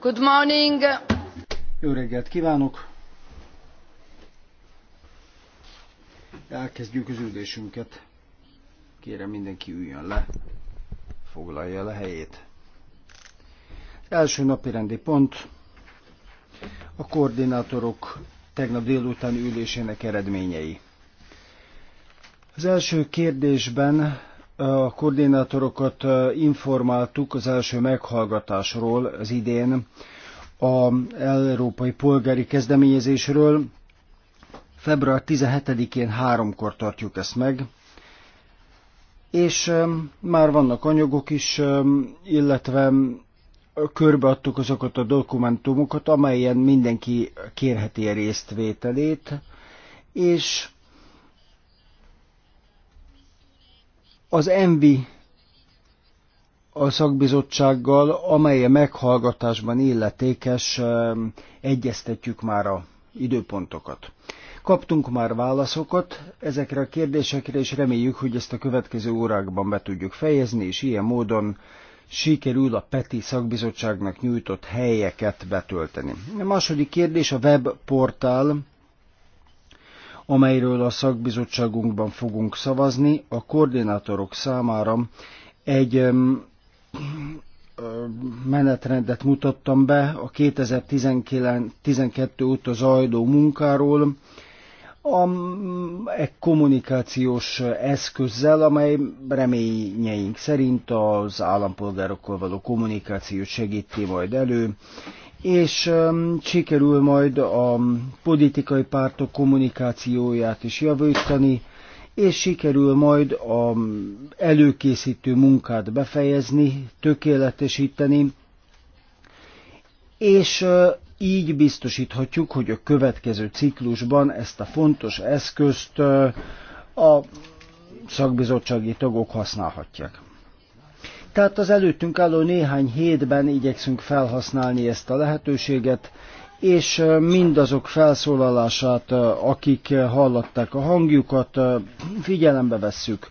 Good morning. Jó reggelt kívánok! Elkezdjük az ülésünket. Kérem mindenki üljön le, foglalja el helyét. Az első napi rendi pont a koordinátorok tegnap délután ülésének eredményei. Az első kérdésben a koordinátorokat informáltuk az első meghallgatásról az idén, a európai polgári kezdeményezésről. Február 17-én háromkor tartjuk ezt meg, és már vannak anyagok is, illetve körbeadtuk azokat a dokumentumokat, amelyen mindenki kérheti a résztvételét, és az ENVI a szakbizottsággal, amely a meghallgatásban illetékes, egyeztetjük már a időpontokat. Kaptunk már válaszokat ezekre a kérdésekre, és reméljük, hogy ezt a következő órákban be tudjuk fejezni, és ilyen módon sikerül a PETI szakbizottságnak nyújtott helyeket betölteni. A második kérdés a webportál, amelyről a szakbizottságunkban fogunk szavazni, a koordinátorok számára egy menetrendet mutattam be a 2012 óta zajló munkáról, a kommunikációs eszközzel, amely reményeink szerint az állampolgárokkal való kommunikációt segíti majd elő, és um, sikerül majd a politikai pártok kommunikációját is javítani, és sikerül majd a előkészítő munkát befejezni, tökéletesíteni, és így biztosíthatjuk, hogy a következő ciklusban ezt a fontos eszközt a szakbizottsági tagok használhatják. Tehát az előttünk álló néhány hétben igyekszünk felhasználni ezt a lehetőséget, és mindazok felszólalását, akik hallották a hangjukat, figyelembe vesszük,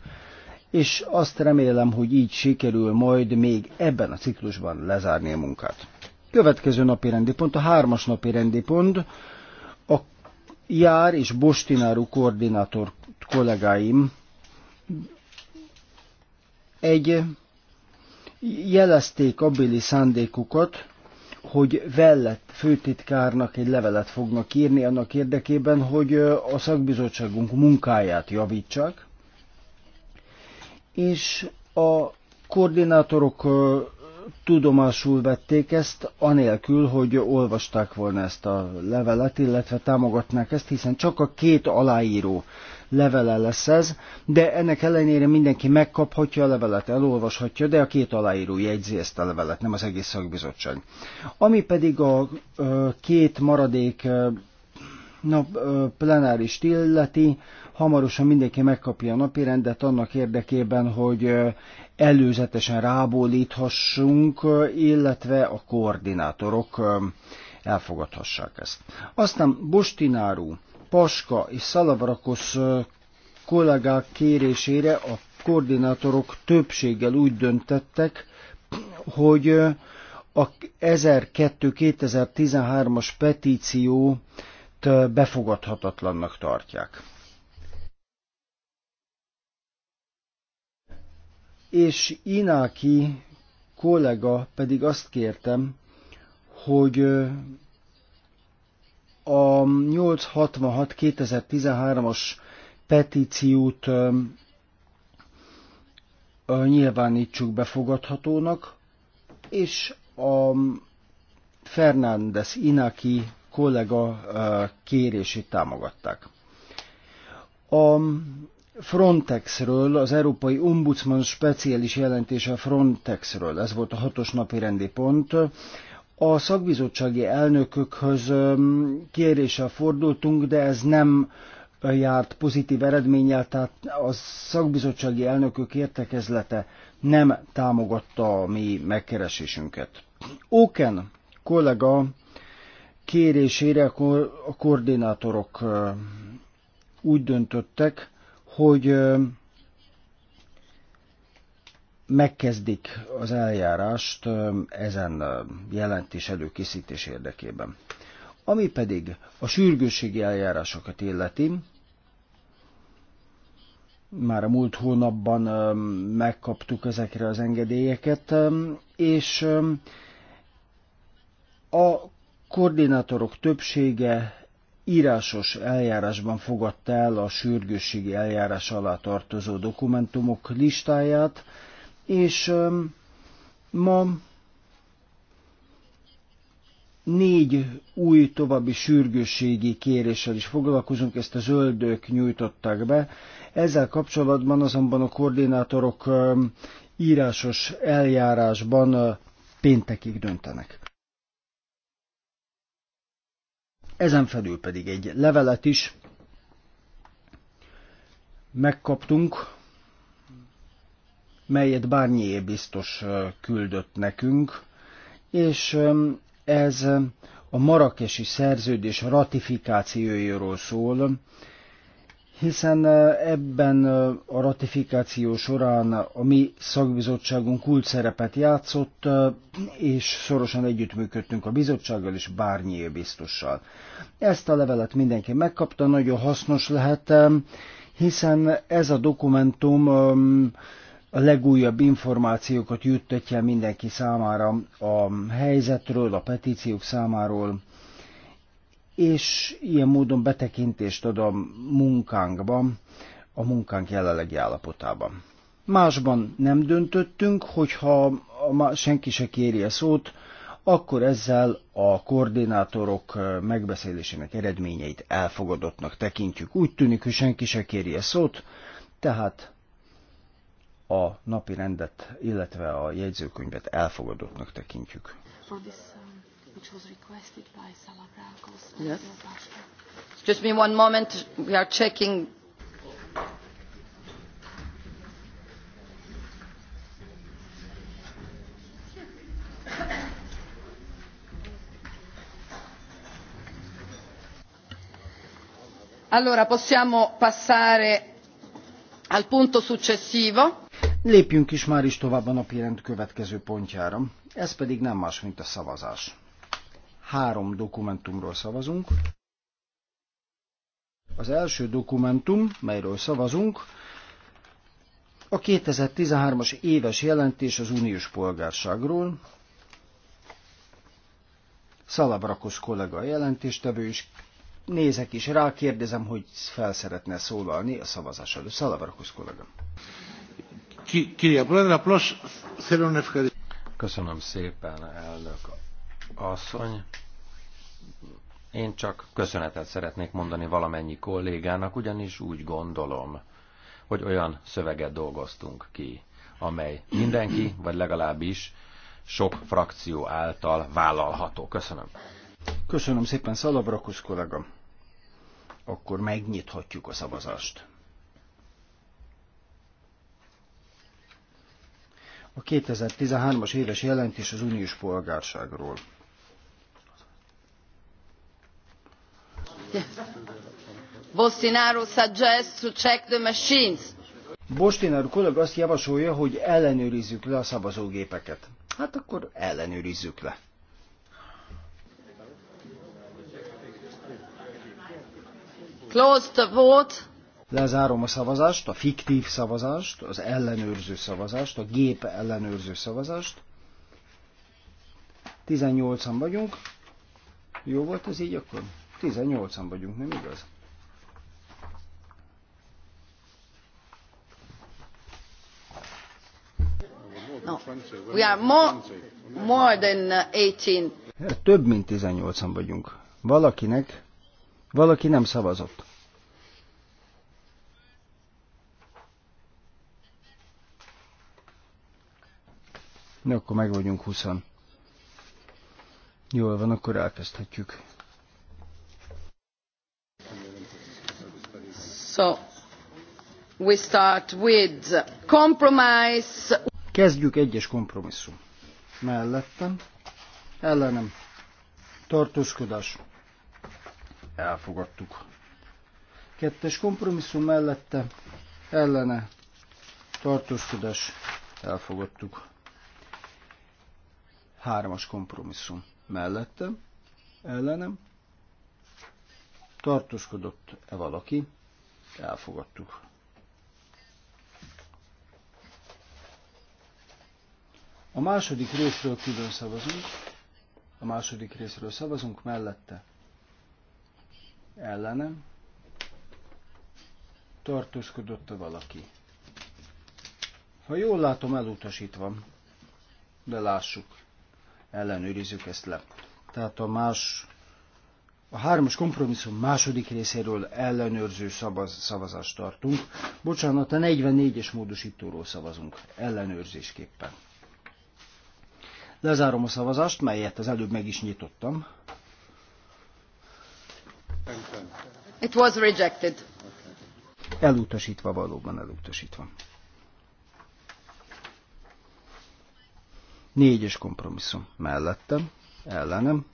és azt remélem, hogy így sikerül majd még ebben a ciklusban lezárni a munkát. Következő napi rendi pont, a hármas napi rendi pont, a Jár és Bostináru koordinátor kollégáim egy jelezték Abili szándékukat, hogy Vellett főtitkárnak egy levelet fognak írni annak érdekében, hogy a szakbizottságunk munkáját javítsák, és a koordinátorok tudomásul vették ezt, anélkül, hogy olvasták volna ezt a levelet, illetve támogatnák ezt, hiszen csak a két aláíró levele lesz ez, de ennek ellenére mindenki megkaphatja a levelet, elolvashatja, de a két aláíró jegyzi ezt a levelet, nem az egész szakbizottság. Ami pedig a két maradék na, plenáris illeti, hamarosan mindenki megkapja a napirendet annak érdekében, hogy előzetesen rábólíthassunk, illetve a koordinátorok elfogadhassák ezt. Aztán Bostináru, Paska és Szalavrakos kollégák kérésére a koordinátorok többséggel úgy döntettek, hogy a 1002-2013-as petíciót befogadhatatlannak tartják. és Ináki kollega pedig azt kértem, hogy a 866-2013-as petíciót nyilvánítsuk befogadhatónak, és a Fernández Inaki kollega kérését támogatták. A Frontexről, az Európai Ombudsman speciális jelentése Frontexről, ez volt a hatos napi rendi pont. A szakbizottsági elnökökhöz kéréssel fordultunk, de ez nem járt pozitív eredménnyel, tehát a szakbizottsági elnökök értekezlete nem támogatta a mi megkeresésünket. Oken kollega kérésére a koordinátorok úgy döntöttek, hogy megkezdik az eljárást ezen jelentés előkészítés érdekében. Ami pedig a sürgősségi eljárásokat illeti, már a múlt hónapban megkaptuk ezekre az engedélyeket, és a koordinátorok többsége írásos eljárásban fogadta el a sürgősségi eljárás alá tartozó dokumentumok listáját, és ma négy új további sürgősségi kéréssel is foglalkozunk, ezt a zöldök nyújtották be. Ezzel kapcsolatban azonban a koordinátorok írásos eljárásban péntekig döntenek. Ezen felül pedig egy levelet is megkaptunk, melyet Barnier biztos küldött nekünk, és ez a marakesi szerződés ratifikációjáról szól, hiszen ebben a ratifikáció során a mi szakbizottságunk kult szerepet játszott, és szorosan együttműködtünk a bizottsággal és bárnyi biztossal. Ezt a levelet mindenki megkapta, nagyon hasznos lehet, hiszen ez a dokumentum a legújabb információkat juttatja mindenki számára a helyzetről, a petíciók számáról, és ilyen módon betekintést ad a munkánkban, a munkánk jelenlegi állapotában. Másban nem döntöttünk, hogyha senki se kéri a szót, akkor ezzel a koordinátorok megbeszélésének eredményeit elfogadottnak tekintjük. Úgy tűnik, hogy senki se kéri a szót, tehát a napi rendet, illetve a jegyzőkönyvet elfogadottnak tekintjük. For this which was requested by Salavrakos and yes. Just me one moment. We are checking allora possiamo passare al punto successivo. Lépjünk is már is tovább a napi rend következő pontjára. Ez pedig nem más, mint a szavazás. Három dokumentumról szavazunk. Az első dokumentum, melyről szavazunk, a 2013-as éves jelentés az uniós polgárságról. Szalabrakos kollega a jelentéstevő, is. nézek is rá, kérdezem, hogy fel szeretne szólalni a szavazás előtt. Szalabrakos kollega. Köszönöm szépen, elnök asszony, én csak köszönetet szeretnék mondani valamennyi kollégának, ugyanis úgy gondolom, hogy olyan szöveget dolgoztunk ki, amely mindenki, vagy legalábbis sok frakció által vállalható. Köszönöm. Köszönöm szépen, Szalavrakus kollega. Akkor megnyithatjuk a szavazást. A 2013-as éves jelentés az uniós polgárságról. Bostinaro suggests to check the machines. Bostinaro kollega azt javasolja, hogy ellenőrizzük le a szavazógépeket. Hát akkor ellenőrizzük le. Close the vote. Lezárom a szavazást, a fiktív szavazást, az ellenőrző szavazást, a gép ellenőrző szavazást. 18-an vagyunk. Jó volt ez így akkor? 18-an vagyunk, nem igaz? No. We are more, more than 18. Hát több mint 18-an vagyunk. Valakinek, valaki nem szavazott. Na, akkor meg vagyunk 20 Jól van, akkor elkezdhetjük. Kezdjük egyes kompromisszum. Mellettem, ellenem, tartózkodás. Elfogadtuk. Kettes kompromisszum mellette, ellene, tartózkodás. Elfogadtuk. Hármas kompromisszum mellettem, ellenem, tartózkodott-e valaki, elfogadtuk. A második részről külön szavazunk. A második részről szavazunk mellette. Ellenem. Tartózkodott -e valaki. Ha jól látom, elutasítva. De lássuk. Ellenőrizzük ezt le. Tehát a más a hármas kompromisszum második részéről ellenőrző szavaz, szavazást tartunk. Bocsánat, a 44-es módosítóról szavazunk ellenőrzésképpen. Lezárom a szavazást, melyet az előbb meg is nyitottam. It was rejected. Elutasítva, valóban elutasítva. Négyes kompromisszum mellettem, ellenem,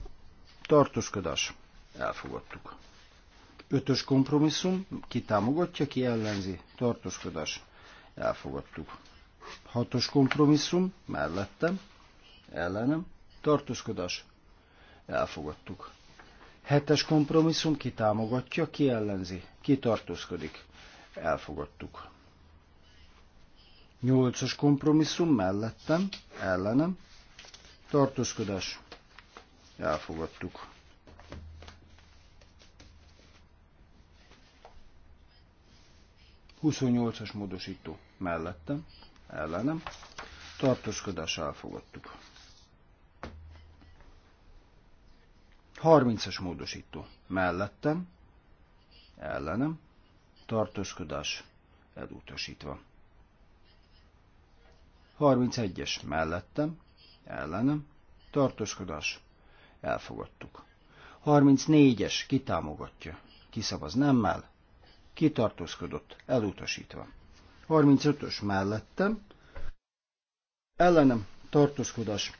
tartózkodás Elfogadtuk. Ötös kompromisszum, ki támogatja, ki ellenzi, tartózkodás. Elfogadtuk. Hatos kompromisszum, mellettem, ellenem, tartózkodás. Elfogadtuk. Hetes kompromisszum, ki támogatja, ki ellenzi, ki tartózkodik. Elfogadtuk. Nyolcas kompromisszum, mellettem, ellenem, tartózkodás. Elfogadtuk. 28-as módosító mellettem, ellenem, tartózkodás elfogadtuk. 30-as módosító mellettem, ellenem, tartózkodás elutasítva. 31-es mellettem, ellenem, tartózkodás elfogadtuk. 34-es kitámogatja, kiszavaz nemmel, kitartózkodott, elutasítva. 35-ös mellettem, ellenem tartózkodás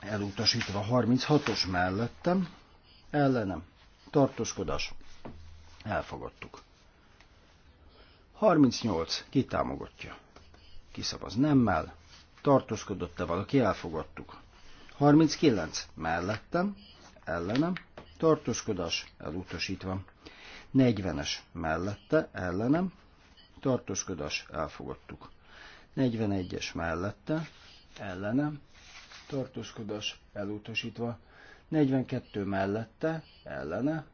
elutasítva, 36-os mellettem, ellenem tartózkodás elfogadtuk. 38. kitámogatja, Kiszavaz nemmel. Tartózkodott-e valaki? Elfogadtuk. 39. Mellettem. Ellenem. Tartózkodás elutasítva. 40-es mellette, ellenem, tartózkodás, elfogadtuk. 41-es mellette, ellenem, tartózkodás, elutasítva. 42 mellette, ellene,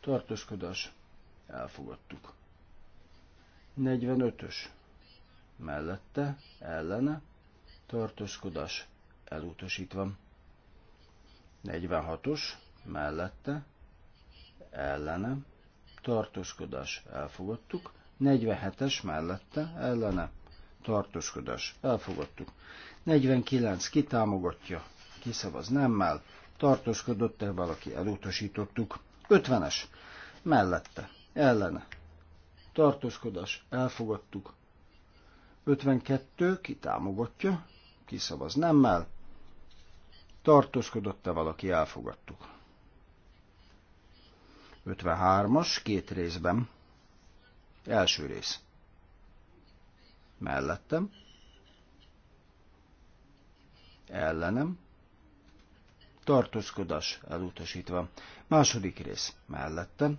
tartózkodás, elfogadtuk. 45-ös mellette, ellene, tartózkodás, elutasítva. 46-os mellette, ellene, tartózkodás elfogadtuk, 47-es mellette ellene tartózkodás elfogadtuk, 49 kitámogatja, kiszavaz nemmel, tartózkodott el valaki, elutasítottuk, 50-es mellette ellene tartózkodás elfogadtuk, 52 kitámogatja, kiszavaz nemmel, tartózkodott-e valaki, elfogadtuk. 53-as, két részben. Első rész. Mellettem. Ellenem. Tartózkodás elutasítva. Második rész. Mellettem.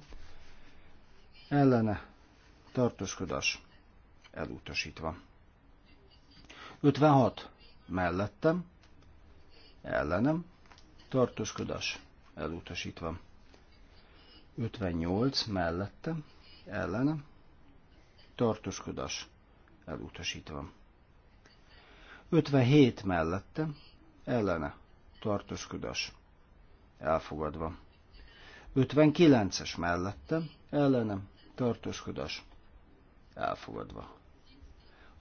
Ellene. Tartózkodás elutasítva. 56. Mellettem. Ellenem. Tartózkodás elutasítva. 58 mellette, ellene, tartoskodás elutasítva. 57 mellette, ellene, tartoskodás elfogadva. 59-es mellette, ellene, tartoskodás elfogadva.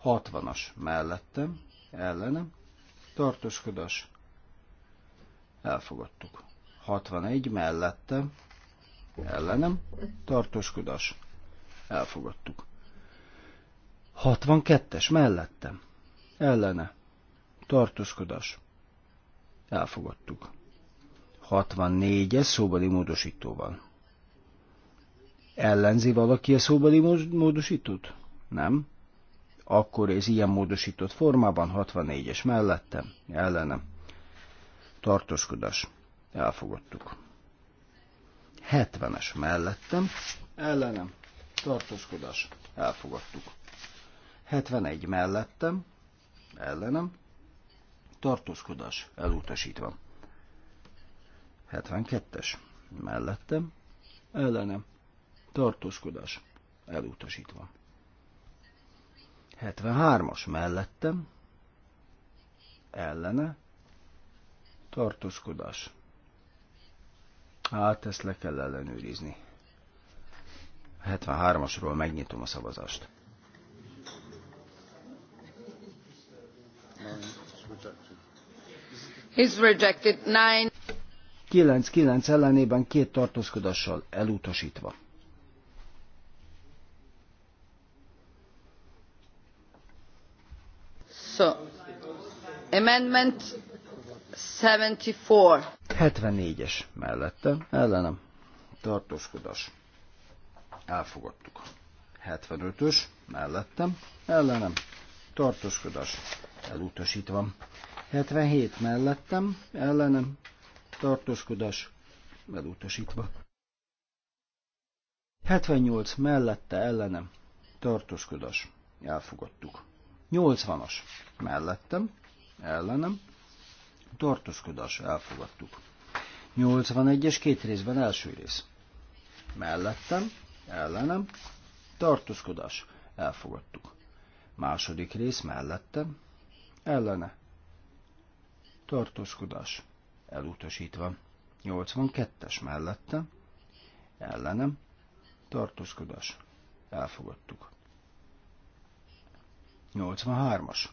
60-as mellette, ellene, tartoskodás elfogadtuk. 61 mellette, ellenem, Tartoskodás. elfogadtuk. 62-es mellettem, ellene, Tartoskodás. elfogadtuk. 64-es szóbeli módosítóval. Ellenzi valaki a szóbeli módosítót? Nem. Akkor ez ilyen módosított formában 64-es mellettem, ellenem. Tartoskodás. Elfogadtuk. 70-es mellettem, ellenem, tartózkodás, elfogadtuk. 71 mellettem, ellenem, tartózkodás, elutasítva. 72-es mellettem, ellenem, tartózkodás, elutasítva. 73-as mellettem, ellene, tartózkodás, Hát ezt le kell ellenőrizni. 73-asról megnyitom a szavazást. He's rejected nine. 9-9 ellenében két tartózkodással elutasítva. So, amendment 74. es mellette, ellenem, tartózkodás. Elfogadtuk. 75-ös mellettem, ellenem, tartózkodás. Elutasítva. 77 mellettem, ellenem, tartózkodás. Elutasítva. 78 mellette, ellenem, tartózkodás. Elfogadtuk. 80-as mellettem, ellenem, tartózkodás elfogadtuk. 81-es két részben első rész. Mellettem, ellenem, tartózkodás elfogadtuk. Második rész mellettem, ellene, tartózkodás elutasítva. 82-es mellettem, ellenem, tartózkodás elfogadtuk. 83-as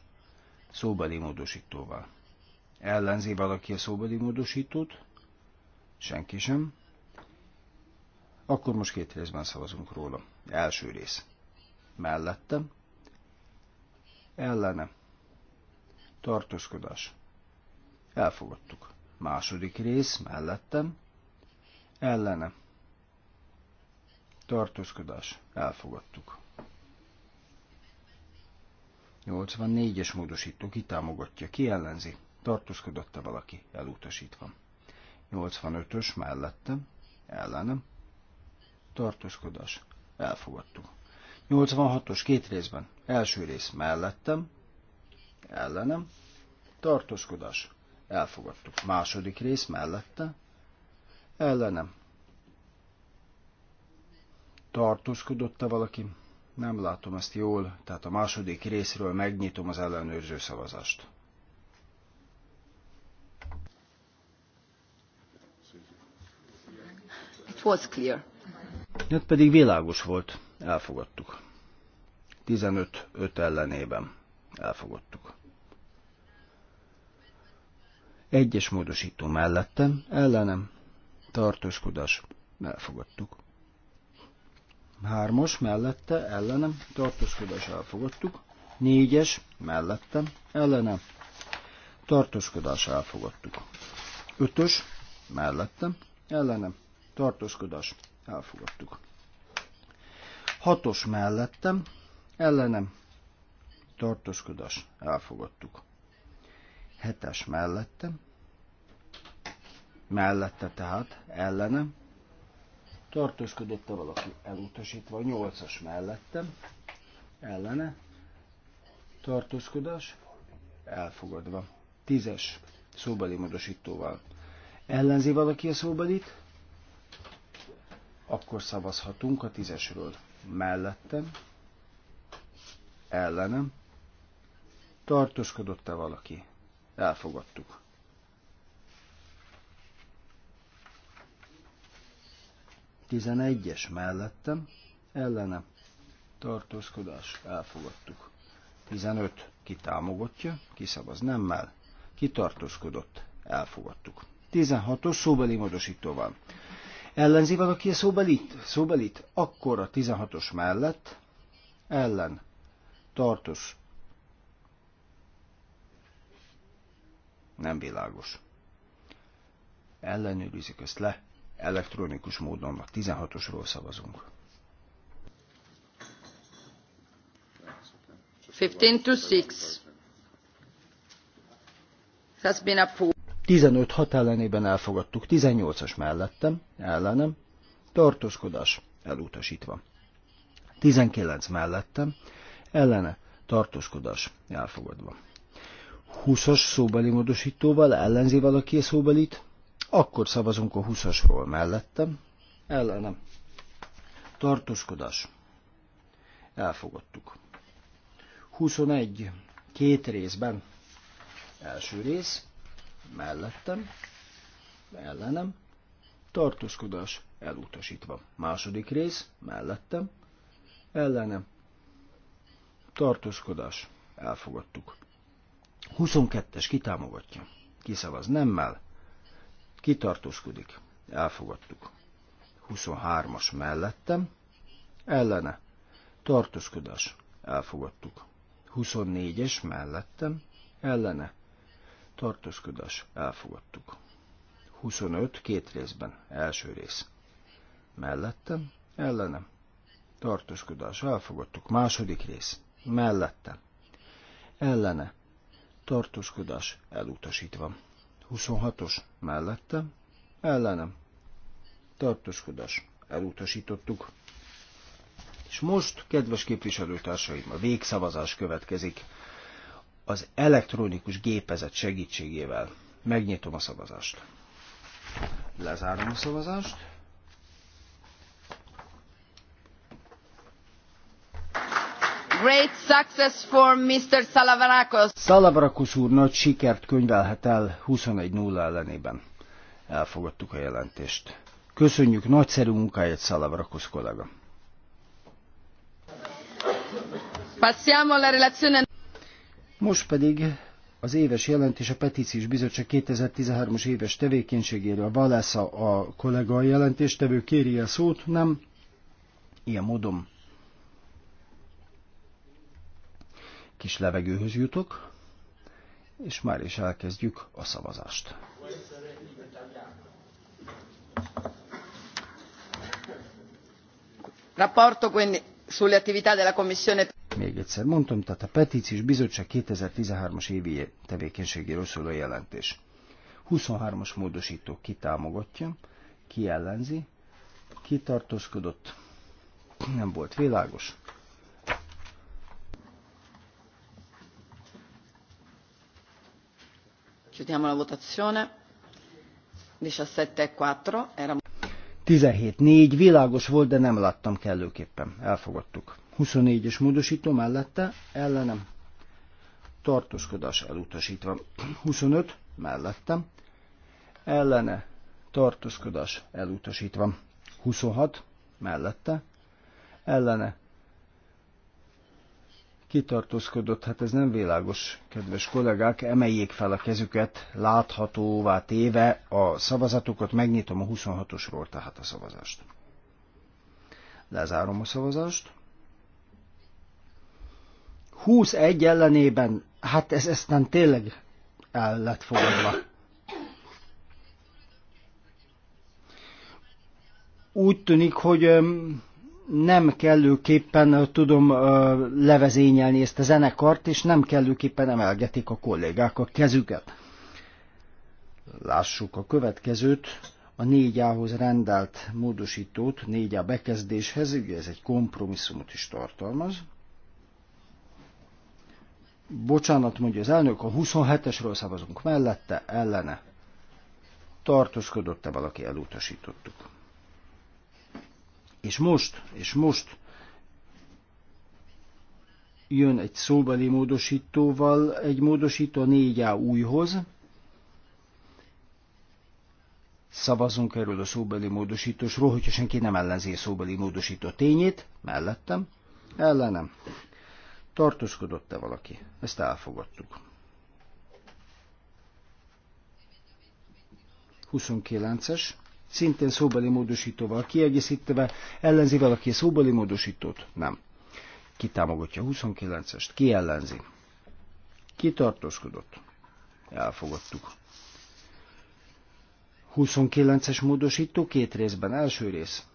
szóbeli módosítóval Ellenzi valaki a szóbeli módosítót? Senki sem. Akkor most két részben szavazunk róla. Első rész. Mellette. Ellene. Tartózkodás. Elfogadtuk. Második rész. Mellettem. Ellene. Tartózkodás. Elfogadtuk. 84-es módosító ki támogatja, ki ellenzi tartózkodott-e valaki elutasítva. 85-ös mellettem, ellenem, tartózkodás, elfogadtuk. 86-os két részben, első rész mellettem, ellenem, tartózkodás, elfogadtuk. Második rész mellette, ellenem, tartózkodott-e valaki? Nem látom ezt jól, tehát a második részről megnyitom az ellenőrző szavazást. it was clear. pedig világos volt, elfogadtuk. 15-5 ellenében elfogadtuk. Egyes módosító mellettem, ellenem, tartózkodás, elfogadtuk. Hármas mellette, ellenem, tartózkodás, elfogadtuk. Négyes mellettem, ellenem, tartózkodás, elfogadtuk. Ötös mellettem, ellenem, tartózkodás, elfogadtuk. Hatos mellettem, ellenem, tartózkodás, elfogadtuk. Hetes mellettem, mellette tehát, ellenem, tartózkodott-e valaki elutasítva, nyolcas mellettem, ellene, tartózkodás, elfogadva. Tízes, szóbeli módosítóval. Ellenzi valaki a szóbelit? akkor szavazhatunk a tízesről. Mellettem, ellenem, tartoskodott e valaki? Elfogadtuk. Tizenegyes mellettem, ellenem, tartózkodás, elfogadtuk. 15. Ki támogatja, ki szavaz nemmel, ki tartózkodott, elfogadtuk. 16-os szóbeli módosítóval. Ellenzi valaki a szóbelit? Szóbelit? Akkor a 16-os mellett ellen tartos. Nem világos. Ellenőrizik ezt le. Elektronikus módon a 16-osról szavazunk. 15 to 6 has been approved. 15 hat ellenében elfogadtuk, 18-as mellettem, ellenem, tartózkodás elutasítva. 19 mellettem, ellene, tartózkodás elfogadva. 20-as szóbeli módosítóval ellenzi valaki a szóbelit, akkor szavazunk a 20-asról mellettem, ellenem. Tartózkodás. Elfogadtuk. 21. Két részben. Első rész mellettem, ellenem, tartózkodás elutasítva. Második rész, mellettem, ellenem, tartózkodás, elfogadtuk. 22-es kitámogatja, kiszavaz nemmel, kitartózkodik, elfogadtuk. 23-as mellettem, ellene, tartózkodás, elfogadtuk. 24-es mellettem, ellene, tartózkodás, elfogadtuk. 25 két részben, első rész. Mellettem, ellenem, tartózkodás, elfogadtuk, második rész. Mellettem, ellene, tartózkodás, elutasítva. 26-os, mellettem, ellenem, tartózkodás, elutasítottuk. És most, kedves képviselőtársaim, a végszavazás következik az elektronikus gépezet segítségével. Megnyitom a szavazást. Lezárom a szavazást. Great success for Mr. Salavarakos. Salavarakos úr nagy sikert könyvelhet el 21-0 ellenében. Elfogadtuk a jelentést. Köszönjük nagyszerű munkáját, Salavarakos kollega. Passiamo alla relazione most pedig az éves jelentés a Petíciós Bizottság 2013-as éves tevékenységéről. Valásza a kollega a jelentéstevő kéri a szót, nem? Ilyen módon kis levegőhöz jutok, és már is elkezdjük a szavazást. Rapporto quindi sulle attività della Commissione még egyszer mondtam, tehát a Petíciós Bizottság 2013-as évi tevékenységéről szóló jelentés. 23-as módosító kitámogatja, kiellenzi, kitartózkodott, nem volt világos. Chiudiamo la votazione. 17-4 e era... 17-4 világos volt, de nem láttam kellőképpen. Elfogadtuk. 24-es módosító mellette ellenem tartózkodás elutasítva. 25 mellettem ellene tartózkodás elutasítva. 26 mellette ellene kitartózkodott, hát ez nem világos, kedves kollégák, emeljék fel a kezüket, láthatóvá téve a szavazatokat, megnyitom a 26-osról tehát a szavazást. Lezárom a szavazást. 21 ellenében, hát ez nem tényleg el lett fogadva. Úgy tűnik, hogy nem kellőképpen tudom levezényelni ezt a zenekart, és nem kellőképpen emelgetik a kollégák a kezüket. Lássuk a következőt, a 4A-hoz rendelt módosítót, 4A bekezdéshez, ugye ez egy kompromisszumot is tartalmaz bocsánat, mondja az elnök, a 27-esről szavazunk mellette, ellene. Tartózkodott-e valaki, elutasítottuk. És most, és most jön egy szóbeli módosítóval, egy módosító 4A újhoz. Szavazunk erről a szóbeli módosítósról, hogyha senki nem ellenzi a szóbeli módosító tényét, mellettem, ellenem Tartózkodott-e valaki? Ezt elfogadtuk. 29-es, szintén szóbeli módosítóval kiegészítve, ellenzi valaki a szóbeli módosítót? Nem. Ki támogatja 29-est? Ki ellenzi? Ki tartózkodott? Elfogadtuk. 29-es módosító két részben, első rész.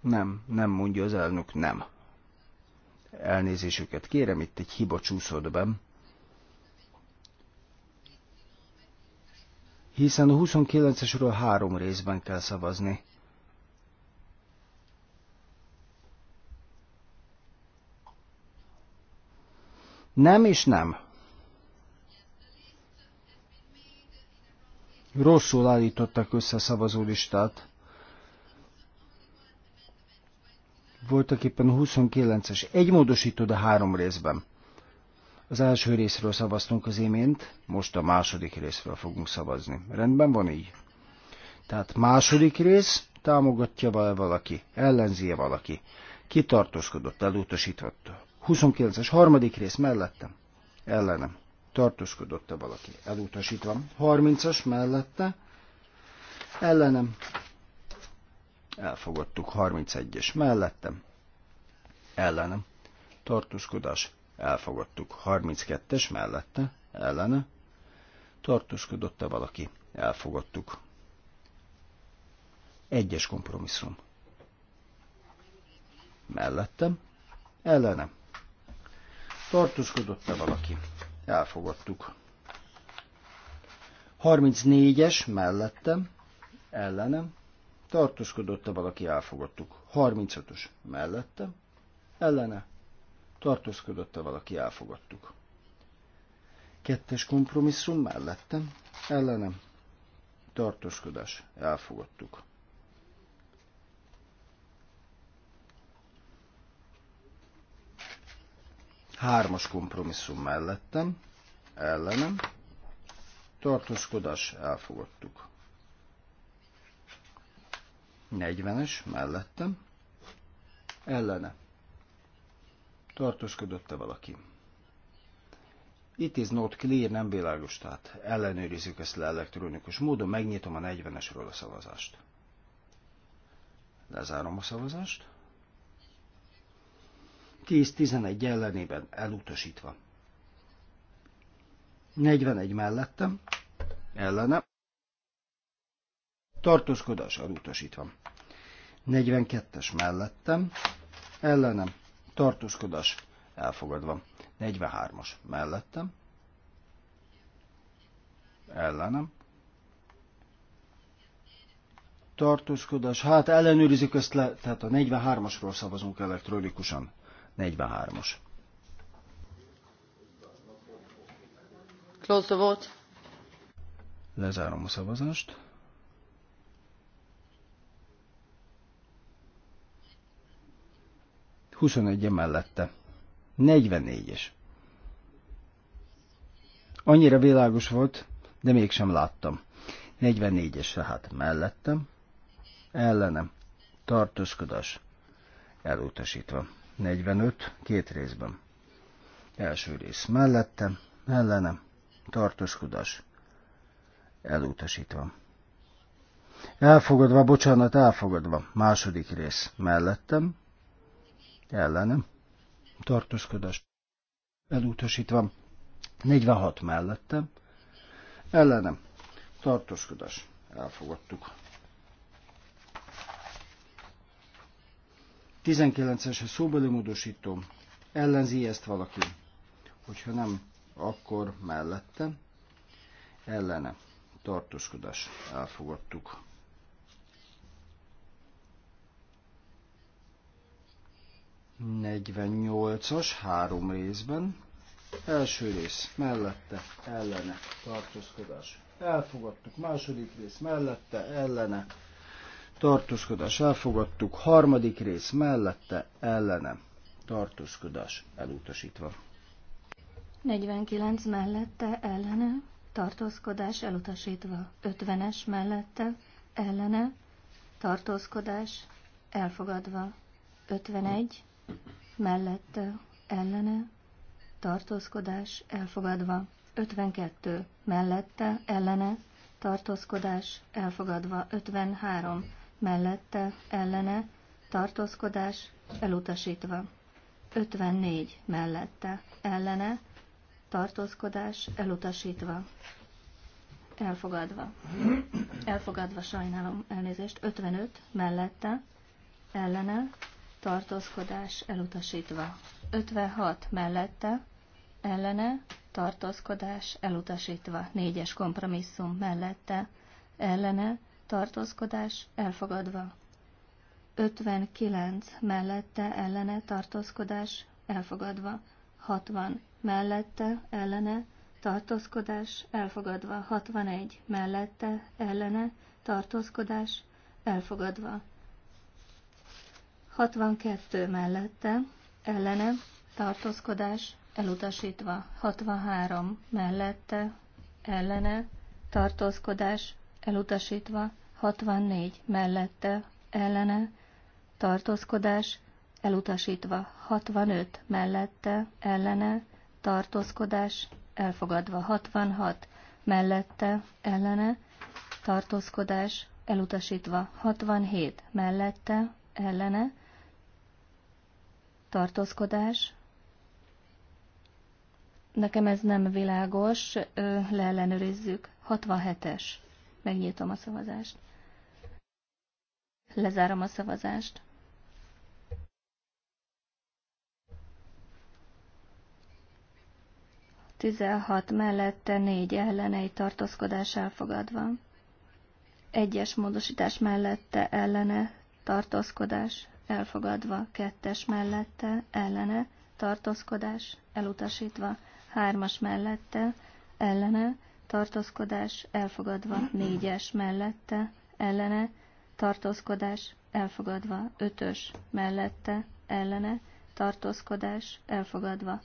Nem, nem mondja az elnök, nem. Elnézésüket kérem, itt egy hiba csúszott be. Hiszen a 29-esről három részben kell szavazni. Nem és nem. Rosszul állították össze a szavazólistát. voltak éppen 29-es. Egy módosítod de három részben. Az első részről szavaztunk az imént, most a második részről fogunk szavazni. Rendben van így? Tehát második rész, támogatja valaki, -e valaki. Kitartózkodott, elutasította. 29-es harmadik rész mellettem, ellenem. tartózkodott e valaki? Elutasítva. 30-as mellette, ellenem elfogadtuk 31-es mellettem, ellenem, tartózkodás, elfogadtuk 32-es mellette, ellene, tartózkodott-e valaki, elfogadtuk. Egyes kompromisszum. Mellettem, ellenem, tartózkodott-e valaki, elfogadtuk. 34-es mellettem, ellenem, tartózkodott a valaki, elfogadtuk. 35-ös mellette, ellene, tartózkodott a valaki, elfogadtuk. Kettes kompromisszum mellettem, ellenem, tartózkodás, elfogadtuk. Hármas kompromisszum mellettem, ellenem, tartózkodás, elfogadtuk. 40-es mellettem. Ellene. tartoskodott e valaki? It is not clear, nem világos, tehát ellenőrizzük ezt le elektronikus módon, megnyitom a 40-esről a szavazást. Lezárom a szavazást. 10-11 ellenében elutasítva. 41 mellettem, ellene, tartózkodás elutasítva. 42-es mellettem, ellenem, tartózkodás elfogadva. 43-as mellettem, ellenem, tartózkodás, hát ellenőrizik ezt le, tehát a 43-asról szavazunk elektronikusan, 43-as. Close the vote. Lezárom a szavazást. 21 -e mellette. 44-es. Annyira világos volt, de mégsem láttam. 44-es tehát mellettem, ellenem, tartózkodás, elutasítva. 45, két részben. Első rész mellettem, ellenem, tartózkodás, elutasítva. Elfogadva, bocsánat, elfogadva. Második rész mellettem, ellenem, tartózkodás elutasítva, 46 mellettem, ellenem, tartózkodás elfogadtuk. 19-es a szóbeli módosító, ellenzi ezt valaki, hogyha nem, akkor mellettem, ellenem tartózkodás elfogadtuk. 48-as három részben. Első rész mellette, ellene, tartózkodás. Elfogadtuk. Második rész mellette, ellene, tartózkodás. Elfogadtuk. Harmadik rész mellette, ellene, tartózkodás. Elutasítva. 49 mellette, ellene, tartózkodás elutasítva. 50-es mellette, ellene, tartózkodás elfogadva. 51 mellette ellene tartózkodás elfogadva. 52 mellette ellene tartózkodás elfogadva. 53 mellette ellene tartózkodás elutasítva. 54 mellette ellene tartózkodás elutasítva. Elfogadva. Elfogadva sajnálom elnézést. 55 mellette ellene tartózkodás elutasítva. 56 mellette, ellene, tartózkodás elutasítva. 4-es kompromisszum mellette, ellene, tartózkodás elfogadva. 59 mellette, ellene, tartózkodás elfogadva. 60 mellette, ellene, tartózkodás elfogadva. 61 mellette, ellene, tartózkodás elfogadva. 62 mellette, ellene, tartózkodás, elutasítva. 63 mellette, ellene, tartózkodás, elutasítva. 64 mellette, ellene, tartózkodás, elutasítva. 65 mellette, ellene, tartózkodás, elfogadva. 66 mellette, ellene, tartózkodás, elutasítva. 67 mellette, ellene, tartózkodás. Nekem ez nem világos, leellenőrizzük. 67-es. Megnyitom a szavazást. Lezárom a szavazást. Tizenhat mellette négy ellen egy tartózkodás elfogadva. Egyes módosítás mellette ellene tartózkodás elfogadva, kettes mellette, ellene, tartózkodás, elutasítva, hármas mellette, ellene, tartózkodás, elfogadva, négyes mellette, ellene, tartózkodás, elfogadva, ötös mellette, ellene, tartózkodás, elfogadva,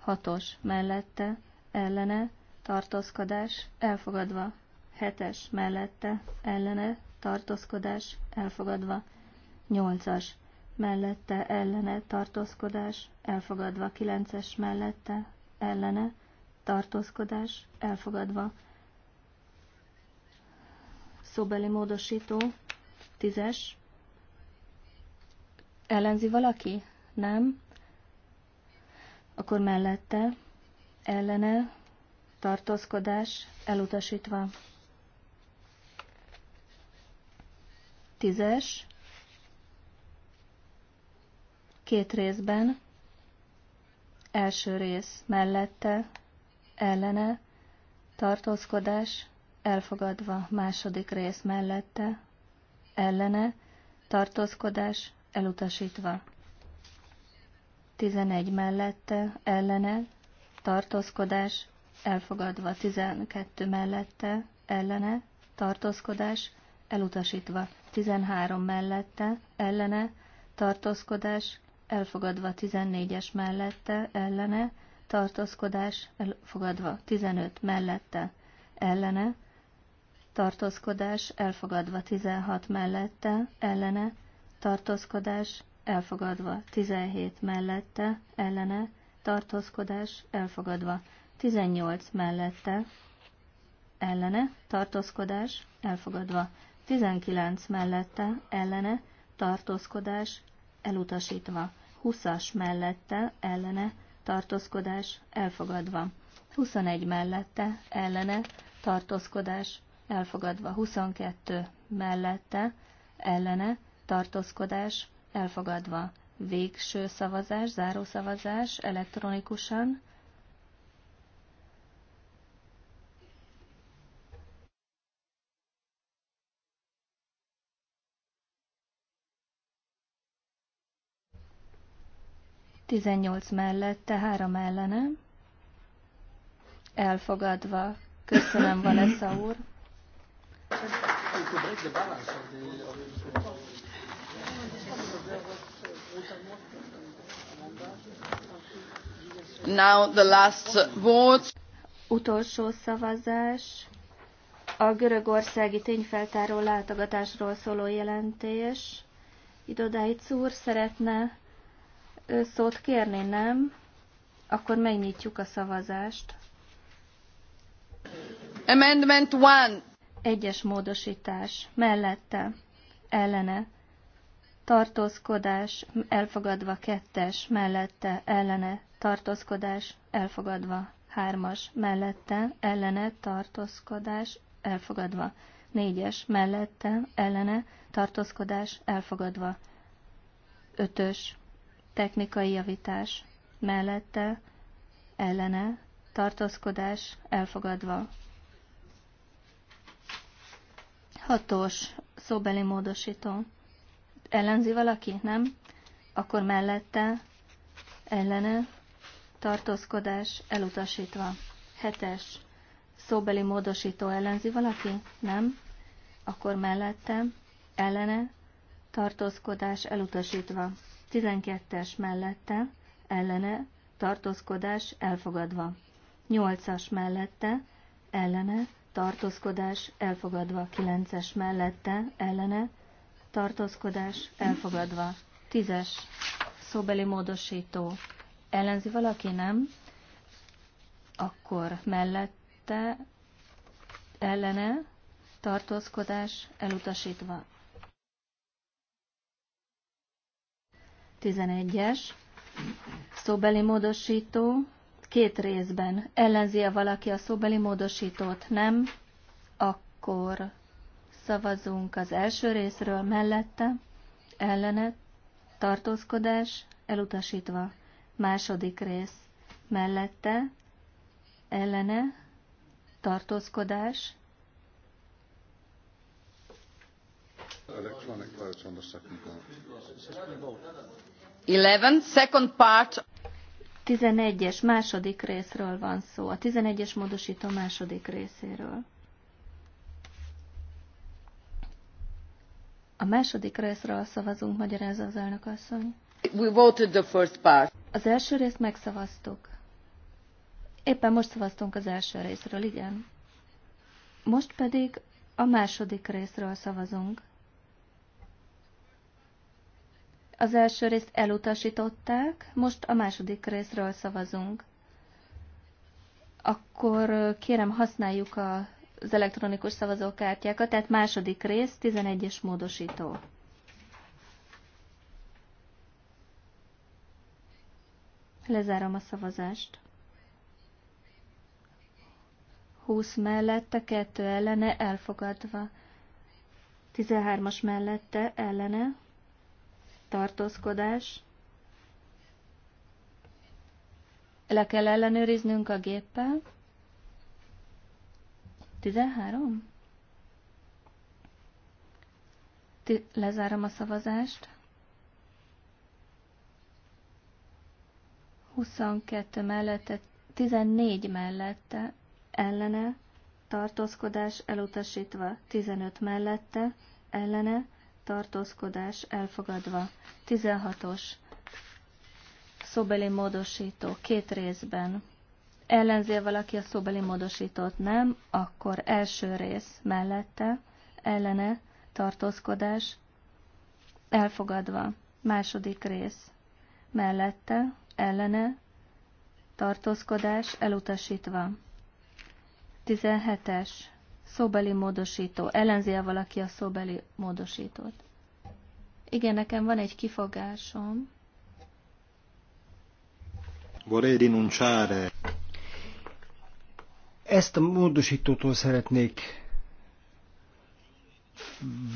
hatos mellette, ellene, tartózkodás, elfogadva, hetes mellette, ellene, tartózkodás, elfogadva, nyolcas mellette ellene tartózkodás elfogadva, Kilences mellette ellene tartózkodás elfogadva. Szóbeli módosító tízes. Ellenzi valaki? Nem. Akkor mellette ellene tartózkodás elutasítva. Tízes két részben, első rész mellette, ellene, tartózkodás, elfogadva, második rész mellette, ellene, tartózkodás, elutasítva. 11 mellette, ellene, tartózkodás, elfogadva 12 mellette, ellene, tartózkodás, elutasítva 13 mellette, ellene, tartózkodás, elfogadva 14-es mellette, ellene, tartózkodás, elfogadva 15 mellette, ellene, tartózkodás, elfogadva 16 mellette, ellene, tartózkodás, elfogadva 17 mellette, ellene, tartózkodás, elfogadva 18 mellette, ellene, tartózkodás, elfogadva 19 mellette, ellene, tartózkodás, elutasítva. 20 mellette ellene tartózkodás elfogadva. 21 mellette ellene tartózkodás elfogadva. 22 mellette ellene tartózkodás elfogadva. Végső szavazás, zárószavazás elektronikusan. 18 mellette, három ellene. Elfogadva. Köszönöm, Vanessa úr. Now the last vote. Utolsó szavazás. A görögországi tényfeltáró látogatásról szóló jelentés. Idodáit úr szeretne szót kérni, nem? Akkor megnyitjuk a szavazást. Amendment 1. Egyes módosítás. Mellette. Ellene. Tartózkodás. Elfogadva. Kettes. Mellette. Ellene. Tartózkodás. Elfogadva. Hármas. Mellette. Ellene. Tartózkodás. Elfogadva. Négyes. Mellette. Ellene. Tartózkodás. Elfogadva. Ötös technikai javítás mellette, ellene, tartózkodás elfogadva. Hatos szóbeli módosító. Ellenzi valaki, nem? Akkor mellette, ellene, tartózkodás elutasítva. Hetes szóbeli módosító ellenzi valaki, nem? Akkor mellette, ellene, tartózkodás elutasítva. 12-es mellette ellene tartózkodás elfogadva. 8-as mellette ellene tartózkodás elfogadva. 9-es mellette ellene tartózkodás elfogadva. 10-es szóbeli módosító. Ellenzi valaki, nem? Akkor mellette ellene tartózkodás elutasítva. 11-es szóbeli módosító két részben. ellenzi -e valaki a szóbeli módosítót? Nem? Akkor szavazunk az első részről mellette, ellene, tartózkodás, elutasítva. Második rész mellette, ellene, tartózkodás, Eleven, second part. 11-es második részről van szó. A 11-es módosító második részéről. A második részről szavazunk, magyarázza az elnök asszony. We voted the first part. Az első részt megszavaztuk. Éppen most szavaztunk az első részről, igen. Most pedig a második részről szavazunk. Az első részt elutasították, most a második részről szavazunk. Akkor kérem, használjuk a, az elektronikus szavazókártyákat, tehát második rész, 11-es módosító. Lezárom a szavazást. 20 mellette, 2 ellene, elfogadva. 13-as mellette, ellene, tartózkodás. Le kell ellenőriznünk a géppel. 13? Lezárom a szavazást. 22 mellette, 14 mellette, ellene, tartózkodás elutasítva, 15 mellette, ellene, tartózkodás elfogadva. 16-os szóbeli módosító két részben. Ellenzél valaki a szóbeli módosítót nem, akkor első rész mellette, ellene, tartózkodás, elfogadva. Második rész mellette, ellene, tartózkodás, elutasítva. 17-es szóbeli módosító. ellenzi -e valaki a szóbeli módosítót? Igen, nekem van egy kifogásom. Vorrei rinunciare. Ezt a módosítótól szeretnék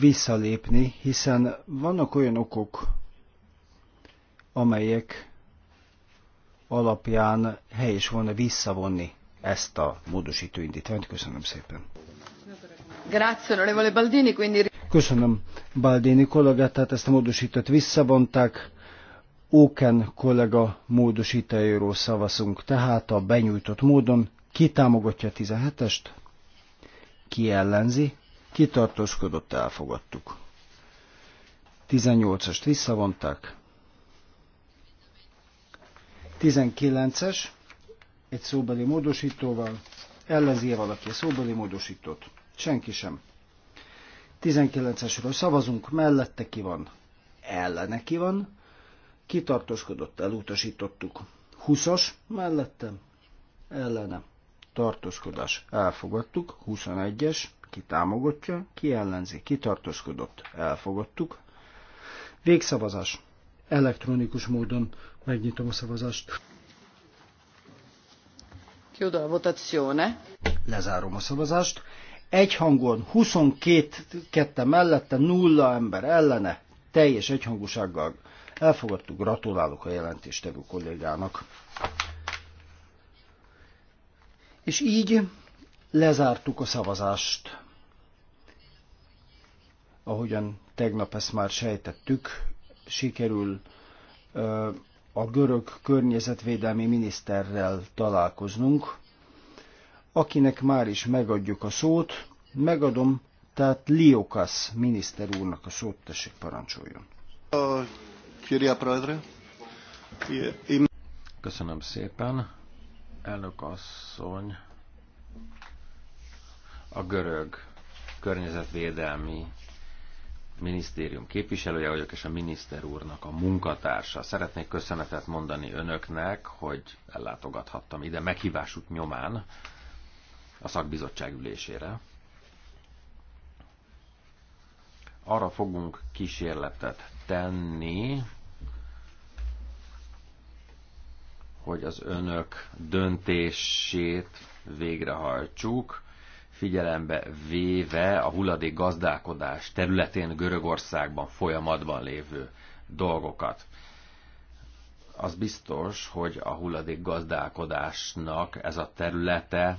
visszalépni, hiszen vannak olyan okok, amelyek alapján helyes volna visszavonni ezt a módosító indítványt. Köszönöm szépen. Köszönöm Baldini kollégát, tehát ezt a módosítót visszavonták. Óken kollega módosítájáról szavazunk, tehát a benyújtott módon ki támogatja a 17-est, ki ellenzi, ki tartózkodott, elfogadtuk. 18 est visszavonták. 19-es, egy szóbeli módosítóval, ellenzi -e valaki a szóbeli módosítót Senki sem. 19-esről szavazunk, mellette ki van, ellene ki van, Kitartoskodott elutasítottuk. 20-as, mellette, ellene, tartoskodás, elfogadtuk. 21-es, ki támogatja, ki ellenzi, kitartoskodott, elfogadtuk. Végszavazás. Elektronikus módon megnyitom a szavazást. Chiudo la votazione. Lezárom a szavazást egyhangon 22 mellette, nulla ember ellene, teljes egyhangúsággal elfogadtuk. Gratulálok a jelentéstevő kollégának. És így lezártuk a szavazást. Ahogyan tegnap ezt már sejtettük, sikerül a görög környezetvédelmi miniszterrel találkoznunk, akinek már is megadjuk a szót, megadom, tehát Liokas miniszter úrnak a szót, tessék parancsoljon. Köszönöm szépen, elnök asszony. A görög környezetvédelmi minisztérium képviselője vagyok, és a miniszter úrnak a munkatársa. Szeretnék köszönetet mondani önöknek, hogy ellátogathattam ide meghívásuk nyomán a szakbizottság ülésére. Arra fogunk kísérletet tenni, hogy az önök döntését végrehajtsuk, figyelembe véve a hulladék gazdálkodás területén Görögországban folyamatban lévő dolgokat. Az biztos, hogy a hulladék gazdálkodásnak ez a területe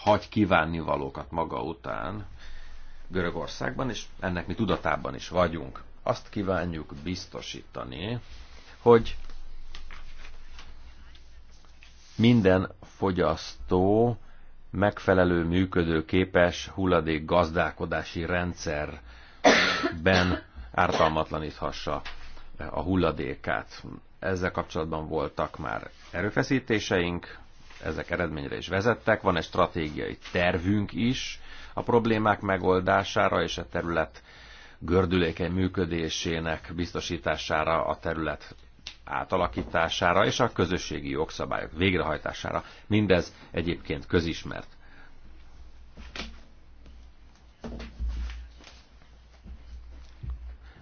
hagy kívánni valókat maga után Görögországban, és ennek mi tudatában is vagyunk. Azt kívánjuk biztosítani, hogy minden fogyasztó megfelelő működő képes hulladék gazdálkodási rendszerben ártalmatlaníthassa a hulladékát. Ezzel kapcsolatban voltak már erőfeszítéseink, ezek eredményre is vezettek, van egy stratégiai tervünk is a problémák megoldására és a terület gördülékeny működésének biztosítására, a terület átalakítására és a közösségi jogszabályok végrehajtására. Mindez egyébként közismert.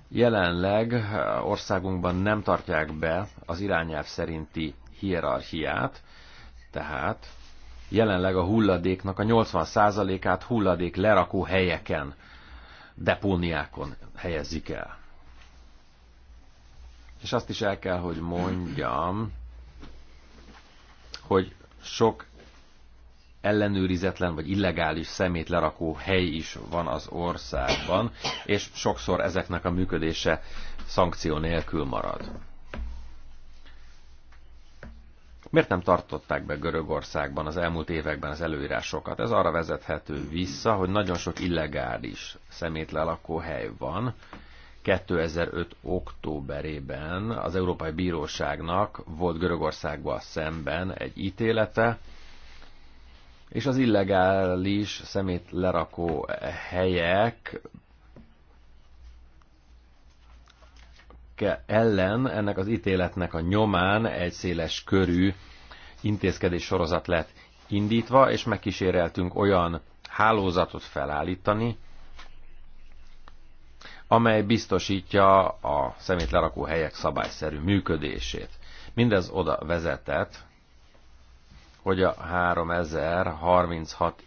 Jelenleg országunkban nem tartják be az irányelv szerinti hierarchiát, tehát jelenleg a hulladéknak a 80%-át hulladék lerakó helyeken, depóniákon helyezik el. És azt is el kell, hogy mondjam, hogy sok ellenőrizetlen vagy illegális szemét lerakó hely is van az országban, és sokszor ezeknek a működése szankció nélkül marad. Miért nem tartották be Görögországban az elmúlt években az előírásokat? Ez arra vezethető vissza, hogy nagyon sok illegális hely van. 2005. októberében az Európai Bíróságnak volt Görögországban szemben egy ítélete, és az illegális szemét lerakó helyek ellen ennek az ítéletnek a nyomán egy széles körű intézkedés sorozat lett indítva, és megkíséreltünk olyan hálózatot felállítani, amely biztosítja a szemét lerakó helyek szabályszerű működését. Mindez oda vezetett, hogy a 3036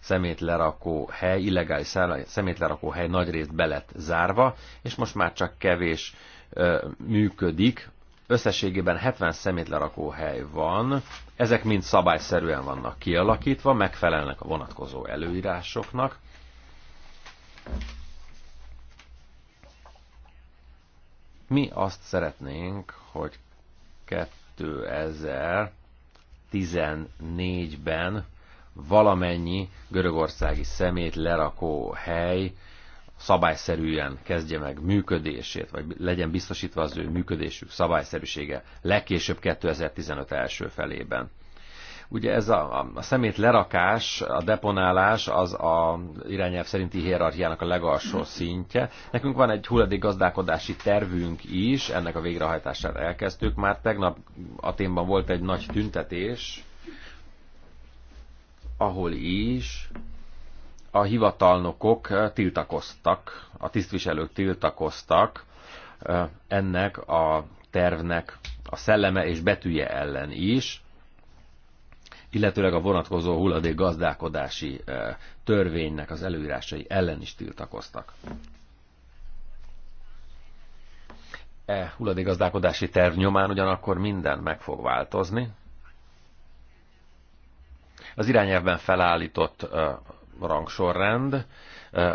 szemétlerakó hely, illegális szemétlerakó hely nagy részt lett zárva, és most már csak kevés ö, működik. Összességében 70 szemétlerakó hely van, ezek mind szabályszerűen vannak kialakítva, megfelelnek a vonatkozó előírásoknak. Mi azt szeretnénk, hogy 2014-ben valamennyi görögországi szemét lerakó hely szabályszerűen kezdje meg működését, vagy legyen biztosítva az ő működésük szabályszerűsége legkésőbb 2015 első felében. Ugye ez a, a szemét lerakás, a deponálás az a irányelv szerinti hierarchiának a legalsó szintje. Nekünk van egy hulladék gazdálkodási tervünk is, ennek a végrehajtását elkezdtük. Már tegnap A témban volt egy nagy tüntetés, ahol is a hivatalnokok tiltakoztak, a tisztviselők tiltakoztak ennek a tervnek a szelleme és betűje ellen is, illetőleg a vonatkozó hulladék gazdálkodási törvénynek az előírásai ellen is tiltakoztak. E gazdálkodási terv nyomán ugyanakkor minden meg fog változni, az irányelvben felállított rangsorrend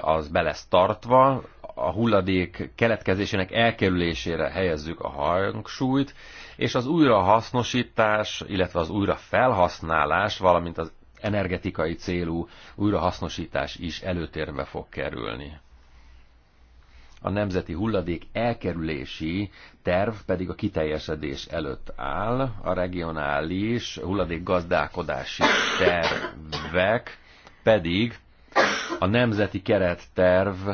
az be lesz tartva, a hulladék keletkezésének elkerülésére helyezzük a hangsúlyt, és az újrahasznosítás, illetve az újrafelhasználás, valamint az energetikai célú újrahasznosítás is előtérbe fog kerülni a nemzeti hulladék elkerülési terv pedig a kiteljesedés előtt áll, a regionális hulladék gazdálkodási tervek pedig a nemzeti keretterv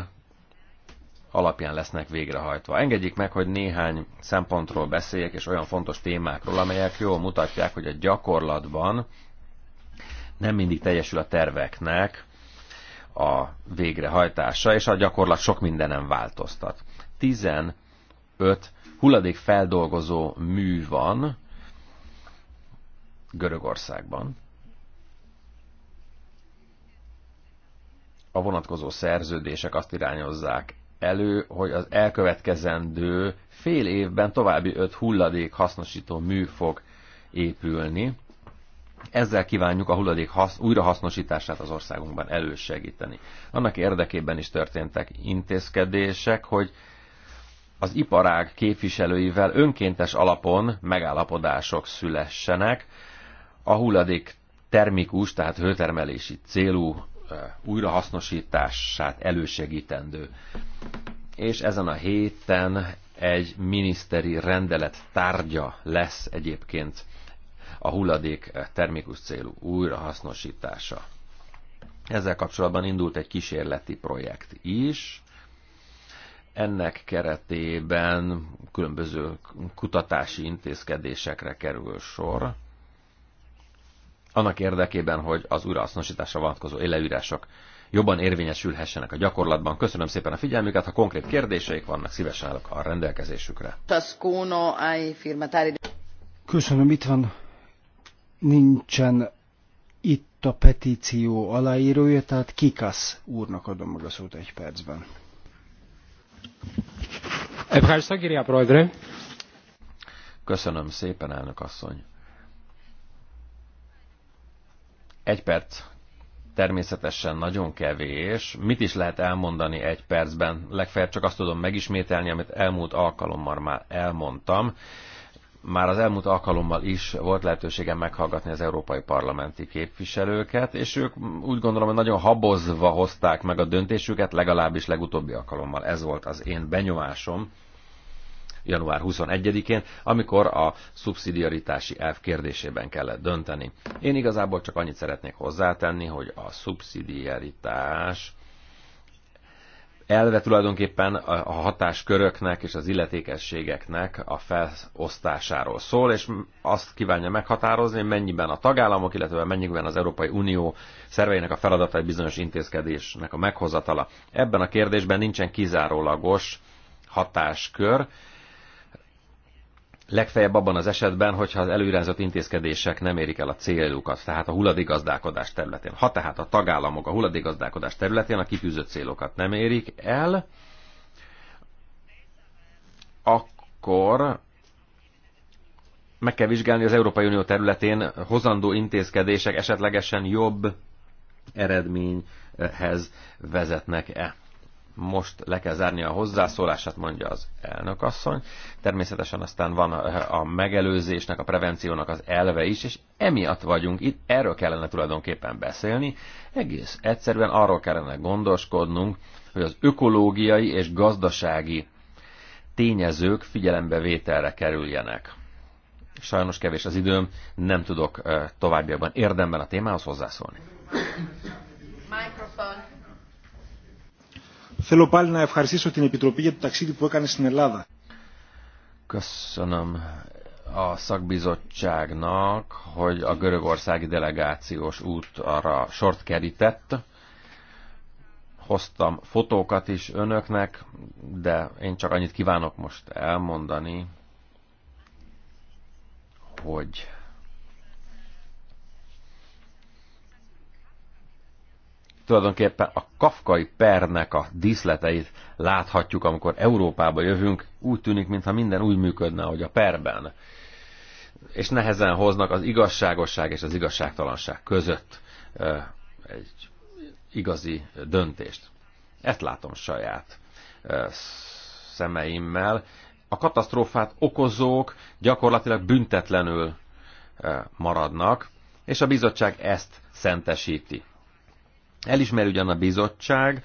alapján lesznek végrehajtva. Engedjék meg, hogy néhány szempontról beszéljek, és olyan fontos témákról, amelyek jól mutatják, hogy a gyakorlatban nem mindig teljesül a terveknek a végrehajtása, és a gyakorlat sok mindenen változtat. 15 hulladékfeldolgozó mű van Görögországban. A vonatkozó szerződések azt irányozzák elő, hogy az elkövetkezendő fél évben további öt hulladék hasznosító mű fog épülni. Ezzel kívánjuk a hulladék hasz, újrahasznosítását az országunkban elősegíteni. Annak érdekében is történtek intézkedések, hogy az iparág képviselőivel önkéntes alapon megállapodások szülessenek a hulladék termikus, tehát hőtermelési célú újrahasznosítását elősegítendő. És ezen a héten egy miniszteri rendelet tárgya lesz egyébként a hulladék termikus célú újrahasznosítása. Ezzel kapcsolatban indult egy kísérleti projekt is. Ennek keretében különböző kutatási intézkedésekre kerül sor. Annak érdekében, hogy az újrahasznosításra vonatkozó éleírások jobban érvényesülhessenek a gyakorlatban. Köszönöm szépen a figyelmüket, ha konkrét kérdéseik vannak, szívesen állok a rendelkezésükre. Köszönöm, itt van nincsen itt a petíció aláírója, tehát Kikasz úrnak adom meg a szót egy percben. Köszönöm szépen, elnök asszony. Egy perc. Természetesen nagyon kevés. Mit is lehet elmondani egy percben? Legfeljebb csak azt tudom megismételni, amit elmúlt alkalommal már elmondtam. Már az elmúlt alkalommal is volt lehetőségem meghallgatni az európai parlamenti képviselőket, és ők úgy gondolom, hogy nagyon habozva hozták meg a döntésüket, legalábbis legutóbbi alkalommal ez volt az én benyomásom január 21-én, amikor a szubszidiaritási elv kérdésében kellett dönteni. Én igazából csak annyit szeretnék hozzátenni, hogy a szubszidiaritás elve tulajdonképpen a hatásköröknek és az illetékességeknek a felosztásáról szól, és azt kívánja meghatározni, mennyiben a tagállamok, illetve mennyiben az Európai Unió szerveinek a feladata egy bizonyos intézkedésnek a meghozatala. Ebben a kérdésben nincsen kizárólagos hatáskör, legfeljebb abban az esetben, hogyha az előirányzott intézkedések nem érik el a célukat, tehát a hulladékgazdálkodás területén. Ha tehát a tagállamok a hulladékgazdálkodás területén a kitűzött célokat nem érik el, akkor meg kell vizsgálni az Európai Unió területén hozandó intézkedések esetlegesen jobb eredményhez vezetnek-e most le kell zárnia a hozzászólását, mondja az elnökasszony. Természetesen aztán van a megelőzésnek, a prevenciónak az elve is, és emiatt vagyunk itt, erről kellene tulajdonképpen beszélni. Egész egyszerűen arról kellene gondoskodnunk, hogy az ökológiai és gazdasági tényezők vételre kerüljenek. Sajnos kevés az időm, nem tudok továbbiakban érdemben a témához hozzászólni. Θέλω πάλι να ευχαριστήσω την Επιτροπή για το ταξίδι που έκανε στην Ελλάδα. Köszönöm a szakbizottságnak, hogy a görögországi delegációs út arra sort kerített. Hoztam fotókat is önöknek, de én csak annyit kívánok most elmondani, hogy tulajdonképpen a kafkai pernek a díszleteit láthatjuk, amikor Európába jövünk, úgy tűnik, mintha minden úgy működne, hogy a perben. És nehezen hoznak az igazságosság és az igazságtalanság között egy igazi döntést. Ezt látom saját szemeimmel. A katasztrófát okozók gyakorlatilag büntetlenül maradnak, és a bizottság ezt szentesíti Elismer ugyan a bizottság,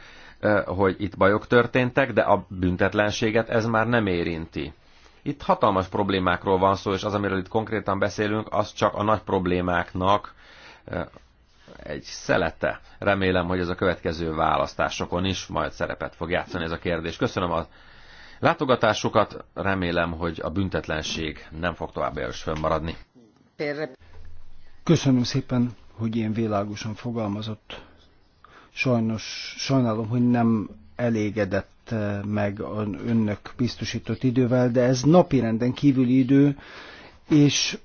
hogy itt bajok történtek, de a büntetlenséget ez már nem érinti. Itt hatalmas problémákról van szó, és az, amiről itt konkrétan beszélünk, az csak a nagy problémáknak egy szelete. Remélem, hogy ez a következő választásokon is majd szerepet fog játszani ez a kérdés. Köszönöm a látogatásukat, remélem, hogy a büntetlenség nem fog tovább erős fönnmaradni. Köszönöm szépen, hogy ilyen világosan fogalmazott. Sajnos, sajnálom, hogy nem elégedett eh, meg az önnök biztosított idővel, de ez napi renden kívüli idő, és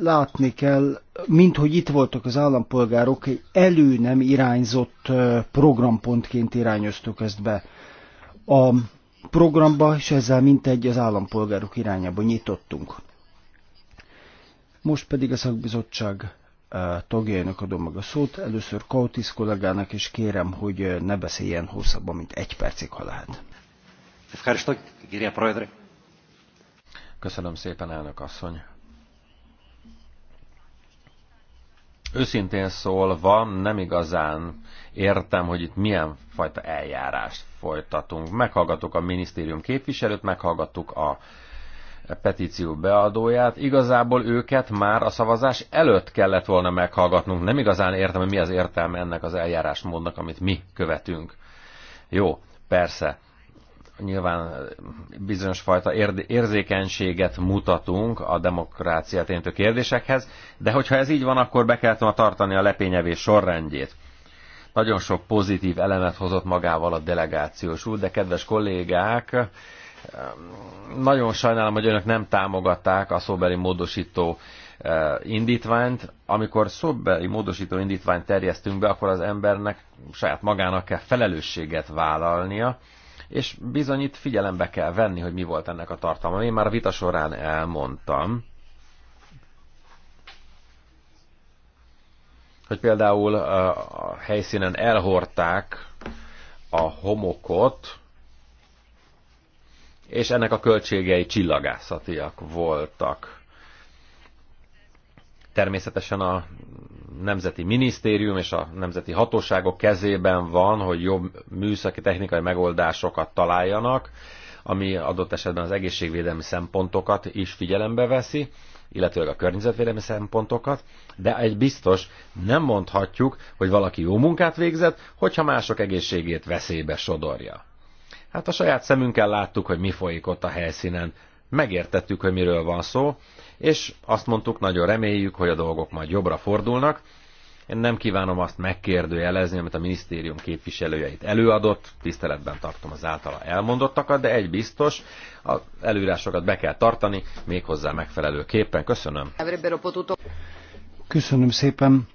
látni kell, mint hogy itt voltak az állampolgárok, egy elő nem irányzott eh, programpontként irányoztuk ezt be a programba, és ezzel mintegy az állampolgárok irányába nyitottunk. Most pedig a szakbizottság tagjainak adom meg a szót. Először Kautis kollégának is kérem, hogy ne beszéljen hosszabban, mint egy percig, ha lehet. Köszönöm szépen, elnök asszony. Őszintén szólva nem igazán értem, hogy itt milyen fajta eljárást folytatunk. Meghallgattuk a minisztérium képviselőt, meghallgattuk a petíció beadóját, igazából őket már a szavazás előtt kellett volna meghallgatnunk. Nem igazán értem, hogy mi az értelme ennek az eljárásmódnak, amit mi követünk. Jó, persze, nyilván bizonyos fajta érzékenységet mutatunk a demokráciát érintő kérdésekhez, de hogyha ez így van, akkor be kellett volna tartani a lepényevés sorrendjét. Nagyon sok pozitív elemet hozott magával a delegációs út, de kedves kollégák, Ehm, nagyon sajnálom, hogy önök nem támogatták a szóbeli módosító eh, indítványt. Amikor szóbeli módosító indítványt terjesztünk be, akkor az embernek saját magának kell felelősséget vállalnia, és bizony itt figyelembe kell venni, hogy mi volt ennek a tartalma. Én már a vita során elmondtam, hogy például eh, a helyszínen elhordták a homokot, és ennek a költségei csillagászatiak voltak. Természetesen a nemzeti minisztérium és a nemzeti hatóságok kezében van, hogy jobb műszaki technikai megoldásokat találjanak, ami adott esetben az egészségvédelmi szempontokat is figyelembe veszi, illetőleg a környezetvédelmi szempontokat, de egy biztos, nem mondhatjuk, hogy valaki jó munkát végzett, hogyha mások egészségét veszélybe sodorja. Hát a saját szemünkkel láttuk, hogy mi folyik ott a helyszínen. Megértettük, hogy miről van szó, és azt mondtuk, nagyon reméljük, hogy a dolgok majd jobbra fordulnak. Én nem kívánom azt megkérdőjelezni, amit a minisztérium képviselőjeit előadott, tiszteletben tartom az általa elmondottakat, de egy biztos, az előírásokat be kell tartani, méghozzá megfelelő képen. Köszönöm. Köszönöm szépen.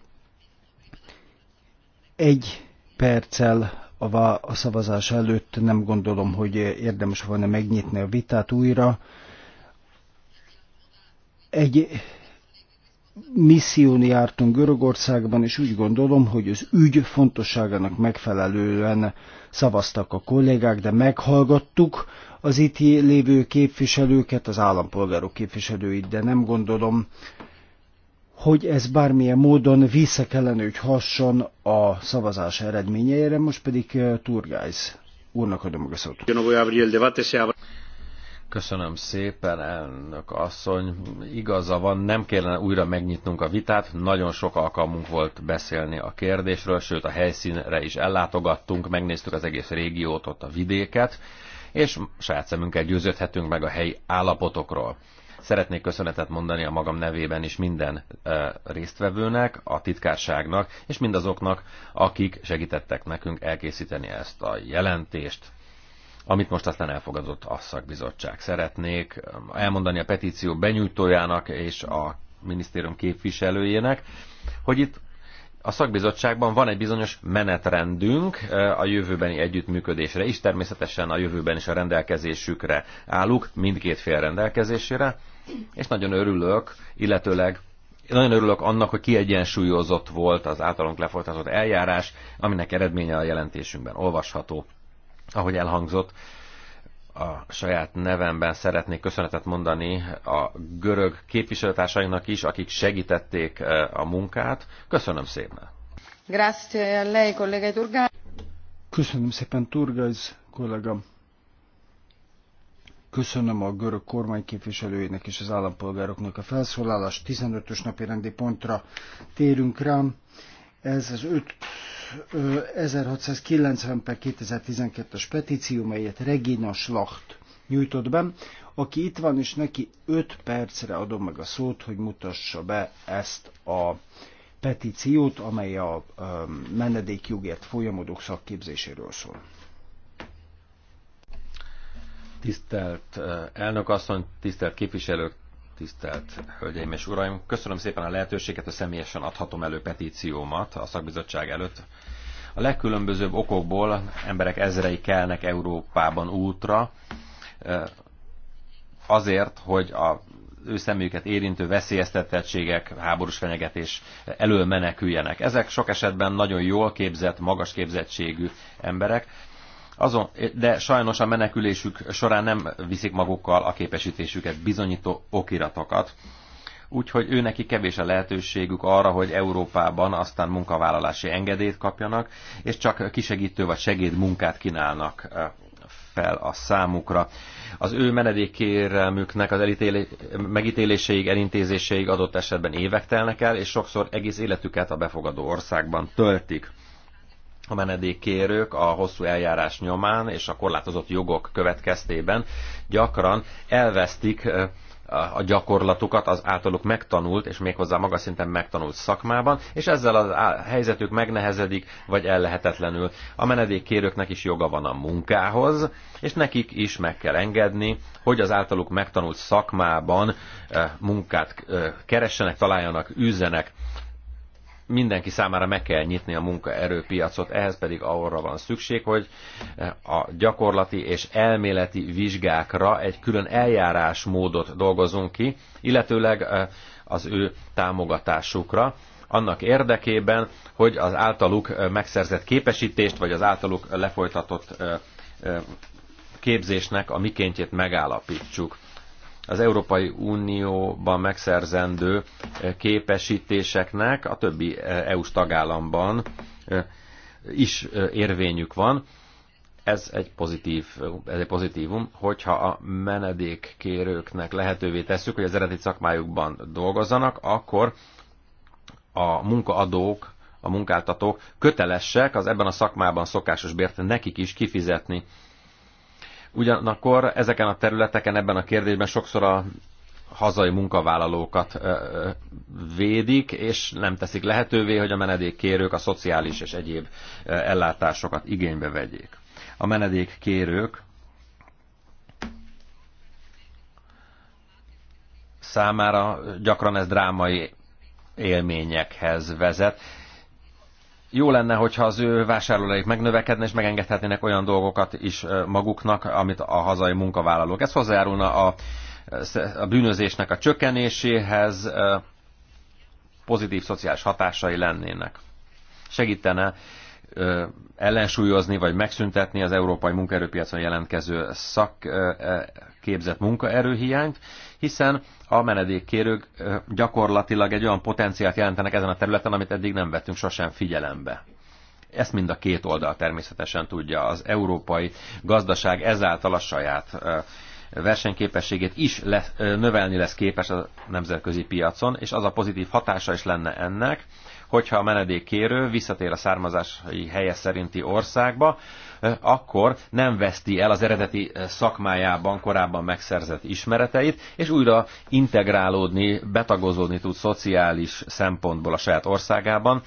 Egy perccel a szavazás előtt nem gondolom, hogy érdemes volna megnyitni a vitát újra. Egy misszión jártunk Görögországban, és úgy gondolom, hogy az ügy fontosságának megfelelően szavaztak a kollégák, de meghallgattuk az itt lévő képviselőket, az állampolgárok képviselőit, de nem gondolom, hogy ez bármilyen módon vissza kellene, hogy hasson a szavazás eredményeire, most pedig eh, Turgájz úrnak adom meg a szót. Köszönöm szépen, elnök asszony. Igaza van, nem kellene újra megnyitnunk a vitát. Nagyon sok alkalmunk volt beszélni a kérdésről, sőt a helyszínre is ellátogattunk, megnéztük az egész régiót, ott a vidéket, és saját szemünkkel győződhetünk meg a helyi állapotokról. Szeretnék köszönetet mondani a magam nevében is minden résztvevőnek, a titkárságnak, és mindazoknak, akik segítettek nekünk elkészíteni ezt a jelentést amit most aztán elfogadott a szakbizottság. Szeretnék elmondani a petíció benyújtójának és a minisztérium képviselőjének, hogy itt a szakbizottságban van egy bizonyos menetrendünk a jövőbeni együttműködésre, és természetesen a jövőben is a rendelkezésükre állunk, mindkét fél rendelkezésére és nagyon örülök, illetőleg nagyon örülök annak, hogy kiegyensúlyozott volt az általunk lefolytatott eljárás, aminek eredménye a jelentésünkben olvasható. Ahogy elhangzott, a saját nevemben szeretnék köszönetet mondani a görög képviselőtársainknak is, akik segítették eh, a munkát. Köszönöm szépen! Grazie a lei, collega Turgaz. Köszönöm szépen, Turgaz kollega. Köszönöm a görög kormány képviselőjének és az állampolgároknak a felszólalást. 15-ös napi rendi pontra térünk rám. Ez az 5, 1690 per 2012-es petíció, melyet Regina Slacht nyújtott be. Aki itt van, és neki 5 percre adom meg a szót, hogy mutassa be ezt a petíciót, amely a menedékjogért folyamodók szakképzéséről szól. Tisztelt elnök asszony, tisztelt képviselők, tisztelt Hölgyeim és Uraim! Köszönöm szépen a lehetőséget, hogy személyesen adhatom elő petíciómat a szakbizottság előtt. A legkülönbözőbb okokból emberek ezrei kelnek Európában útra, azért, hogy a ő szemüket érintő veszélyeztetettségek, háborús fenyegetés elől meneküljenek. Ezek sok esetben nagyon jól képzett, magas képzettségű emberek, azon, de sajnos a menekülésük során nem viszik magukkal a képesítésüket bizonyító okiratokat. Úgyhogy ő neki kevés a lehetőségük arra, hogy Európában aztán munkavállalási engedélyt kapjanak, és csak kisegítő vagy segéd munkát kínálnak fel a számukra. Az ő menedékkérelmüknek az elítélé, megítéléséig, elintézéséig adott esetben évek telnek el, és sokszor egész életüket a befogadó országban töltik a menedékkérők a hosszú eljárás nyomán és a korlátozott jogok következtében gyakran elvesztik a gyakorlatukat az általuk megtanult, és méghozzá magas szinten megtanult szakmában, és ezzel a helyzetük megnehezedik, vagy ellehetetlenül. A menedékkérőknek is joga van a munkához, és nekik is meg kell engedni, hogy az általuk megtanult szakmában munkát keressenek, találjanak, üzenek mindenki számára meg kell nyitni a munkaerőpiacot, ehhez pedig arra van szükség, hogy a gyakorlati és elméleti vizsgákra egy külön eljárásmódot dolgozunk ki, illetőleg az ő támogatásukra, annak érdekében, hogy az általuk megszerzett képesítést, vagy az általuk lefolytatott képzésnek a mikéntjét megállapítsuk az Európai Unióban megszerzendő eh, képesítéseknek a többi EU-s eh, e tagállamban eh, is érvényük van. Ez egy, pozitív, ez egy pozitívum, hogyha a menedékkérőknek lehetővé tesszük, hogy az eredeti szakmájukban dolgozzanak, akkor a munkaadók, a munkáltatók kötelesek az ebben a szakmában szokásos bért nekik is kifizetni Ugyanakkor ezeken a területeken, ebben a kérdésben sokszor a hazai munkavállalókat védik, és nem teszik lehetővé, hogy a menedékkérők a szociális és egyéb ellátásokat igénybe vegyék. A menedékkérők számára gyakran ez drámai élményekhez vezet, jó lenne, hogyha az ő vásárlóik megnövekedne, és megengedhetnének olyan dolgokat is maguknak, amit a hazai munkavállalók. Ez hozzájárulna a, a bűnözésnek a csökkenéséhez, pozitív szociális hatásai lennének. Segítene ellensúlyozni vagy megszüntetni az európai munkaerőpiacon jelentkező szakképzett munkaerőhiányt, hiszen a menedékkérők gyakorlatilag egy olyan potenciált jelentenek ezen a területen, amit eddig nem vettünk sosem figyelembe. Ezt mind a két oldal természetesen tudja. Az európai gazdaság ezáltal a saját versenyképességét is lesz, növelni lesz képes a nemzetközi piacon, és az a pozitív hatása is lenne ennek, hogyha a kérő visszatér a származási helye szerinti országba, akkor nem veszti el az eredeti szakmájában korábban megszerzett ismereteit, és újra integrálódni, betagozódni tud szociális szempontból a saját országában,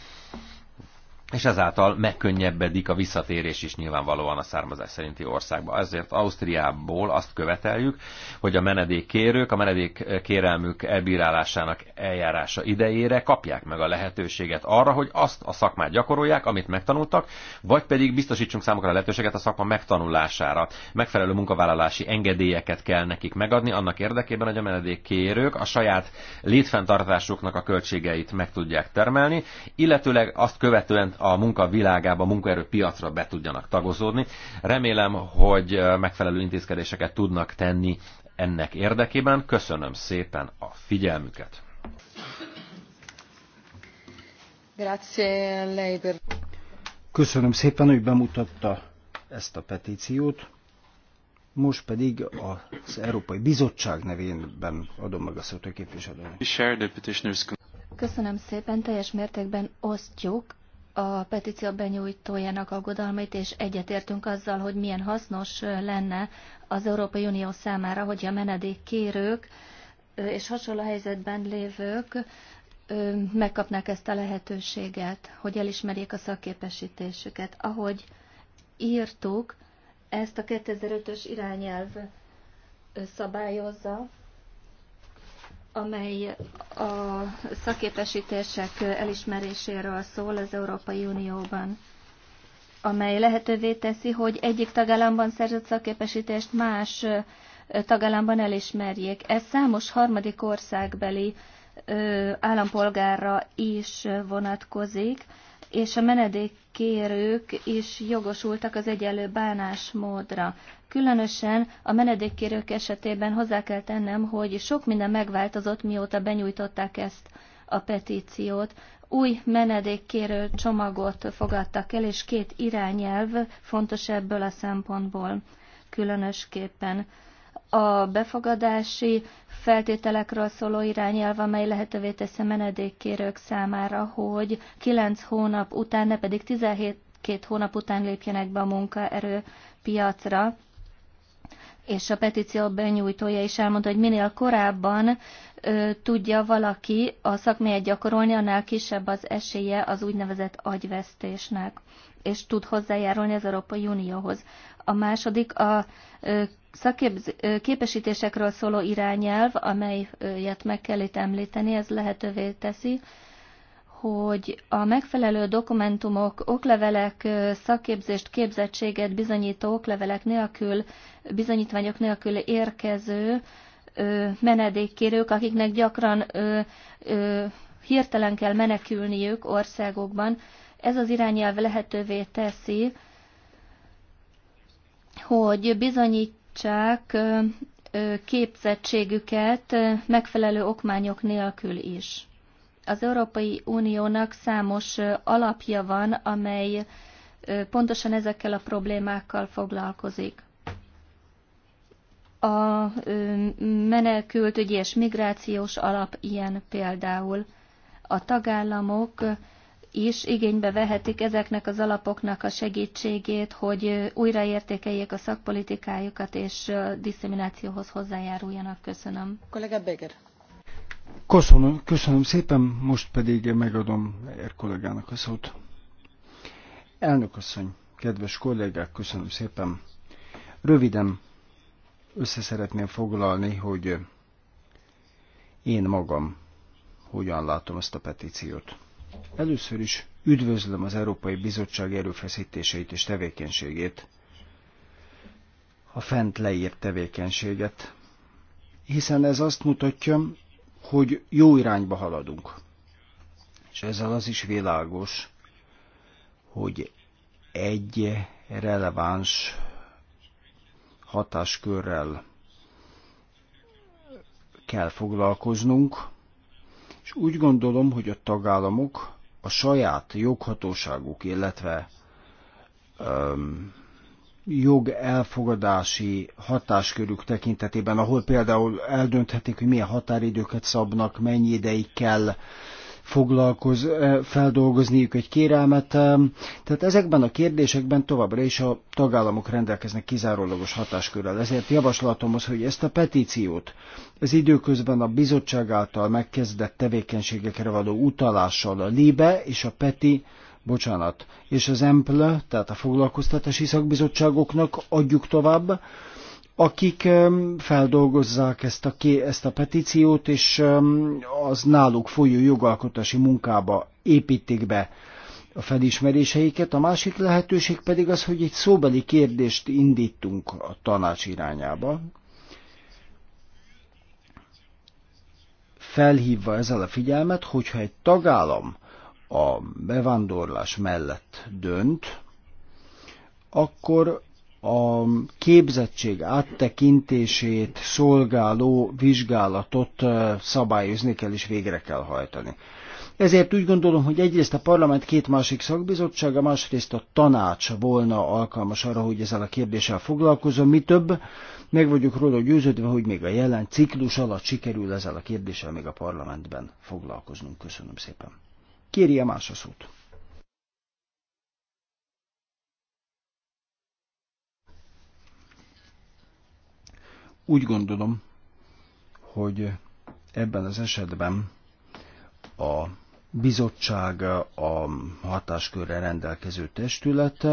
és ezáltal megkönnyebbedik a visszatérés is nyilvánvalóan a származás szerinti országba. Ezért Ausztriából azt követeljük, hogy a menedékkérők a menedékkérelmük elbírálásának eljárása idejére kapják meg a lehetőséget arra, hogy azt a szakmát gyakorolják, amit megtanultak, vagy pedig biztosítsunk számukra a lehetőséget a szakma megtanulására. Megfelelő munkavállalási engedélyeket kell nekik megadni annak érdekében, hogy a menedékkérők a saját létfenntartásuknak a költségeit meg tudják termelni, illetőleg azt követően a munka világába, a munkaerőpiacra be tudjanak tagozódni. Remélem, hogy megfelelő intézkedéseket tudnak tenni ennek érdekében. Köszönöm szépen a figyelmüket! Köszönöm szépen, hogy bemutatta ezt a petíciót. Most pedig az Európai Bizottság nevében adom meg a szót a képviselőnek. Köszönöm szépen, teljes mértékben osztjuk a petíció benyújtójának aggodalmait, és egyetértünk azzal, hogy milyen hasznos lenne az Európai Unió számára, hogy a menedékkérők és hasonló helyzetben lévők megkapnák ezt a lehetőséget, hogy elismerjék a szakképesítésüket. Ahogy írtuk, ezt a 2005-ös irányelv szabályozza, amely a szakképesítések elismeréséről szól az Európai Unióban, amely lehetővé teszi, hogy egyik tagállamban szerzett szakképesítést más tagállamban elismerjék. Ez számos harmadik országbeli állampolgárra is vonatkozik, és a menedék kérők is jogosultak az egyenlő bánásmódra. Különösen a menedékkérők esetében hozzá kell tennem, hogy sok minden megváltozott, mióta benyújtották ezt a petíciót. Új menedékkérő csomagot fogadtak el, és két irányelv fontos ebből a szempontból különösképpen. A befogadási feltételekről szóló irányelv, amely lehetővé teszi menedékkérők számára, hogy 9 hónap után, ne pedig 17 két hónap után lépjenek be a munkaerőpiacra, és a petíció benyújtója is elmondta, hogy minél korábban ö, tudja valaki a szakmélyet gyakorolni, annál kisebb az esélye az úgynevezett agyvesztésnek, és tud hozzájárulni az Európai Unióhoz. A második a ö, szakképesítésekről szóló irányelv, amelyet meg kell itt említeni, ez lehetővé teszi, hogy a megfelelő dokumentumok, oklevelek, szakképzést, képzettséget bizonyító oklevelek nélkül, bizonyítványok nélkül érkező menedékkérők, akiknek gyakran ö, ö, hirtelen kell menekülniük országokban, ez az irányelv lehetővé teszi, hogy bizonyít javítsák képzettségüket megfelelő okmányok nélkül is. Az Európai Uniónak számos alapja van, amely pontosan ezekkel a problémákkal foglalkozik. A menekültügyi és migrációs alap ilyen például. A tagállamok is igénybe vehetik ezeknek az alapoknak a segítségét, hogy újraértékeljék a szakpolitikájukat és diszeminációhoz hozzájáruljanak. Köszönöm. Kollega Beger. Köszönöm, köszönöm szépen, most pedig megadom Ér kollégának a szót. Elnök asszony, kedves kollégák, köszönöm szépen. Röviden szeretném foglalni, hogy én magam hogyan látom ezt a petíciót. Először is üdvözlöm az Európai Bizottság erőfeszítéseit és tevékenységét, a fent leírt tevékenységet, hiszen ez azt mutatja, hogy jó irányba haladunk. És ezzel az is világos, hogy egy releváns hatáskörrel kell foglalkoznunk, és úgy gondolom, hogy a tagállamok a saját joghatóságuk, illetve um, jog elfogadási hatáskörük tekintetében, ahol például eldönthetik, hogy milyen határidőket szabnak, mennyi ideig kell foglalkoz, eh, feldolgozniuk egy kérelmet. Eh, tehát ezekben a kérdésekben továbbra is a tagállamok rendelkeznek kizárólagos hatáskörrel. Ezért javaslatom az, hogy ezt a petíciót az időközben a bizottság által megkezdett tevékenységekre való utalással a LIBE és a PETI bocsánat, és az EMPLE, tehát a foglalkoztatási szakbizottságoknak adjuk tovább, akik feldolgozzák ezt a, ezt a petíciót, és az náluk folyó jogalkotási munkába építik be a felismeréseiket, a másik lehetőség pedig az, hogy egy szóbeli kérdést indítunk a tanács irányába, felhívva ezzel a figyelmet, hogyha egy tagállam a bevándorlás mellett dönt, akkor a képzettség áttekintését szolgáló vizsgálatot szabályozni kell és végre kell hajtani. Ezért úgy gondolom, hogy egyrészt a parlament két másik szakbizottsága, másrészt a tanács volna alkalmas arra, hogy ezzel a kérdéssel foglalkozom. Mi több, meg vagyok róla győződve, hogy még a jelen ciklus alatt sikerül ezzel a kérdéssel még a parlamentben foglalkoznunk. Köszönöm szépen. Kéri más a szót. Úgy gondolom, hogy ebben az esetben a bizottság a hatáskörre rendelkező testület,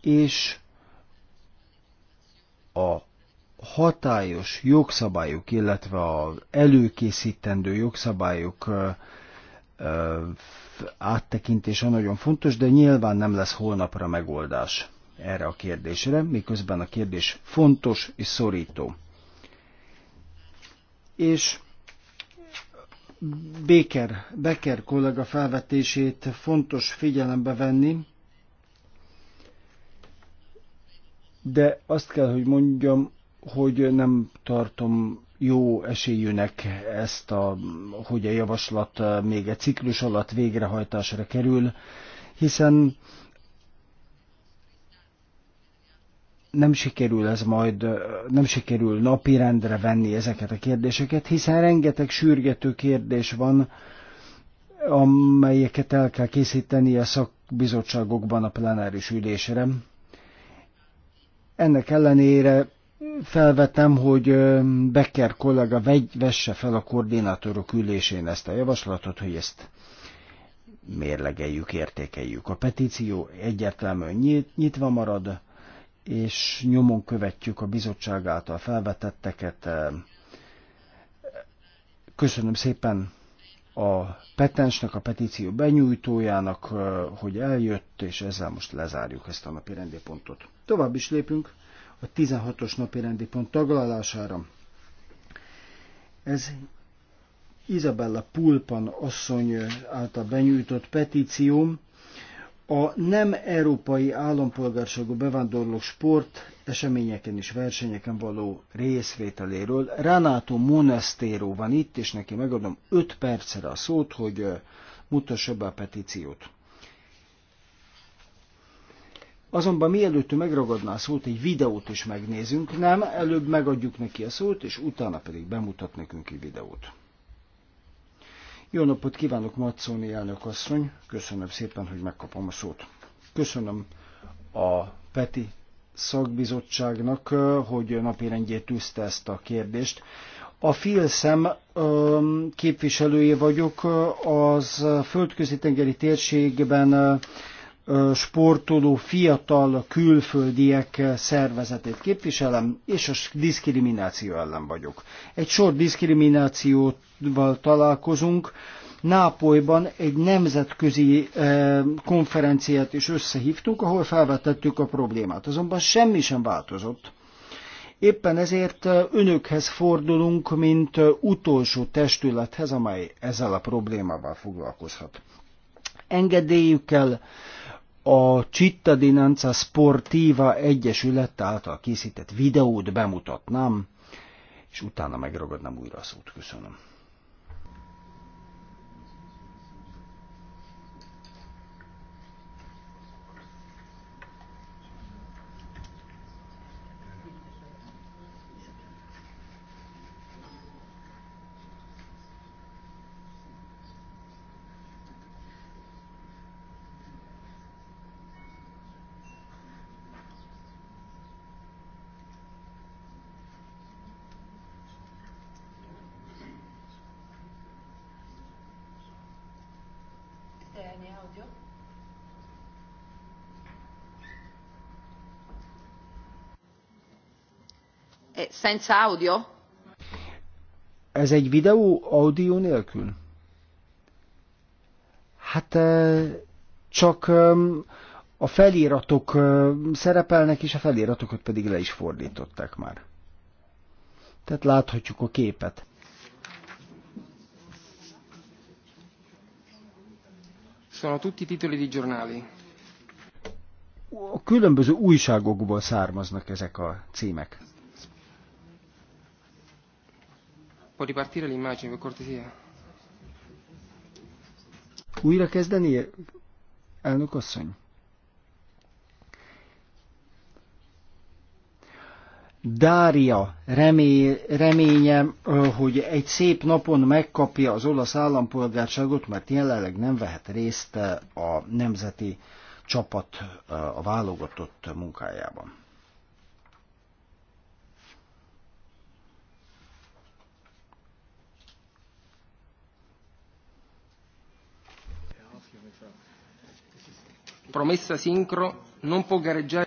és a hatályos jogszabályok, illetve az előkészítendő jogszabályok áttekintése nagyon fontos, de nyilván nem lesz holnapra megoldás erre a kérdésre, miközben a kérdés fontos és szorító és Béker, Becker kollega felvetését fontos figyelembe venni, de azt kell, hogy mondjam, hogy nem tartom jó esélyűnek ezt, a, hogy a javaslat még egy ciklus alatt végrehajtásra kerül, hiszen nem sikerül ez majd, nem sikerül napirendre venni ezeket a kérdéseket, hiszen rengeteg sürgető kérdés van, amelyeket el kell készíteni a szakbizottságokban a plenáris ülésre. Ennek ellenére felvetem, hogy Becker kollega vegy, vesse fel a koordinátorok ülésén ezt a javaslatot, hogy ezt mérlegeljük, értékeljük. A petíció egyértelműen nyitva marad, és nyomon követjük a bizottság által felvetetteket. Köszönöm szépen a petensnek, a petíció benyújtójának, hogy eljött, és ezzel most lezárjuk ezt a napi rendi pontot. Tovább is lépünk a 16-os napi rendi pont taglalására. Ez Izabella Pulpan asszony által benyújtott petícióm, a nem európai állampolgárságú bevándorló sport eseményeken és versenyeken való részvételéről. Renato Monestero van itt, és neki megadom 5 percre a szót, hogy mutassa be a petíciót. Azonban mielőtt ő megragadná a szót, egy videót is megnézünk, nem, előbb megadjuk neki a szót, és utána pedig bemutat nekünk egy videót. Jó napot kívánok, Macóni elnök asszony. Köszönöm szépen, hogy megkapom a szót. Köszönöm a Peti szakbizottságnak, hogy napirendjét tűzte ezt a kérdést. A Filszem képviselője vagyok, az földközi-tengeri térségben sportoló fiatal külföldiek szervezetét képviselem, és a diszkrimináció ellen vagyok. Egy sor diszkriminációval találkozunk. Nápolyban egy nemzetközi konferenciát is összehívtunk, ahol felvetettük a problémát. Azonban semmi sem változott. Éppen ezért önökhez fordulunk, mint utolsó testülethez, amely ezzel a problémával foglalkozhat. Engedélyükkel a Dinanza Sportiva Egyesület által készített videót bemutatnám, és utána megragadnám újra a szót. Köszönöm. Senza audio? Ez egy videó audio nélkül? Hát csak a feliratok szerepelnek, és a feliratokat pedig le is fordították már. Tehát láthatjuk a képet. Sono tutti titoli di giornali. A különböző újságokból származnak ezek a címek. Può ripartire l'immagine, per cortesia? Újra kezdeni, elnök asszony? Dária remély reménye, hogy egy szép napon megkapja az olasz állampolgárságot, mert jelenleg nem vehet részt a nemzeti csapat a válogatott munkájában. promessa sincro non può gareggiare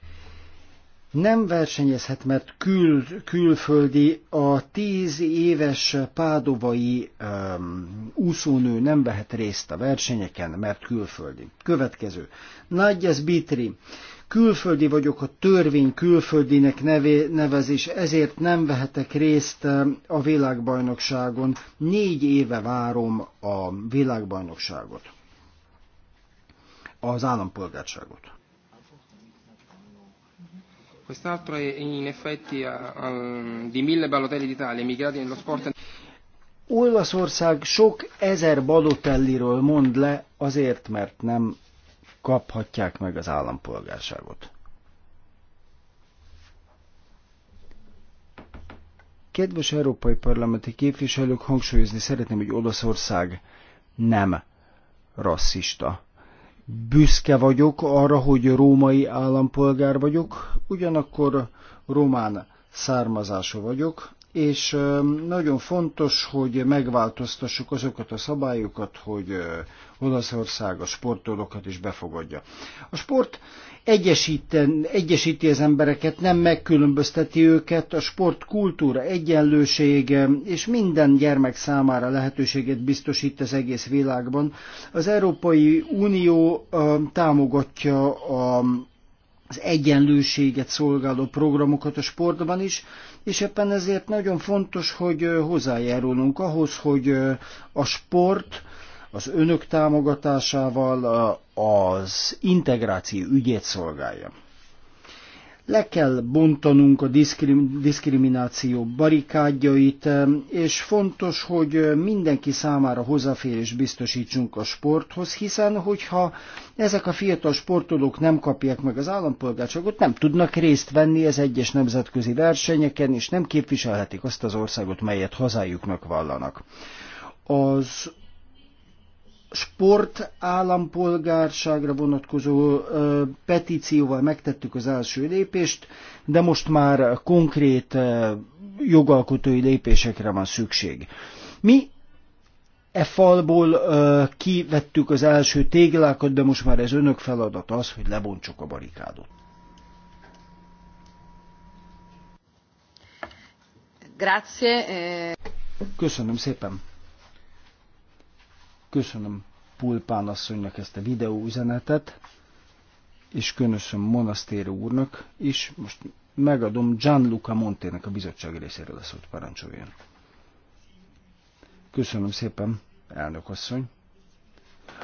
nem versenyezhet, mert kül, külföldi, a tíz éves pádovai um, úszónő nem vehet részt a versenyeken, mert külföldi. Következő. ez Bitri. Külföldi vagyok, a törvény külföldinek nevé, nevezés, ezért nem vehetek részt a világbajnokságon. Négy éve várom a világbajnokságot az állampolgárságot. Quest'altro in di sport. Olaszország sok ezer balotelliről mond le azért, mert nem kaphatják meg az állampolgárságot. Kedves európai parlamenti képviselők, hangsúlyozni szeretném, hogy Olaszország nem rasszista büszke vagyok arra, hogy római állampolgár vagyok, ugyanakkor román származású vagyok, és nagyon fontos, hogy megváltoztassuk azokat a szabályokat, hogy Olaszország a sportolókat is befogadja. A sport egyesíten, egyesíti az embereket, nem megkülönbözteti őket, a sport kultúra, egyenlősége, és minden gyermek számára lehetőséget biztosít az egész világban. Az Európai Unió támogatja a az egyenlőséget szolgáló programokat a sportban is, és éppen ezért nagyon fontos, hogy hozzájárulunk ahhoz, hogy a sport az önök támogatásával az integráció ügyét szolgálja. Le kell bontanunk a diszkrim, diszkrimináció barikádjait, és fontos, hogy mindenki számára hozzáférés biztosítsunk a sporthoz, hiszen hogyha ezek a fiatal sportolók nem kapják meg az állampolgárságot, nem tudnak részt venni az egyes nemzetközi versenyeken, és nem képviselhetik azt az országot, melyet hazájuknak vallanak. Az sport állampolgárságra vonatkozó petícióval megtettük az első lépést, de most már konkrét jogalkotói lépésekre van szükség. Mi e falból kivettük az első téglákat, de most már ez önök feladat az, hogy lebontsuk a barikádot. Grazie. Eh. Köszönöm szépen. Köszönöm Pulpán asszonynak ezt a videó üzenetet, és köszönöm Monasztéri úrnak is. Most megadom Gianluca Montének a bizottság részéről a szót parancsoljon. Köszönöm szépen, elnök asszony.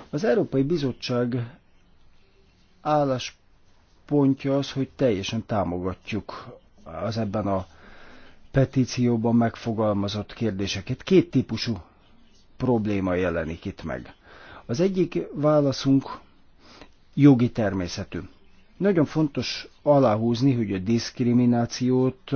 Az Európai Bizottság álláspontja az, hogy teljesen támogatjuk az ebben a petícióban megfogalmazott kérdéseket. Két típusú probléma jelenik itt meg. Az egyik válaszunk jogi természetű. Nagyon fontos aláhúzni, hogy a diszkriminációt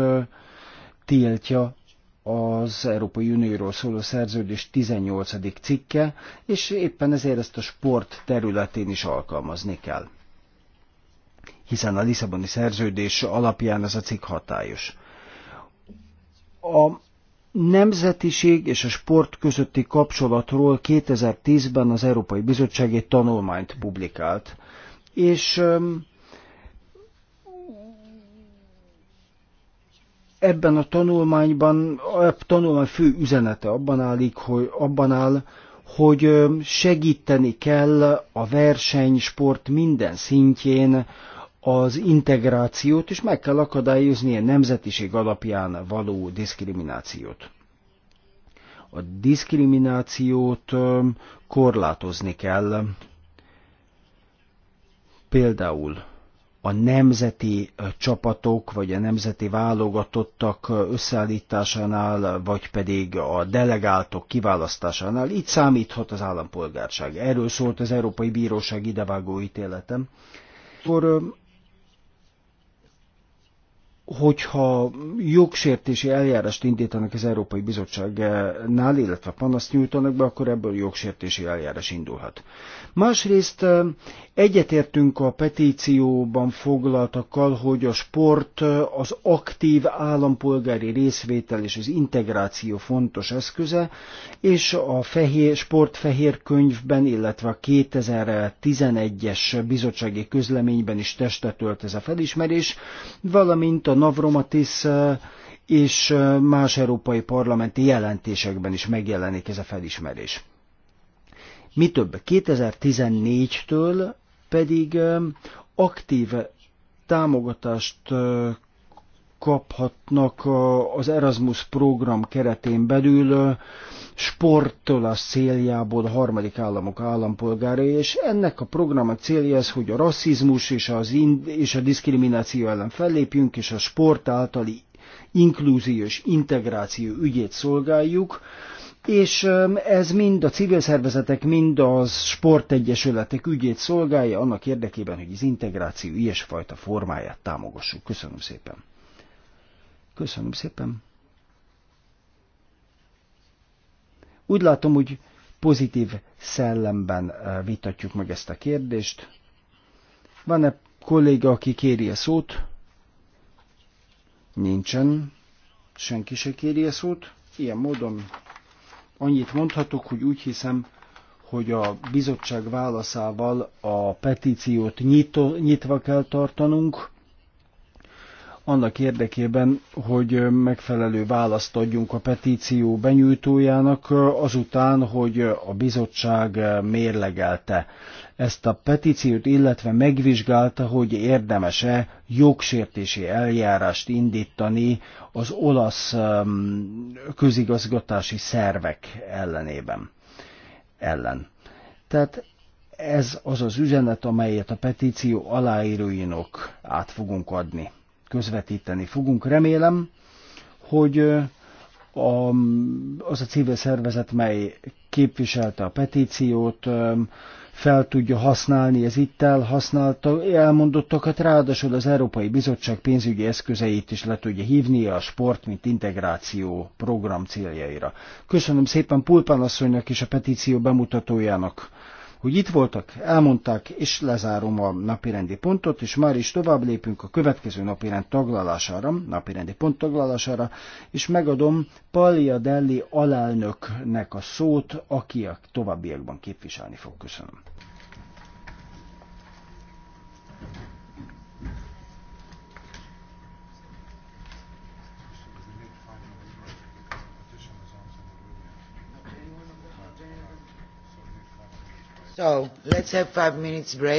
tiltja az Európai Unióról szóló szerződés 18. cikke, és éppen ezért ezt a sport területén is alkalmazni kell. Hiszen a Lisszaboni szerződés alapján ez a cikk hatályos. A nemzetiség és a sport közötti kapcsolatról 2010-ben az Európai Bizottság egy tanulmányt publikált. És ebben a tanulmányban, a tanulmány fő üzenete abban, állik, hogy, abban áll, hogy segíteni kell a versenysport minden szintjén az integrációt, és meg kell akadályozni a nemzetiség alapján való diszkriminációt. A diszkriminációt korlátozni kell. Például a nemzeti csapatok, vagy a nemzeti válogatottak összeállításánál, vagy pedig a delegáltok kiválasztásánál. Itt számíthat az állampolgárság. Erről szólt az Európai Bíróság idevágó ítéletem. Akkor hogyha jogsértési eljárást indítanak az Európai Bizottságnál, illetve panaszt nyújtanak be, akkor ebből jogsértési eljárás indulhat. Másrészt eh, egyetértünk a petícióban foglaltakkal, hogy a sport eh, az aktív állampolgári részvétel és az integráció fontos eszköze, és a fehér, sport fehér könyvben, illetve a 2011-es bizottsági közleményben is testet ölt ez a felismerés, valamint a Navromatis és más európai parlamenti jelentésekben is megjelenik ez a felismerés. Mi több, 2014-től pedig aktív támogatást kaphatnak az Erasmus program keretén belül sporttól a céljából a harmadik államok állampolgárai, és ennek a programnak célja az, hogy a rasszizmus és, az in- és a diszkrimináció ellen fellépjünk, és a sport általi inkluziós integráció ügyét szolgáljuk, és ez mind a civil szervezetek, mind a sportegyesületek ügyét szolgálja annak érdekében, hogy az integráció ilyesfajta formáját támogassuk. Köszönöm szépen! Köszönöm szépen. Úgy látom, hogy pozitív szellemben eh, vitatjuk meg ezt a kérdést. Van-e kolléga, aki kéri a szót? Nincsen. Senki se kéri a szót. Ilyen módon annyit mondhatok, hogy úgy hiszem, hogy a bizottság válaszával a petíciót nyitva kell tartanunk, annak érdekében, hogy megfelelő választ adjunk a petíció benyújtójának azután, hogy a bizottság mérlegelte ezt a petíciót, illetve megvizsgálta, hogy érdemese jogsértési eljárást indítani az olasz um, közigazgatási szervek ellenében. Ellen. Tehát ez az az üzenet, amelyet a petíció aláíróinok át fogunk adni közvetíteni fogunk. Remélem, hogy a, az a civil szervezet, mely képviselte a petíciót, fel tudja használni az itt elhasználta, elmondottakat, ráadásul az Európai Bizottság pénzügyi eszközeit is le tudja hívni a sport, mint integráció program céljaira. Köszönöm szépen Pulpán asszonynak és a petíció bemutatójának hogy itt voltak, elmondták, és lezárom a napirendi pontot, és már is tovább lépünk a következő napirend taglalására, napirendi pont taglalására, és megadom Pallia Delli alelnöknek a szót, aki a továbbiakban képviselni fog. Köszönöm. Oh, uh,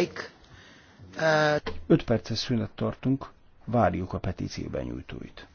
Öt perces szünet tartunk, várjuk a petíció benyújtóit.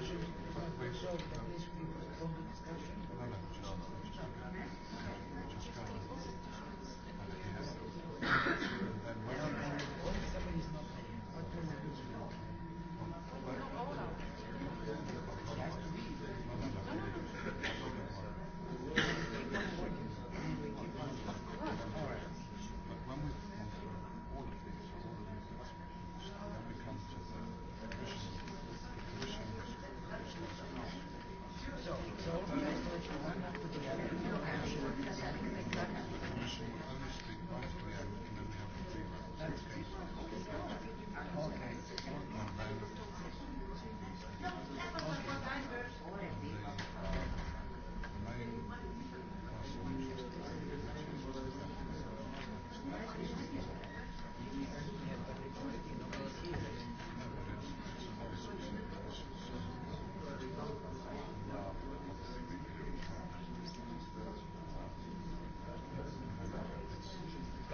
Köszönöm.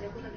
Gracias.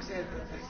Köszönöm szépen.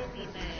Happy birthday.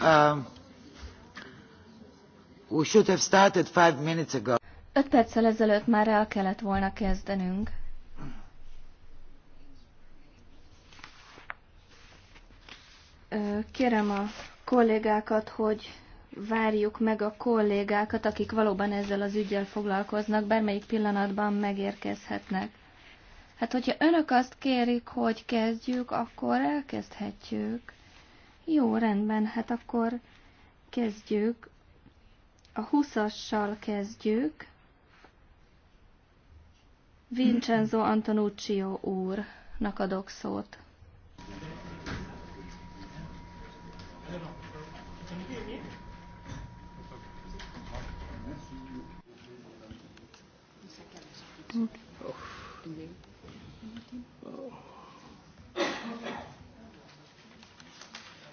Um, we should have started five minutes ago. Öt perccel ezelőtt már el kellett volna kezdenünk. Kérem a kollégákat, hogy várjuk meg a kollégákat, akik valóban ezzel az ügyel foglalkoznak, bármelyik pillanatban megérkezhetnek. Hát, hogyha önök azt kérik, hogy kezdjük, akkor elkezdhetjük. Jó, rendben, hát akkor kezdjük. A 20-assal kezdjük. Vincenzo Antonuccio úrnak adok szót. Thank you.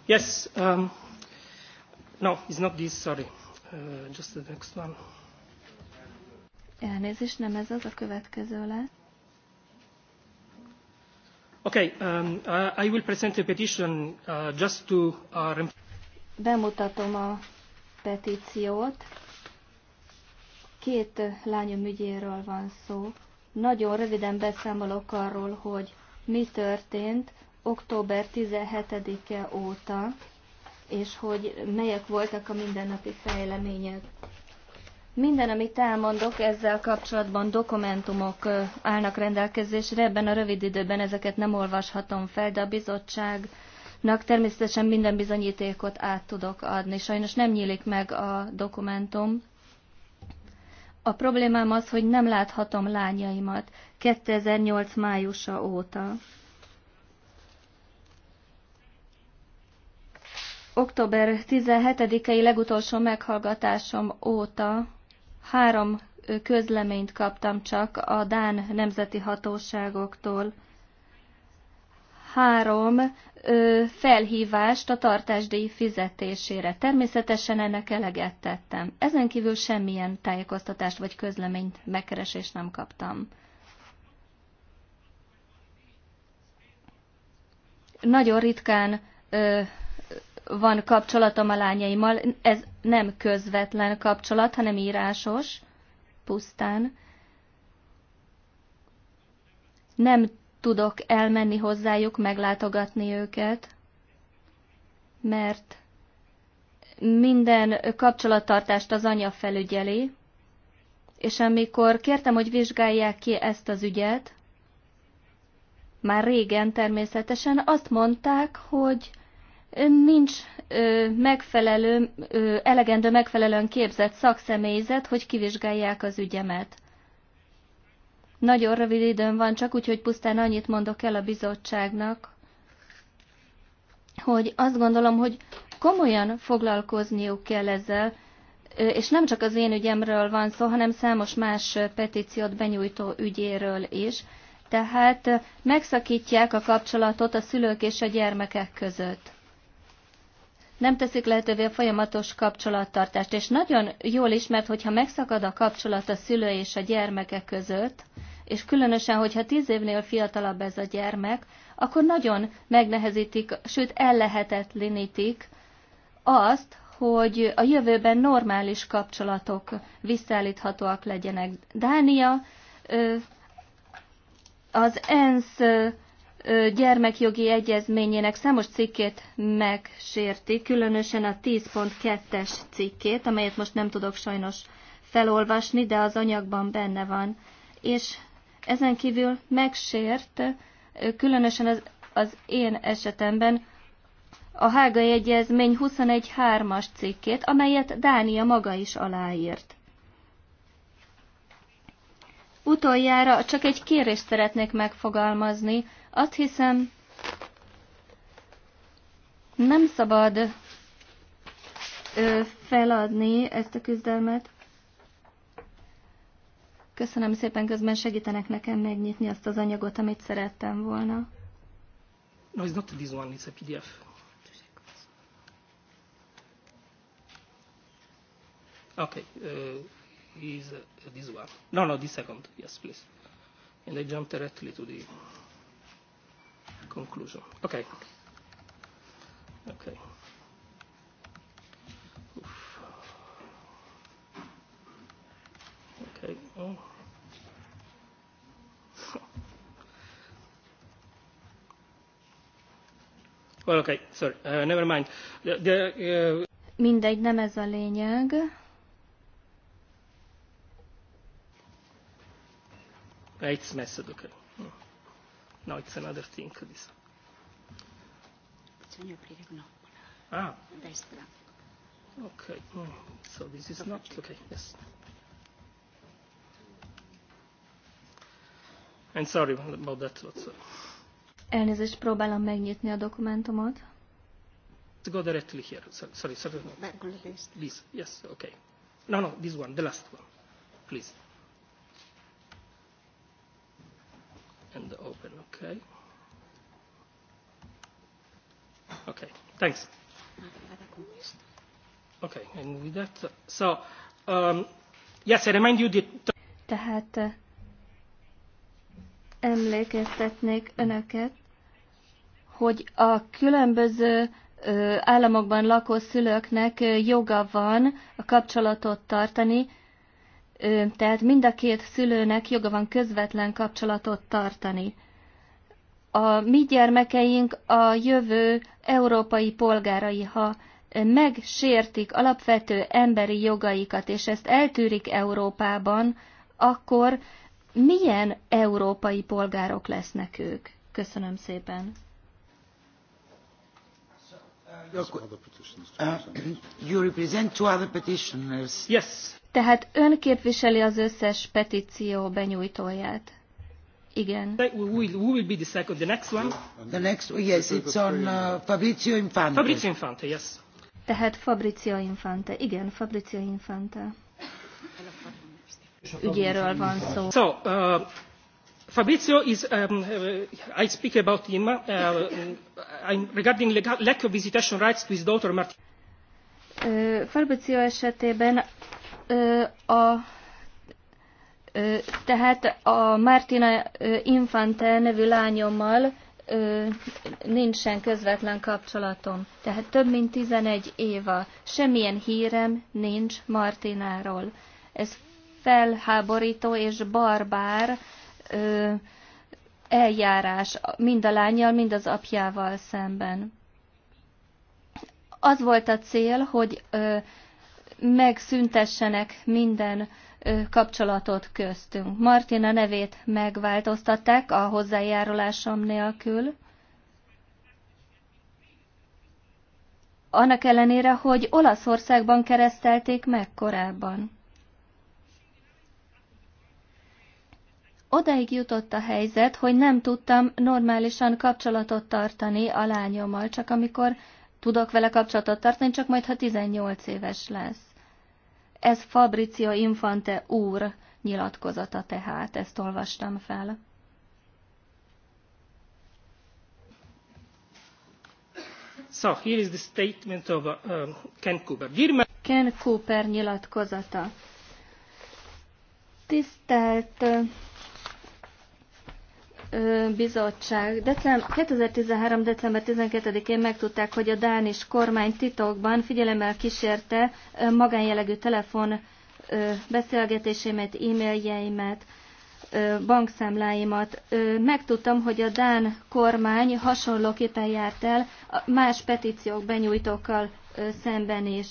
Yes. Um, no, it's not this, sorry. Uh, just the next one. Elnézést, nem ez az, a következő lesz. Okay, um, uh, I will present a petition uh, just to... Uh, Bemutatom a petíciót. Két lányom ügyéről van szó. Nagyon röviden beszámolok arról, hogy mi történt október 17-e óta, és hogy melyek voltak a mindennapi fejlemények. Minden, amit elmondok, ezzel kapcsolatban dokumentumok állnak rendelkezésre, ebben a rövid időben ezeket nem olvashatom fel, de a bizottságnak természetesen minden bizonyítékot át tudok adni. Sajnos nem nyílik meg a dokumentum. A problémám az, hogy nem láthatom lányaimat 2008 májusa óta. október 17-i legutolsó meghallgatásom óta három közleményt kaptam csak a Dán nemzeti hatóságoktól. Három ö, felhívást a tartásdíj fizetésére. Természetesen ennek eleget tettem. Ezen kívül semmilyen tájékoztatást vagy közleményt, megkeresést nem kaptam. Nagyon ritkán ö, van kapcsolatom a lányaimmal, ez nem közvetlen kapcsolat, hanem írásos, pusztán. Nem tudok elmenni hozzájuk, meglátogatni őket, mert minden kapcsolattartást az anya felügyeli, és amikor kértem, hogy vizsgálják ki ezt az ügyet, már régen természetesen azt mondták, hogy nincs megfelelő, elegendő megfelelően képzett szakszemélyzet, hogy kivizsgálják az ügyemet. Nagyon rövid időm van csak, úgyhogy pusztán annyit mondok el a bizottságnak, hogy azt gondolom, hogy komolyan foglalkozniuk kell ezzel, és nem csak az én ügyemről van szó, hanem számos más petíciót benyújtó ügyéről is. Tehát megszakítják a kapcsolatot a szülők és a gyermekek között nem teszik lehetővé a folyamatos kapcsolattartást. És nagyon jól ismert, hogyha megszakad a kapcsolat a szülő és a gyermeke között, és különösen, hogyha tíz évnél fiatalabb ez a gyermek, akkor nagyon megnehezítik, sőt ellehetetlenítik azt, hogy a jövőben normális kapcsolatok visszaállíthatóak legyenek. Dánia az ENSZ gyermekjogi egyezményének számos cikkét megsérti, különösen a 10.2-es cikkét, amelyet most nem tudok sajnos felolvasni, de az anyagban benne van. És ezen kívül megsért, különösen az, az én esetemben, a Hágai Egyezmény 21.3-as cikkét, amelyet Dánia maga is aláírt. Utoljára csak egy kérést szeretnék megfogalmazni azt hiszem, nem szabad ö, feladni ezt a küzdelmet. Köszönöm szépen, közben segítenek nekem megnyitni azt az anyagot, amit szerettem volna. No, it's not this one, it's a PDF. Okay, uh, is uh, this one? No, no, this second. Yes, please. And I jump directly to the conclusion. Okay. Okay. Oof. Okay. Oh. Well, okay, sorry, uh, never mind. The, the, uh... Mindegy, nem ez a lényeg. Egy messzadokat. Okay. Hmm. Now it's another thing, this. Ah. Destra. Okay. Mm. So this is not okay. Yes. And sorry about that. Also. Uh, Elnézést, próbálom megnyitni a dokumentumot. To go directly here. Sorry, sorry, No. This, Yes. Okay. No, no. This one, the last one. Please. and open. Okay. Okay. Thanks. Okay. And with that, so um, yes, I remind you that. Tehát uh, emlékeztetnék önöket, hogy a különböző államokban lakó szülőknek joga van a kapcsolatot tartani, tehát mind a két szülőnek joga van közvetlen kapcsolatot tartani. A mi gyermekeink a jövő európai polgárai, ha megsértik alapvető emberi jogaikat, és ezt eltűrik Európában, akkor milyen európai polgárok lesznek ők? Köszönöm szépen. Uh, you represent two other petitioners. Yes. Tehát ön képviseli az összes petíció benyújtóját. Igen. Who will, be the second? The next one? The next, yes, it's on uh, Fabrizio Infante. Fabrizio Infante, yes. Tehát Fabrizio Infante. Igen, Fabrizio Infante. Ügyéről van szó. So, uh, Fabrizio is, um, uh, I speak about him, uh, uh I'm regarding lack of visitation rights to his daughter Martina. Fabrizio esetében a tehát a Martina Infante nevű lányommal nincsen közvetlen kapcsolatom. Tehát több mint 11 éva. Semmilyen hírem nincs Martináról. Ez felháborító és barbár eljárás mind a lányjal, mind az apjával szemben. Az volt a cél, hogy megszüntessenek minden kapcsolatot köztünk. Martina nevét megváltoztatták a hozzájárulásom nélkül. Annak ellenére, hogy Olaszországban keresztelték meg korábban. Odaig jutott a helyzet, hogy nem tudtam normálisan kapcsolatot tartani a lányommal, csak amikor tudok vele kapcsolatot tartani, csak majd, ha 18 éves lesz. Ez Fabrizio Infante úr nyilatkozata tehát, ezt olvastam fel. So, here is the statement of uh, um, Ken Cooper. Ken Cooper nyilatkozata. Tisztelt bizottság Decem 2013. december 12-én megtudták, hogy a Dán és kormány titokban figyelemmel kísérte magánjellegű telefon beszélgetésémet, e-mailjeimet, bankszámláimat. Megtudtam, hogy a Dán kormány hasonlóképpen járt el más petíciók benyújtókkal szemben is.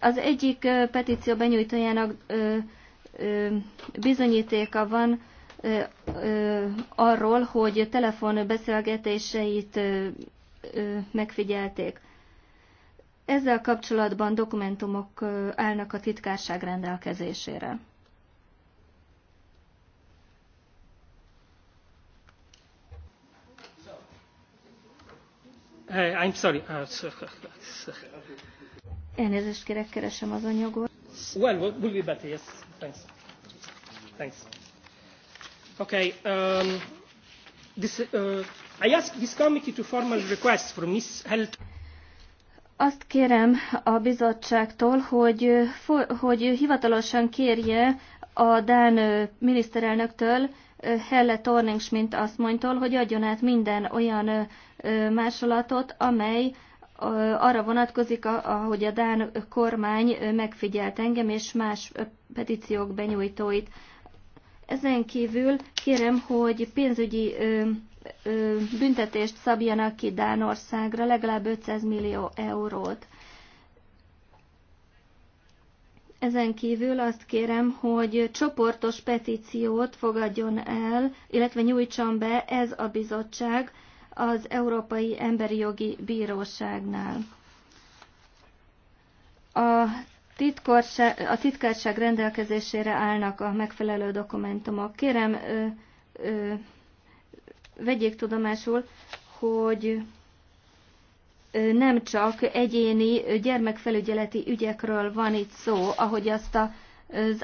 Az egyik petíció benyújtójának bizonyítéka van, arról, hogy telefonbeszélgetéseit megfigyelték. Ezzel kapcsolatban dokumentumok állnak a titkárság rendelkezésére. Hey, I'm sorry. Ah, Elnézést kérek, keresem az anyagot. Well, we'll be better, yes. Thanks. Thanks. Okay. Um, this, uh, I ask this committee to formal request from Ms. Held. Azt kérem a bizottságtól, hogy, uh, hogy hivatalosan kérje a Dán uh, miniszterelnöktől, uh, Helle torning mint azt mondtól, hogy adjon át minden olyan másolatot, amely arra vonatkozik, ahogy a Dán kormány megfigyelt engem és más petíciók benyújtóit. Ezen kívül kérem, hogy pénzügyi ö, ö, büntetést szabjanak ki Dánországra, legalább 500 millió eurót. Ezen kívül azt kérem, hogy csoportos petíciót fogadjon el, illetve nyújtson be ez a bizottság az Európai Emberi Jogi Bíróságnál. A a titkárság rendelkezésére állnak a megfelelő dokumentumok. Kérem, ö, ö, vegyék tudomásul, hogy nem csak egyéni gyermekfelügyeleti ügyekről van itt szó, ahogy azt a az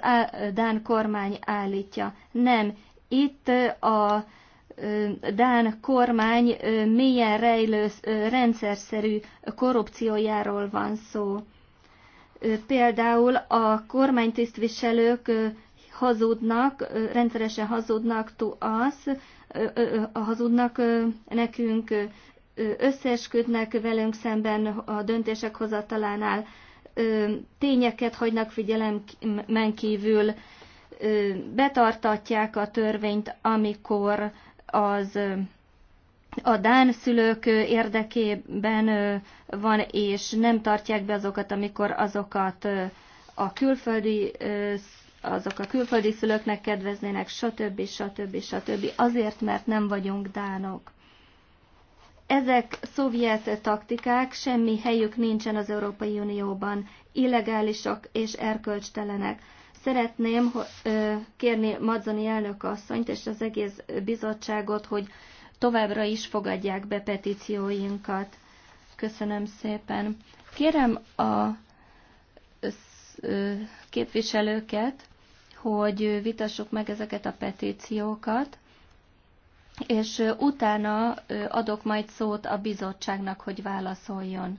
Dán kormány állítja. Nem, itt a Dán kormány mélyen rejlő rendszerszerű korrupciójáról van szó. Például a kormánytisztviselők hazudnak, rendszeresen hazudnak to us, hazudnak nekünk, összeesküdnek velünk szemben a döntések hozatalánál, tényeket hagynak figyelemen kívül, betartatják a törvényt, amikor az a dán szülők érdekében van, és nem tartják be azokat, amikor azokat a külföldi azok a külföldi szülőknek kedveznének, stb. stb. stb. azért, mert nem vagyunk dánok. Ezek szovjet taktikák, semmi helyük nincsen az Európai Unióban, illegálisak és erkölcstelenek. Szeretném kérni Madzani elnök asszonyt és az egész bizottságot, hogy továbbra is fogadják be petícióinkat. Köszönöm szépen. Kérem a képviselőket, hogy vitassuk meg ezeket a petíciókat, és utána adok majd szót a bizottságnak, hogy válaszoljon.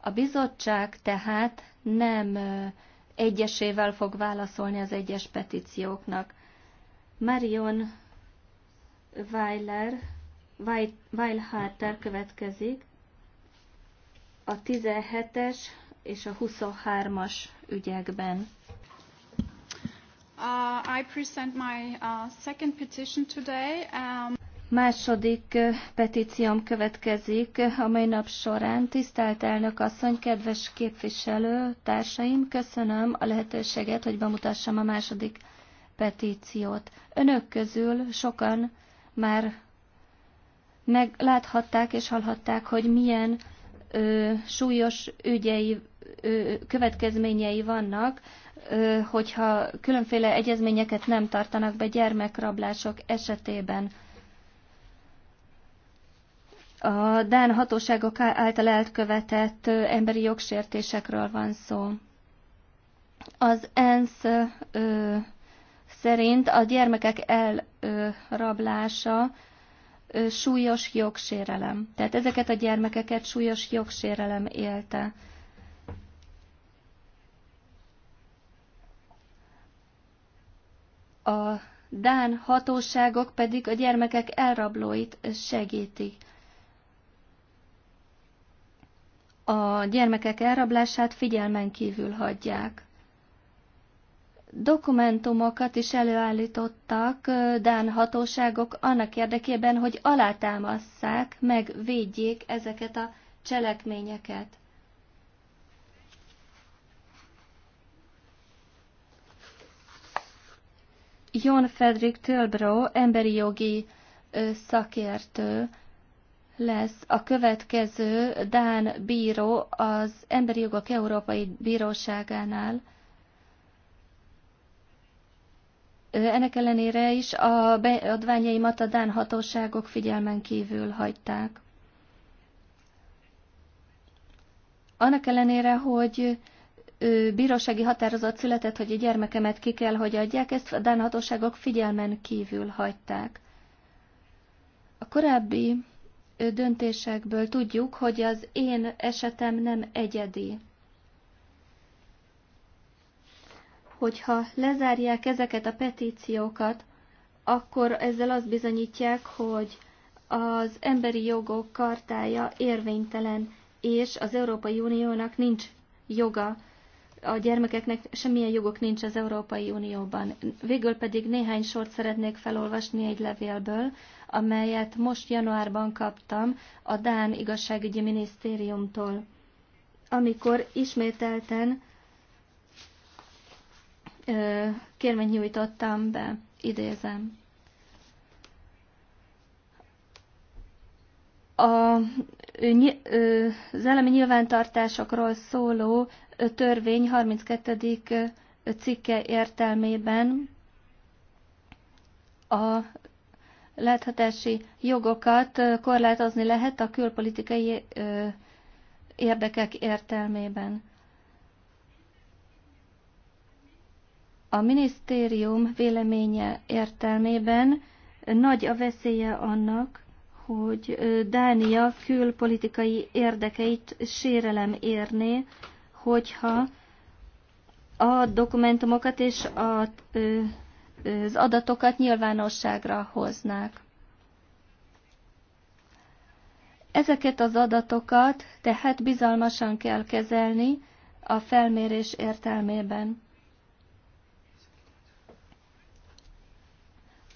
A bizottság tehát nem egyesével fog válaszolni az egyes petícióknak. Marion Weiler, Weilharter következik, a 17-es és a 23-as ügyekben. Uh, I present my uh, second petition today. Um... Második uh, petícióm következik, amely nap során tisztelt elnök asszony, kedves képviselő társaim, köszönöm a lehetőséget, hogy bemutassam a második petíciót. Önök közül sokan már megláthatták és hallhatták, hogy milyen ö, súlyos ügyei, ö, következményei vannak, ö, hogyha különféle egyezményeket nem tartanak be gyermekrablások esetében. A Dán hatóságok által elkövetett emberi jogsértésekről van szó. Az ENSZ ö, szerint a gyermekek elrablása súlyos jogsérelem. Tehát ezeket a gyermekeket súlyos jogsérelem élte. A Dán hatóságok pedig a gyermekek elrablóit segítik. A gyermekek elrablását figyelmen kívül hagyják dokumentumokat is előállítottak Dán hatóságok annak érdekében, hogy alátámasszák, védjék ezeket a cselekményeket. Jon Fredrik Tölbró, emberi jogi szakértő lesz a következő Dán bíró az Emberi Jogok Európai Bíróságánál. Ennek ellenére is a beadványaimat a Dán hatóságok figyelmen kívül hagyták. Annak ellenére, hogy bírósági határozat született, hogy a gyermekemet ki kell, hogy adják, ezt a Dán hatóságok figyelmen kívül hagyták. A korábbi döntésekből tudjuk, hogy az én esetem nem egyedi. hogyha lezárják ezeket a petíciókat, akkor ezzel azt bizonyítják, hogy az emberi jogok kartája érvénytelen, és az Európai Uniónak nincs joga, a gyermekeknek semmilyen jogok nincs az Európai Unióban. Végül pedig néhány sort szeretnék felolvasni egy levélből, amelyet most januárban kaptam a Dán igazságügyi minisztériumtól, amikor ismételten kérvényt nyújtottam be, idézem. A, az elemi nyilvántartásokról szóló törvény 32. cikke értelmében a láthatási jogokat korlátozni lehet a külpolitikai érdekek értelmében. A minisztérium véleménye értelmében nagy a veszélye annak, hogy Dánia külpolitikai érdekeit sérelem érné, hogyha a dokumentumokat és a, az adatokat nyilvánosságra hoznák. Ezeket az adatokat tehát bizalmasan kell kezelni a felmérés értelmében.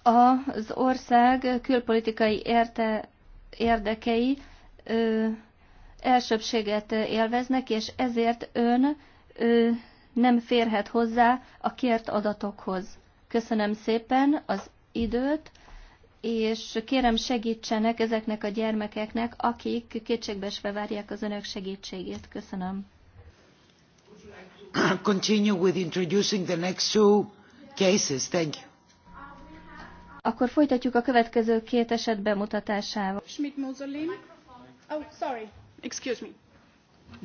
az ország külpolitikai érte, érdekei ö, elsőbséget élveznek, és ezért ön ö, nem férhet hozzá a kért adatokhoz. Köszönöm szépen az időt, és kérem segítsenek ezeknek a gyermekeknek, akik kétségbesve várják az önök segítségét. Köszönöm. Continue with introducing the next two cases. Thank you. Akkor folytatjuk a következő két eset bemutatásával. Schmidt Mussolini. Oh, sorry. Excuse me.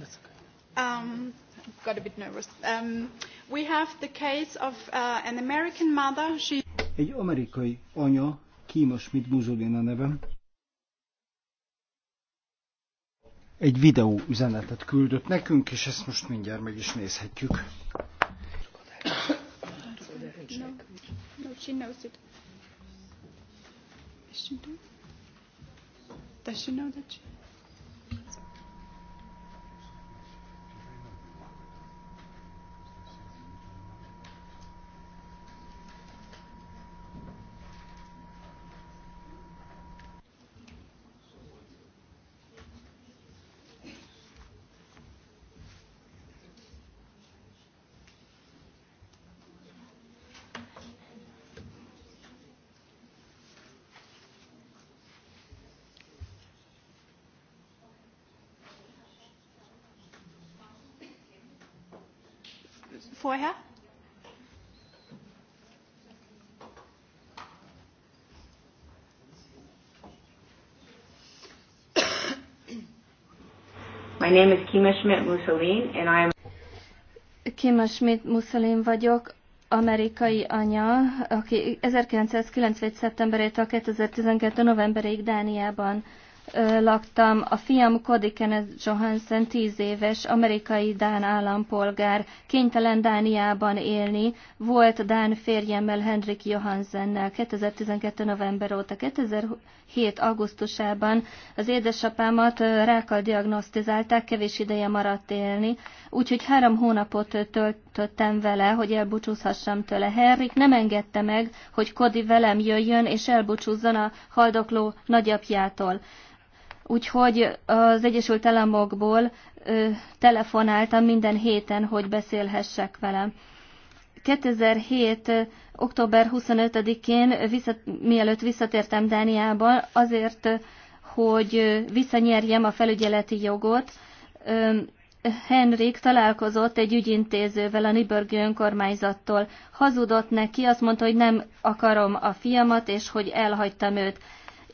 That's okay. Um, got a bit nervous. Um, we have the case of uh, an American mother. She... Egy amerikai anya, Kima Schmidt Mussolini a nevem. Egy videó üzenetet küldött nekünk, és ezt most mindjárt meg is nézhetjük. No, no, she knows it. Does she know? Does she know that? She... My name is Kima Schmidt Mussolini, and I am Kima Schmidt Mussolini vagyok, amerikai anya, aki 1991. szeptemberétől 2012. novemberéig Dániában laktam. A fiam Cody Kenneth Johansen, tíz éves, amerikai Dán állampolgár, kénytelen Dániában élni, volt Dán férjemmel Henrik Johansennel 2012. november óta. 2007. augusztusában az édesapámat rákkal diagnosztizálták, kevés ideje maradt élni, úgyhogy három hónapot töltöttem vele, hogy elbúcsúzhassam tőle. Henrik nem engedte meg, hogy Kodi velem jöjjön és elbúcsúzzon a haldokló nagyapjától. Úgyhogy az Egyesült Államokból telefonáltam minden héten, hogy beszélhessek velem. 2007. október 25-én, vissza, mielőtt visszatértem Dániába, azért, hogy visszanyerjem a felügyeleti jogot, Henrik találkozott egy ügyintézővel a Niburgi önkormányzattól. Hazudott neki, azt mondta, hogy nem akarom a fiamat, és hogy elhagytam őt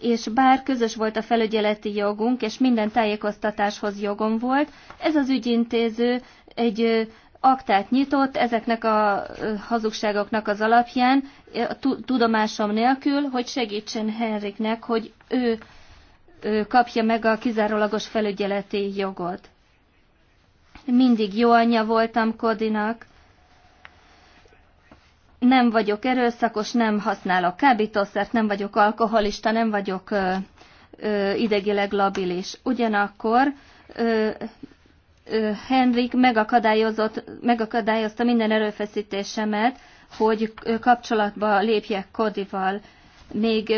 és bár közös volt a felügyeleti jogunk, és minden tájékoztatáshoz jogom volt, ez az ügyintéző egy aktát nyitott ezeknek a hazugságoknak az alapján, tudomásom nélkül, hogy segítsen Henriknek, hogy ő, kapja meg a kizárólagos felügyeleti jogot. Mindig jó anyja voltam Kodinak, nem vagyok erőszakos, nem használok kábítószert, nem vagyok alkoholista, nem vagyok ö, ö, idegileg labilis. Ugyanakkor ö, ö, Henrik megakadályozott, megakadályozta minden erőfeszítésemet, hogy kapcsolatba lépjek Kodival. Még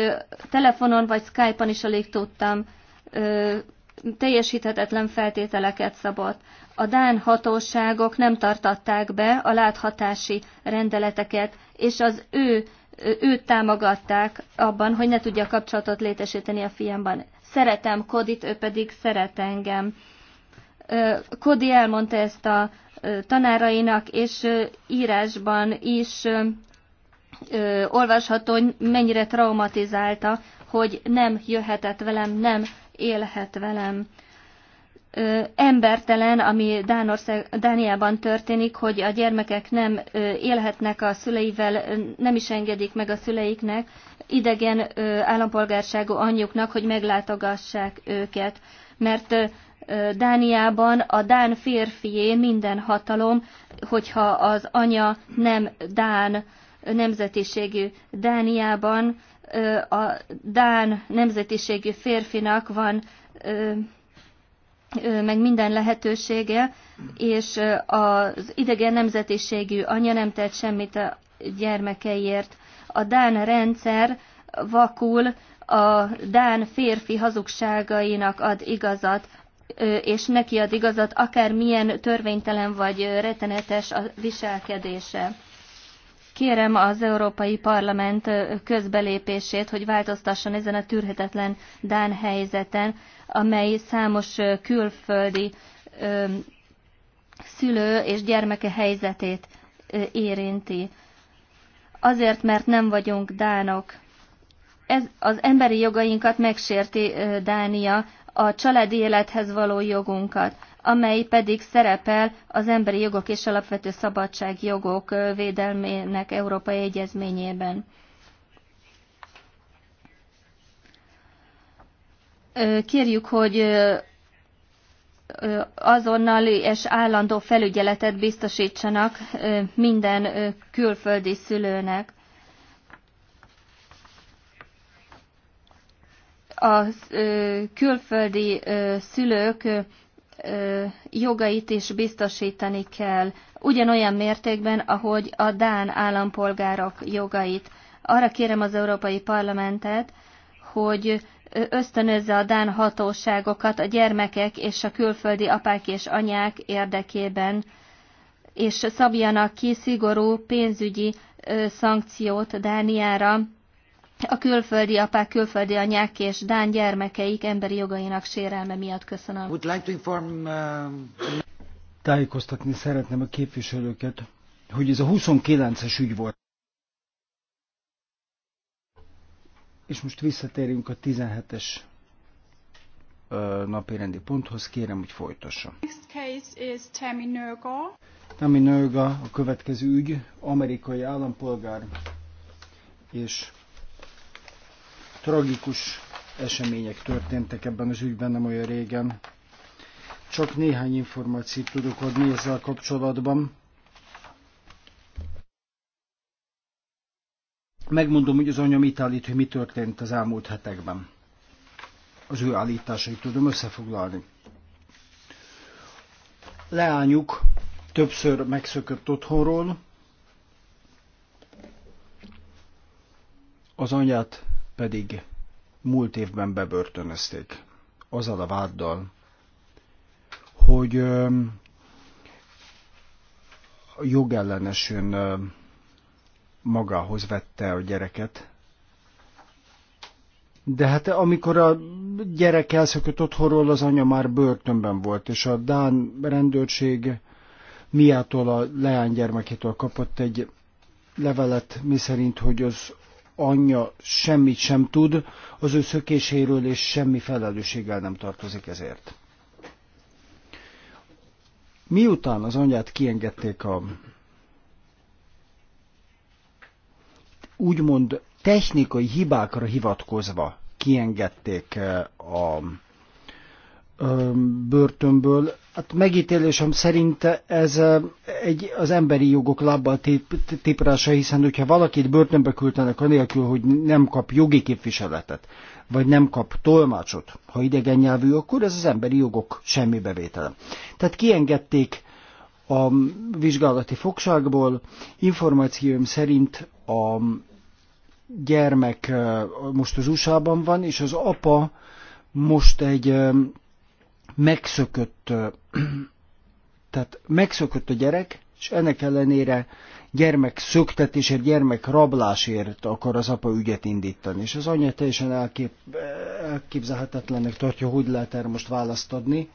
telefonon vagy Skype-on is alig tudtam teljesíthetetlen feltételeket szabott. A Dán hatóságok nem tartatták be a láthatási rendeleteket, és az ő őt támogatták abban, hogy ne tudja kapcsolatot létesíteni a fiamban. Szeretem Kodit, ő pedig szeret engem. Kodi elmondta ezt a tanárainak, és írásban is olvasható, hogy mennyire traumatizálta, hogy nem jöhetett velem, nem élhet velem. Embertelen, ami Dánország, Dániában történik, hogy a gyermekek nem élhetnek a szüleivel, nem is engedik meg a szüleiknek, idegen állampolgárságú anyjuknak, hogy meglátogassák őket. Mert Dániában a Dán férfié minden hatalom, hogyha az anya nem Dán nemzetiségű. Dániában a Dán nemzetiségű férfinak van meg minden lehetősége, és az idegen nemzetiségű anya nem tett semmit a gyermekeiért. A Dán rendszer vakul a Dán férfi hazugságainak ad igazat, és neki ad igazat, akár milyen törvénytelen vagy rettenetes a viselkedése. Kérem az Európai Parlament közbelépését, hogy változtasson ezen a tűrhetetlen Dán helyzeten, amely számos külföldi szülő és gyermeke helyzetét érinti. Azért, mert nem vagyunk dánok. Ez az emberi jogainkat megsérti Dánia, a családi élethez való jogunkat amely pedig szerepel az emberi jogok és alapvető szabadságjogok védelmének Európai Egyezményében. Kérjük, hogy azonnali és állandó felügyeletet biztosítsanak minden külföldi szülőnek. A külföldi szülők jogait is biztosítani kell, ugyanolyan mértékben, ahogy a Dán állampolgárok jogait. Arra kérem az Európai Parlamentet, hogy ösztönözze a Dán hatóságokat a gyermekek és a külföldi apák és anyák érdekében, és szabjanak ki szigorú pénzügyi szankciót Dániára, a külföldi apák, külföldi anyák és dán gyermekeik emberi jogainak sérelme miatt. Köszönöm. Would like to inform, uh... Tájékoztatni szeretném a képviselőket, hogy ez a 29-es ügy volt. És most visszatérünk a 17-es napi rendi ponthoz, kérem, hogy folytassa. Tammy Nörga. Tammy Nörga a következő ügy, amerikai állampolgár, és Tragikus események történtek ebben az ügyben nem olyan régen. Csak néhány információt tudok adni ezzel kapcsolatban. Megmondom, hogy az anya mit állít, hogy mi történt az elmúlt hetekben. Az ő állításait tudom összefoglalni. Leányuk többször megszökött otthonról, az anyát pedig múlt évben bebörtönözték. Azzal a váddal, hogy jogellenesen magához vette a gyereket. De hát amikor a gyerek elszökött otthonról, az anya már börtönben volt, és a Dán rendőrség miától a leánygyermekétől kapott egy levelet, miszerint, hogy az anyja semmit sem tud az ő szökéséről, és semmi felelősséggel nem tartozik ezért. Miután az anyját kiengedték a úgymond technikai hibákra hivatkozva kiengedték eh, a börtönből. Hát megítélésem szerint ez egy, az emberi jogok lábbal tiprása, hiszen hogyha valakit börtönbe küldenek anélkül, hogy nem kap jogi képviseletet, vagy nem kap tolmácsot, ha idegen nyelvű, akkor ez az emberi jogok semmi bevétele. Tehát kiengedték a vizsgálati fogságból. Információim szerint a gyermek most az USA-ban van, és az apa most egy megszökött, tehát megszökött a gyerek, és ennek ellenére gyermek szöktetésért, gyermek rablásért akar az apa ügyet indítani. És az anyja teljesen elkép, elképzelhetetlennek tartja, hogy lehet erre most választ adni.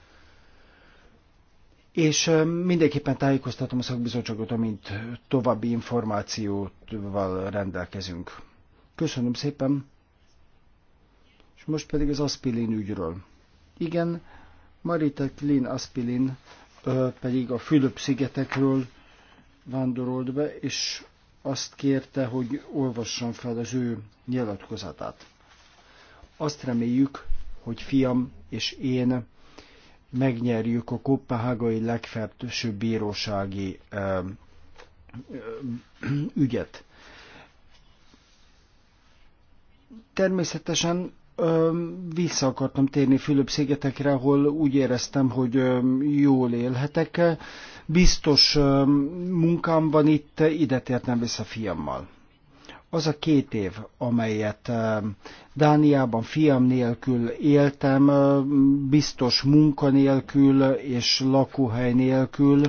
És mindenképpen tájékoztatom a szakbizottságot, amint további információval rendelkezünk. Köszönöm szépen. És most pedig az Aspilin ügyről. Igen, Marita Klin Aspilin pedig a Fülöp-szigetekről vándorolt be, és azt kérte, hogy olvassam fel az ő nyilatkozatát. Azt reméljük, hogy fiam és én megnyerjük a Kopenhágai legfelsőbb bírósági ö, ö, ügyet. Természetesen vissza akartam térni Fülöp-szigetekre, ahol úgy éreztem, hogy jól élhetek. Biztos munkám van itt, ide tértem vissza fiammal. Az a két év, amelyet Dániában fiam nélkül éltem, biztos munka nélkül és lakóhely nélkül,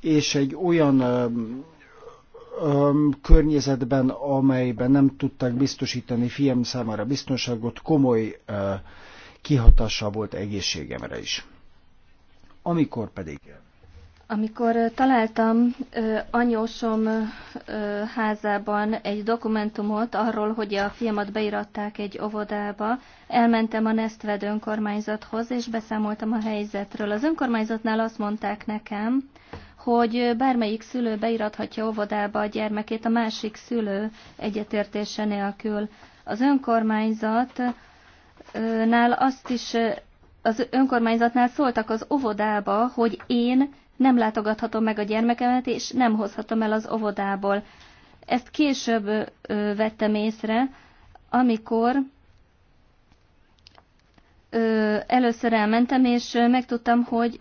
és egy olyan környezetben, amelyben nem tudták biztosítani fiam számára biztonságot, komoly kihatással volt egészségemre is. Amikor pedig... Amikor találtam anyósom házában egy dokumentumot arról, hogy a fiamat beiratták egy óvodába, elmentem a Nesztved önkormányzathoz, és beszámoltam a helyzetről. Az önkormányzatnál azt mondták nekem, hogy bármelyik szülő beirathatja óvodába a gyermekét a másik szülő egyetértése nélkül. Az önkormányzatnál azt is, az önkormányzatnál szóltak az óvodába, hogy én nem látogathatom meg a gyermekemet, és nem hozhatom el az óvodából. Ezt később vettem észre, amikor először elmentem, és megtudtam, hogy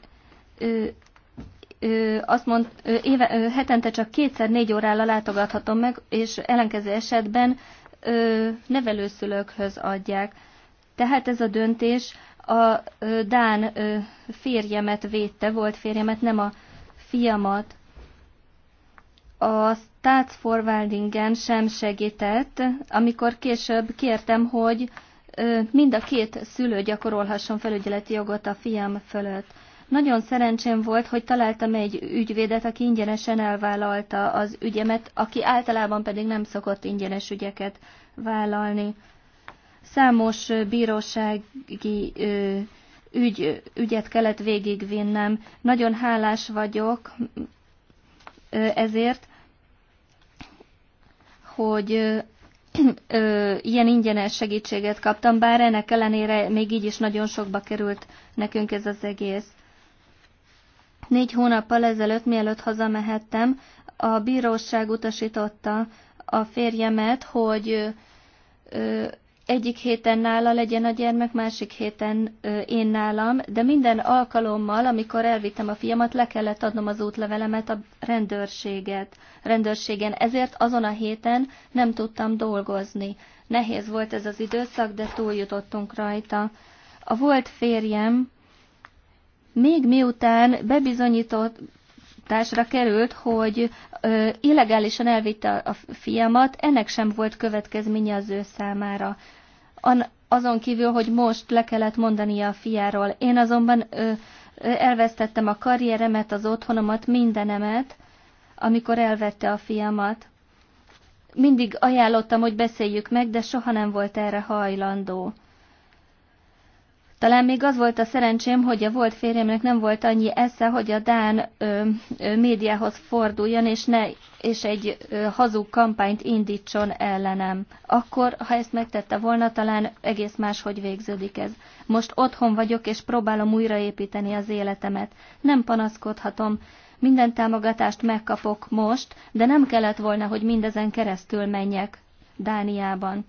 azt mond, éve, hetente csak kétszer négy órára látogathatom meg, és ellenkező esetben nevelőszülőkhöz adják. Tehát ez a döntés a Dán férjemet védte, volt férjemet, nem a fiamat. A Stats Forwardingen sem segített, amikor később kértem, hogy mind a két szülő gyakorolhasson felügyeleti jogot a fiam fölött. Nagyon szerencsém volt, hogy találtam egy ügyvédet, aki ingyenesen elvállalta az ügyemet, aki általában pedig nem szokott ingyenes ügyeket vállalni. Számos bírósági ö, ügy, ügyet kellett végigvinnem. Nagyon hálás vagyok ö, ezért, hogy ö, ö, ilyen ingyenes segítséget kaptam, bár ennek ellenére még így is nagyon sokba került nekünk ez az egész. Négy hónappal ezelőtt, mielőtt hazamehettem, a bíróság utasította a férjemet, hogy ö, egyik héten nála legyen a gyermek, másik héten ö, én nálam, de minden alkalommal, amikor elvittem a fiamat, le kellett adnom az útlevelemet a rendőrséget, rendőrségen. Ezért azon a héten nem tudtam dolgozni. Nehéz volt ez az időszak, de túljutottunk rajta. A volt férjem még miután bebizonyított került, hogy ö, illegálisan elvitte a fiamat, ennek sem volt következménye az ő számára. An, azon kívül, hogy most le kellett mondania a fiáról. Én azonban ö, elvesztettem a karrieremet, az otthonomat, mindenemet, amikor elvette a fiamat. Mindig ajánlottam, hogy beszéljük meg, de soha nem volt erre hajlandó. Talán még az volt a szerencsém, hogy a volt férjemnek nem volt annyi esze, hogy a Dán ö, ö, médiához forduljon, és, ne, és egy ö, hazug kampányt indítson ellenem. Akkor, ha ezt megtette volna, talán egész máshogy végződik ez. Most otthon vagyok, és próbálom újraépíteni az életemet. Nem panaszkodhatom. Minden támogatást megkapok most, de nem kellett volna, hogy mindezen keresztül menjek Dániában.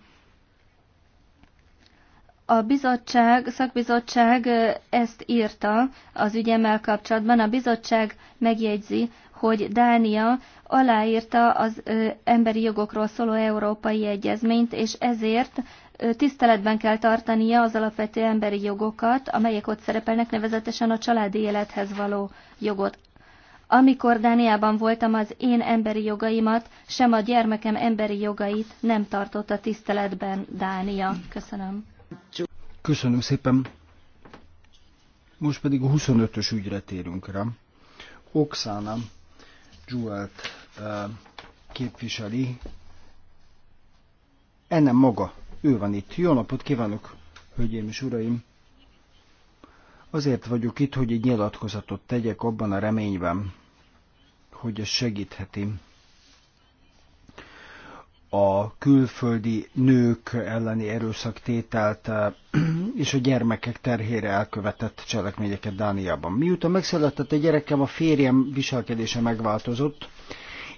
A bizottság, szakbizottság ezt írta az ügyemmel kapcsolatban. A bizottság megjegyzi, hogy Dánia aláírta az emberi jogokról szóló európai egyezményt, és ezért tiszteletben kell tartania az alapvető emberi jogokat, amelyek ott szerepelnek, nevezetesen a családi élethez való jogot. Amikor Dániában voltam, az én emberi jogaimat, sem a gyermekem emberi jogait nem tartotta tiszteletben Dánia. Köszönöm. Köszönöm szépen. Most pedig a 25-ös ügyre térünk rá. Oksana Jewelt eh, képviseli. Ennem maga. Ő van itt. Jó napot kívánok, hölgyeim és uraim! Azért vagyok itt, hogy egy nyilatkozatot tegyek abban a reményben, hogy ez segítheti a külföldi nők elleni erőszaktételt eh, és a gyermekek terhére elkövetett cselekményeket Dániában. Miután megszületett a gyerekem, a férjem viselkedése megváltozott,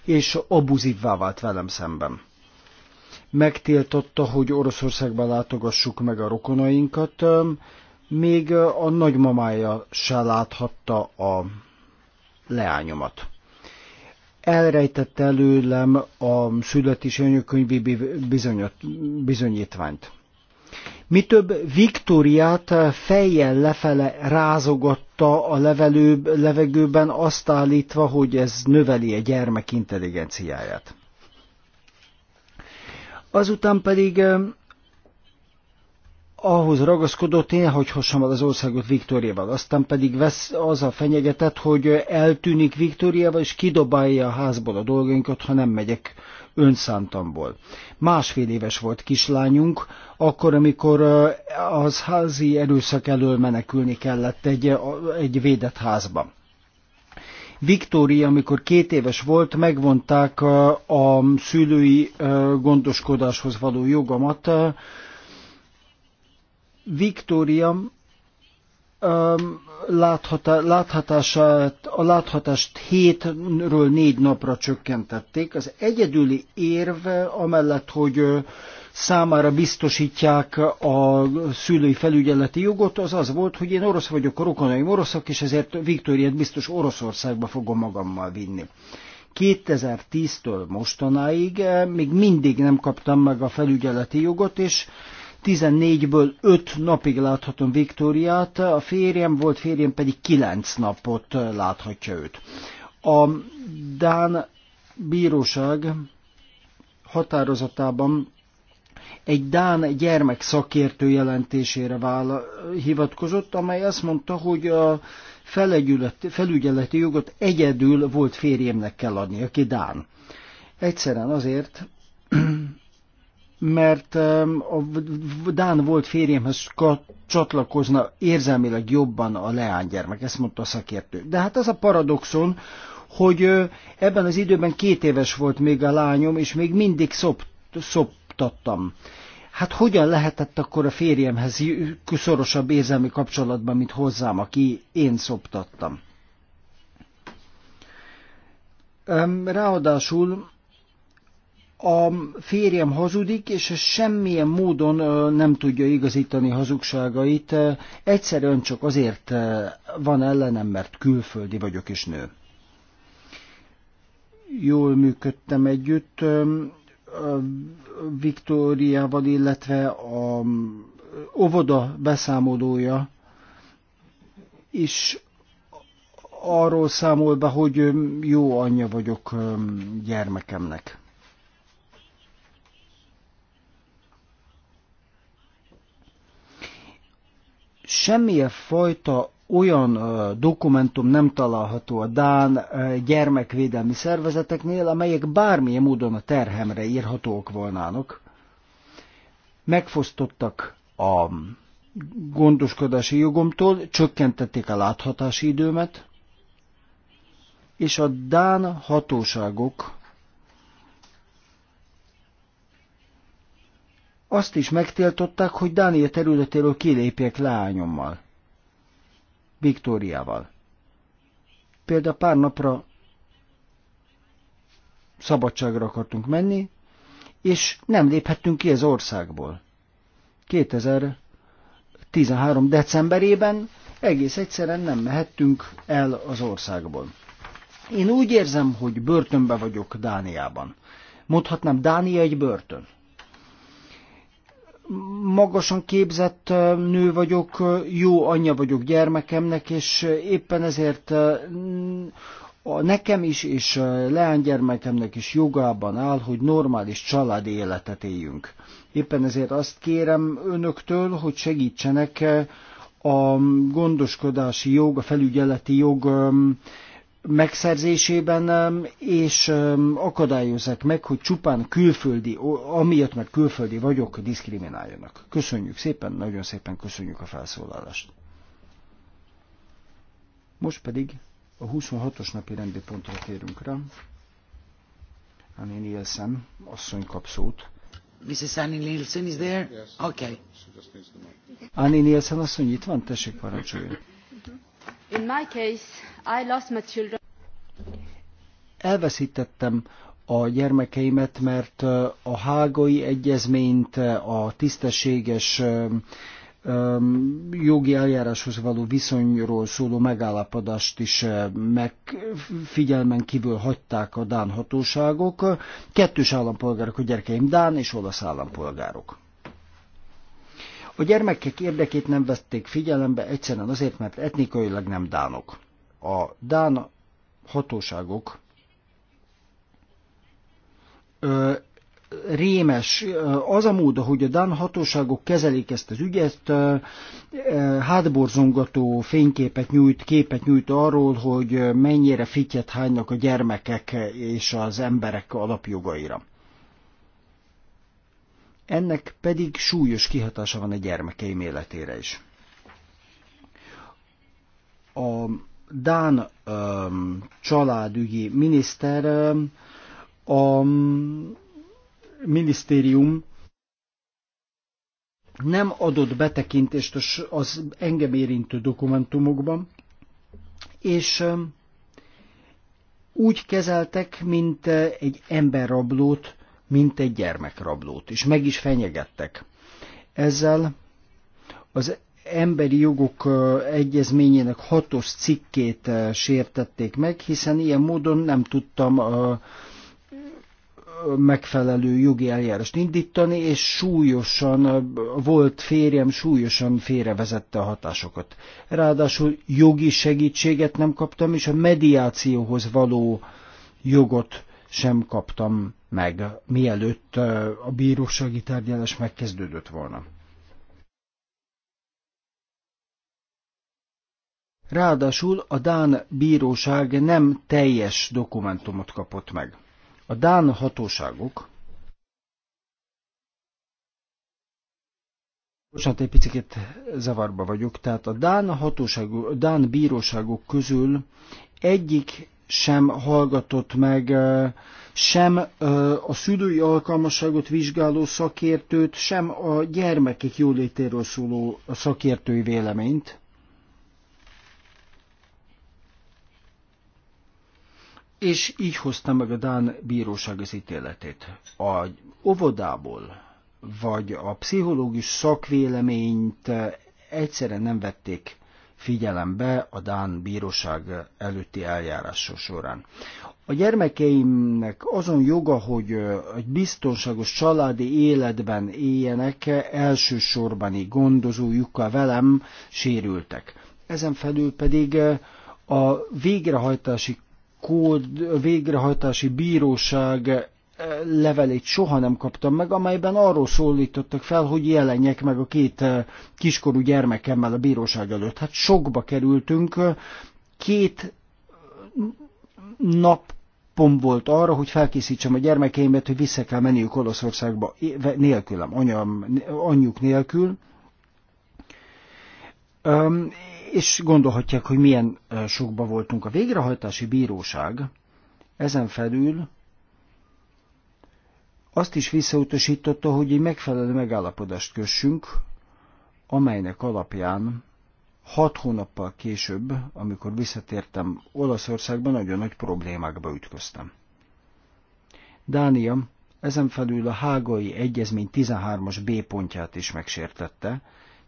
és abuzívvá vált velem szemben. Megtiltotta, hogy oroszországban látogassuk meg a rokonainkat, még a nagymamája se láthatta a leányomat. Elrejtett előlem a születési anyakönyvi bizonyítványt. Mi több Viktóriát fejjel lefele rázogatta a levelő, levegőben, azt állítva, hogy ez növeli a gyermek intelligenciáját. Azután pedig ahhoz ragaszkodott, én hogy el az országot Viktóriával. Aztán pedig vesz az a fenyegetett, hogy eltűnik Viktóriával, és kidobálja a házból a dolgainkat, ha nem megyek önszántamból. Másfél éves volt kislányunk, akkor, amikor az házi erőszak elől menekülni kellett egy, egy védett házba. Viktória, amikor két éves volt, megvonták a szülői gondoskodáshoz való jogamat. Viktória láthatását, a láthatást hétről négy napra csökkentették. Az egyedüli érve amellett, hogy számára biztosítják a szülői felügyeleti jogot, az az volt, hogy én orosz vagyok, a rokonaim oroszok, és ezért Viktoriát biztos Oroszországba fogom magammal vinni. 2010-től mostanáig eh, még mindig nem kaptam meg a felügyeleti jogot, és 14-ből 5 napig láthatom Viktóriát, a férjem volt, férjem pedig 9 napot láthatja őt. A Dán bíróság határozatában egy Dán gyermek szakértő jelentésére vála, hivatkozott, amely azt mondta, hogy a felügyeleti jogot egyedül volt férjemnek kell adni, aki Dán. Egyszerűen azért, mert a Dán volt férjemhez csatlakozna érzelmileg jobban a leánygyermek, ezt mondta a szakértő. De hát ez a paradoxon, hogy ebben az időben két éves volt még a lányom, és még mindig szopt szoptattam. Hát hogyan lehetett akkor a férjemhez szorosabb érzelmi kapcsolatban, mint hozzám, aki én szoptattam? Ráadásul a férjem hazudik, és semmilyen módon nem tudja igazítani hazugságait. Egyszerűen csak azért van ellenem, mert külföldi vagyok és nő. Jól működtem együtt Viktóriával, illetve a óvoda beszámolója is arról számol be, hogy jó anyja vagyok gyermekemnek. semmilyen fajta olyan dokumentum nem található a Dán gyermekvédelmi szervezeteknél, amelyek bármilyen módon a terhemre írhatók volnának. Megfosztottak a gondoskodási jogomtól, csökkentették a láthatási időmet, és a Dán hatóságok azt is megtiltották, hogy Dánia területéről kilépjek leányommal, Viktóriával. Például pár napra szabadságra akartunk menni, és nem léphettünk ki az országból. 2013. decemberében egész egyszerűen nem mehettünk el az országból. Én úgy érzem, hogy börtönbe vagyok Dániában. Mondhatnám, Dánia egy börtön magasan képzett nő vagyok, jó anyja vagyok gyermekemnek, és éppen ezért a nekem is és leánygyermekemnek is jogában áll, hogy normális családi életet éljünk. Éppen ezért azt kérem önöktől, hogy segítsenek a gondoskodási jog, a felügyeleti jog megszerzésében, és akadályozzák meg, hogy csupán külföldi, amiatt meg külföldi vagyok, diszkrimináljanak. Köszönjük szépen, nagyon szépen köszönjük a felszólalást. Most pedig a 26-os napi rendi pontra térünk rá. Ani Nielsen asszony kap szót. Mrs. Annie Nielsen is there? Yes. Okay. Annie Nielsen asszony itt van? Tessék parancsoljon. Elveszítettem a gyermekeimet, mert a hágai egyezményt a tisztességes jogi eljáráshoz való viszonyról szóló megállapodást is megfigyelmen kívül hagyták a dán hatóságok. Kettős állampolgárok a gyerekeim, dán és olasz állampolgárok. A gyermekek érdekét nem vették figyelembe egyszerűen azért, mert etnikailag nem dánok. A dán hatóságok ö, rémes az a mód, ahogy a Dán hatóságok kezelik ezt az ügyet, hátborzongató fényképet nyújt, képet nyújt arról, hogy mennyire fityet hánynak a gyermekek és az emberek alapjogaira ennek pedig súlyos kihatása van a gyermekeim életére is. A Dán um, családügyi miniszter um, a minisztérium nem adott betekintést az engem érintő dokumentumokban, és úgy kezeltek, mint egy emberrablót, mint egy gyermekrablót, és meg is fenyegettek. Ezzel az emberi jogok egyezményének hatos cikkét sértették meg, hiszen ilyen módon nem tudtam megfelelő jogi eljárást indítani, és súlyosan volt férjem, súlyosan félrevezette a hatásokat. Ráadásul jogi segítséget nem kaptam, és a mediációhoz való jogot sem kaptam meg, mielőtt a bírósági tárgyalás megkezdődött volna. Ráadásul a Dán bíróság nem teljes dokumentumot kapott meg. A Dán hatóságok Bocsánat, egy picit zavarba vagyok. Tehát a Dán, hatóságok, Dán bíróságok közül egyik sem hallgatott meg, sem a szülői alkalmasságot vizsgáló szakértőt, sem a gyermekek jólétéről szóló szakértői véleményt. És így hozta meg a Dán bíróság az ítéletét. A óvodából vagy a pszichológus szakvéleményt egyszerűen nem vették figyelembe a Dán bíróság előtti eljárás során. A gyermekeimnek azon joga, hogy egy biztonságos családi életben éljenek, elsősorban gondozójukkal velem sérültek. Ezen felül pedig a végrehajtási kód, végrehajtási bíróság levelét soha nem kaptam meg, amelyben arról szólítottak fel, hogy jelenjek meg a két eh, kiskorú gyermekemmel a bíróság előtt. Hát sokba kerültünk, két nap eh, napom volt arra, hogy felkészítsem a gyermekeimet, hogy vissza kell menniük Olaszországba eh, nélkülem, anyam, anyjuk nélkül. és gondolhatják, hogy milyen sokba voltunk. A végrehajtási bíróság ezen felül azt is visszautasította, hogy egy megfelelő megállapodást kössünk, amelynek alapján hat hónappal később, amikor visszatértem Olaszországba, nagyon nagy problémákba ütköztem. Dánia ezen felül a hágai egyezmény 13-as B pontját is megsértette,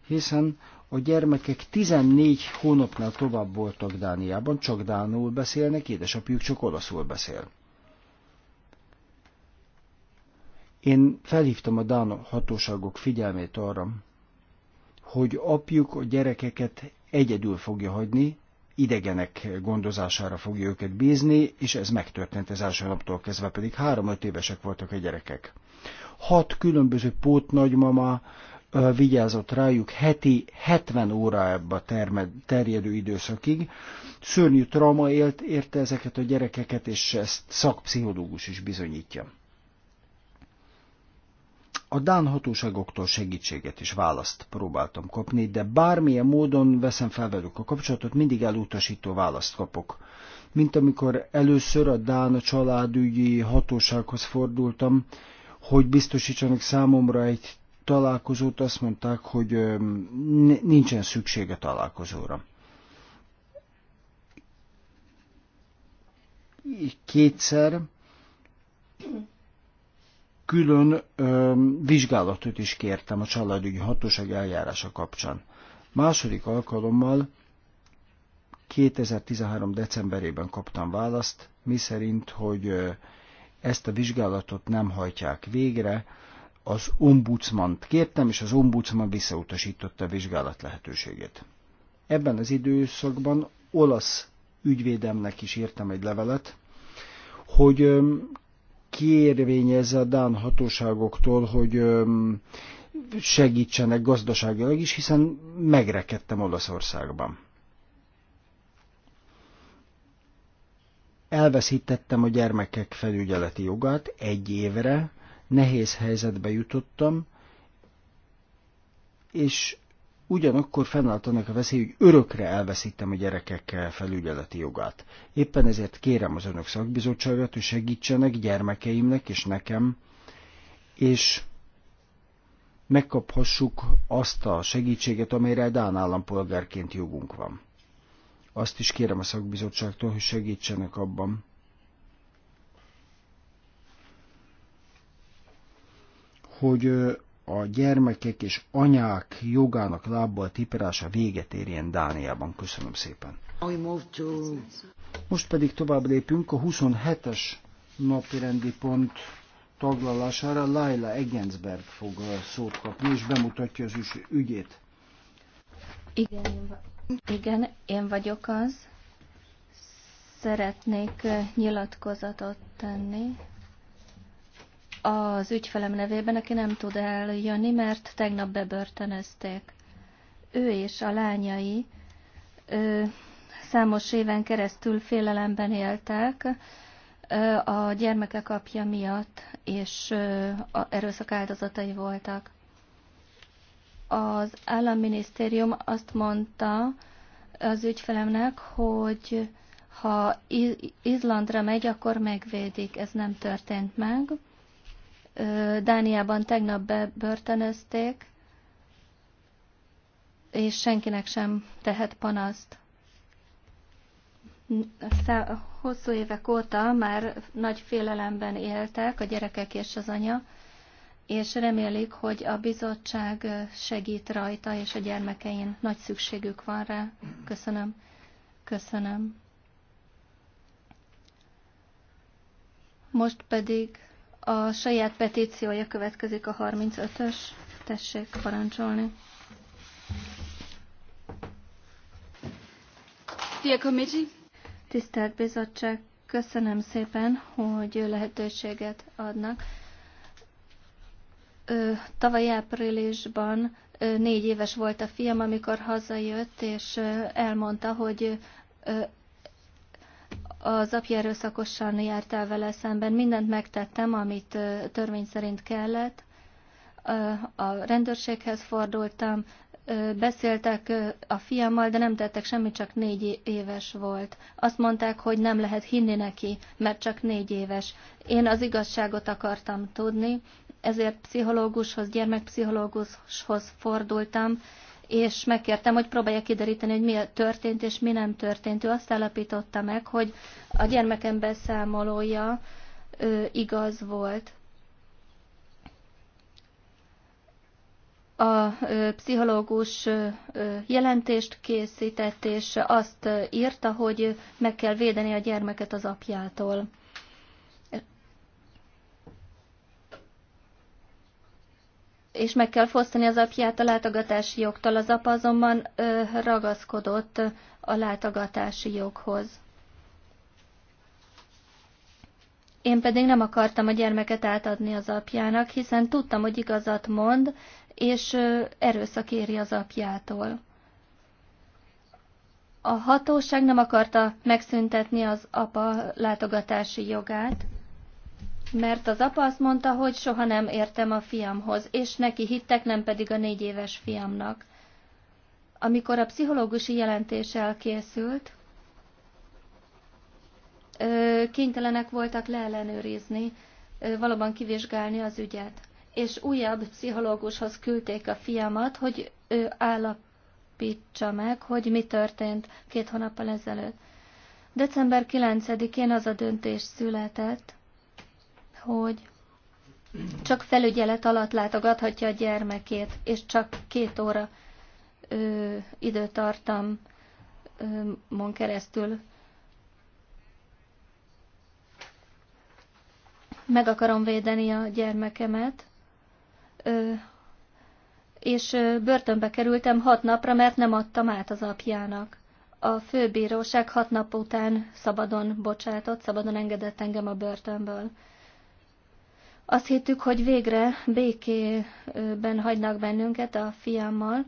hiszen a gyermekek 14 hónapnál tovább voltak Dániában, csak Dánul beszélnek, édesapjuk csak olaszul beszél. Én felhívtam a Dán hatóságok figyelmét arra, hogy apjuk a gyerekeket egyedül fogja hagyni, idegenek gondozására fogja őket bízni, és ez megtörtént az első naptól kezdve, pedig három-öt évesek voltak a gyerekek. Hat különböző pótnagymama vigyázott rájuk heti 70 órába termed, terjedő időszakig. Szörnyű trauma élt érte ezeket a gyerekeket, és ezt szakpszichológus is bizonyítja. A Dán hatóságoktól segítséget és választ próbáltam kapni, de bármilyen módon veszem fel velük a kapcsolatot, mindig elutasító választ kapok. Mint amikor először a Dán családügyi hatósághoz fordultam, hogy biztosítsanak számomra egy találkozót, azt mondták, hogy nincsen szüksége találkozóra. Kétszer külön ö, vizsgálatot is kértem a családügyi hatóság eljárása kapcsán. Második alkalommal 2013. decemberében kaptam választ, miszerint, hogy ö, ezt a vizsgálatot nem hajtják végre, az ombudsmant kértem, és az ombudsman visszautasította a vizsgálat lehetőségét. Ebben az időszakban olasz ügyvédemnek is írtam egy levelet, hogy kérvényezze a Dán hatóságoktól, hogy segítsenek gazdaságilag is, hiszen megrekedtem Olaszországban. Elveszítettem a gyermekek felügyeleti jogát egy évre, nehéz helyzetbe jutottam, és ugyanakkor fennállt annak a veszély, hogy örökre elveszítem a gyerekek felügyeleti jogát. Éppen ezért kérem az önök szakbizottságát, hogy segítsenek gyermekeimnek és nekem, és megkaphassuk azt a segítséget, amelyre Dán állampolgárként jogunk van. Azt is kérem a szakbizottságtól, hogy segítsenek abban, hogy a gyermekek és anyák jogának lábbal tiprása véget érjen Dániában. Köszönöm szépen. Most pedig tovább lépünk a 27-es napirendi pont taglalására. Laila Egensberg fog szót kapni, és bemutatja az ügyét. Igen, igen, én vagyok az. Szeretnék nyilatkozatot tenni az ügyfelem nevében, aki nem tud eljönni, mert tegnap bebörtönözték. Ő és a lányai ö, számos éven keresztül félelemben éltek ö, a gyermekek apja miatt, és ö, a erőszak áldozatai voltak. Az államminisztérium azt mondta az ügyfelemnek, hogy ha Izlandra megy, akkor megvédik. Ez nem történt meg. Dániában tegnap bebörtönözték, és senkinek sem tehet panaszt. Hosszú évek óta már nagy félelemben éltek a gyerekek és az anya, és remélik, hogy a bizottság segít rajta és a gyermekein. Nagy szükségük van rá. Köszönöm. Köszönöm. Most pedig a saját petíciója következik a 35-ös. Tessék parancsolni. Tisztelt bizottság, köszönöm szépen, hogy lehetőséget adnak. Tavaly áprilisban négy éves volt a fiam, amikor hazajött, és elmondta, hogy az apja erőszakosan járt el vele szemben, mindent megtettem, amit törvény szerint kellett, a rendőrséghez fordultam, beszéltek a fiammal, de nem tettek semmit, csak négy éves volt. Azt mondták, hogy nem lehet hinni neki, mert csak négy éves. Én az igazságot akartam tudni, ezért pszichológushoz, gyermekpszichológushoz fordultam, és megkértem, hogy próbálja kideríteni, hogy mi történt és mi nem történt. Ő azt állapította meg, hogy a gyermekem beszámolója ő, igaz volt. A ö, pszichológus ö, jelentést készített, és azt írta, hogy meg kell védeni a gyermeket az apjától. és meg kell fosztani az apját a látogatási jogtól. Az apa azonban ö, ragaszkodott a látogatási joghoz. Én pedig nem akartam a gyermeket átadni az apjának, hiszen tudtam, hogy igazat mond, és ö, erőszak éri az apjától. A hatóság nem akarta megszüntetni az apa látogatási jogát mert az apa azt mondta, hogy soha nem értem a fiamhoz, és neki hittek, nem pedig a négy éves fiamnak. Amikor a pszichológusi jelentés elkészült, kénytelenek voltak leellenőrizni, valóban kivizsgálni az ügyet. És újabb pszichológushoz küldték a fiamat, hogy ő állapítsa meg, hogy mi történt két hónappal ezelőtt. December 9-én az a döntés született, hogy csak felügyelet alatt látogathatja a gyermekét, és csak két óra ö, mon keresztül meg akarom védeni a gyermekemet, ö, és börtönbe kerültem hat napra, mert nem adtam át az apjának. A főbíróság hat nap után szabadon bocsátott, szabadon engedett engem a börtönből. Azt hittük, hogy végre békében hagynak bennünket a fiammal,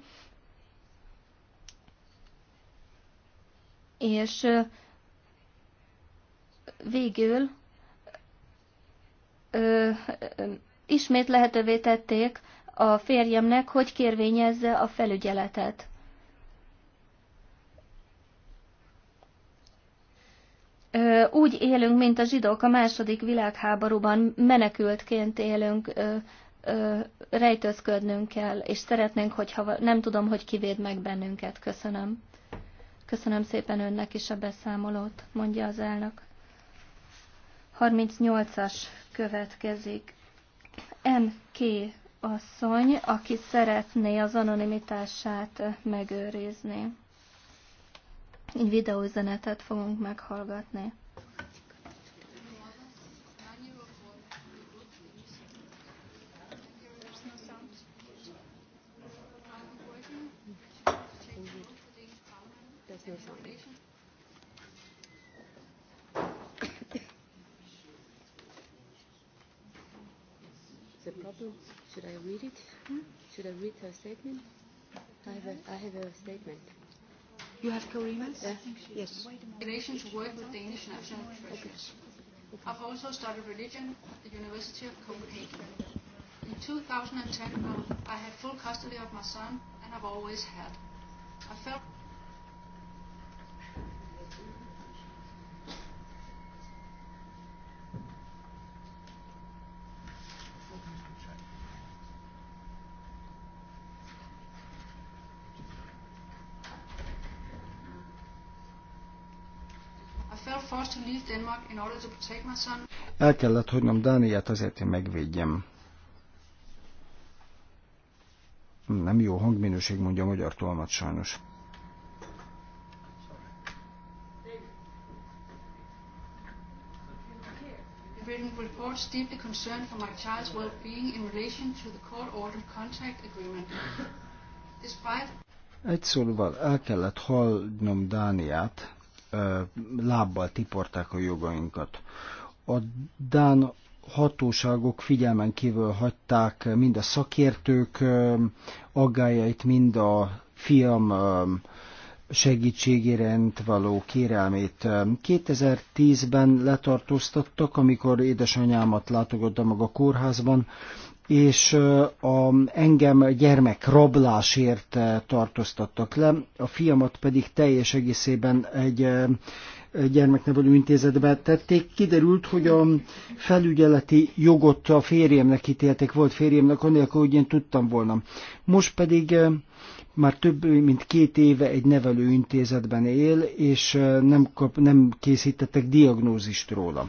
és végül ismét lehetővé tették a férjemnek, hogy kérvényezze a felügyeletet. úgy élünk, mint a zsidók a második világháborúban, menekültként élünk, rejtőzködnünk kell, és szeretnénk, hogyha nem tudom, hogy kivéd meg bennünket. Köszönöm. Köszönöm szépen önnek is a beszámolót, mondja az elnök. 38-as következik. M.K. asszony, aki szeretné az anonimitását megőrizni. Egy videózenetet fogunk meghallgatni. the problem. Should I read it? Hmm? Should I read her statement? I have a, I have a statement. You have co Yeah. Yes. Relations to work with Danish national treasures. Okay. Okay. I've also studied religion at the University of Copenhagen. In 2010, I had full custody of my son, and I've always had. I felt El kellett hagynom Dániát azért, hogy megvédjem. Nem jó hangminőség, mondja a magyar tolmat sajnos. Egy szóval el kellett hagynom Dániát lábbal tiporták a jogainkat. A Dán hatóságok figyelmen kívül hagyták mind a szakértők aggájait, mind a film segítségére való kérelmét. 2010-ben letartóztattak, amikor édesanyámat látogattam meg a kórházban, és a, engem gyermek rablásért tartóztattak le, a fiamat pedig teljes egészében egy gyermeknevelő intézetbe tették. Kiderült, hogy a felügyeleti jogot a férjemnek ítélték, volt férjemnek, anélkül, hogy én tudtam volna. Most pedig már több mint két éve egy nevelőintézetben él, és nem, kap, nem készítettek diagnózist róla.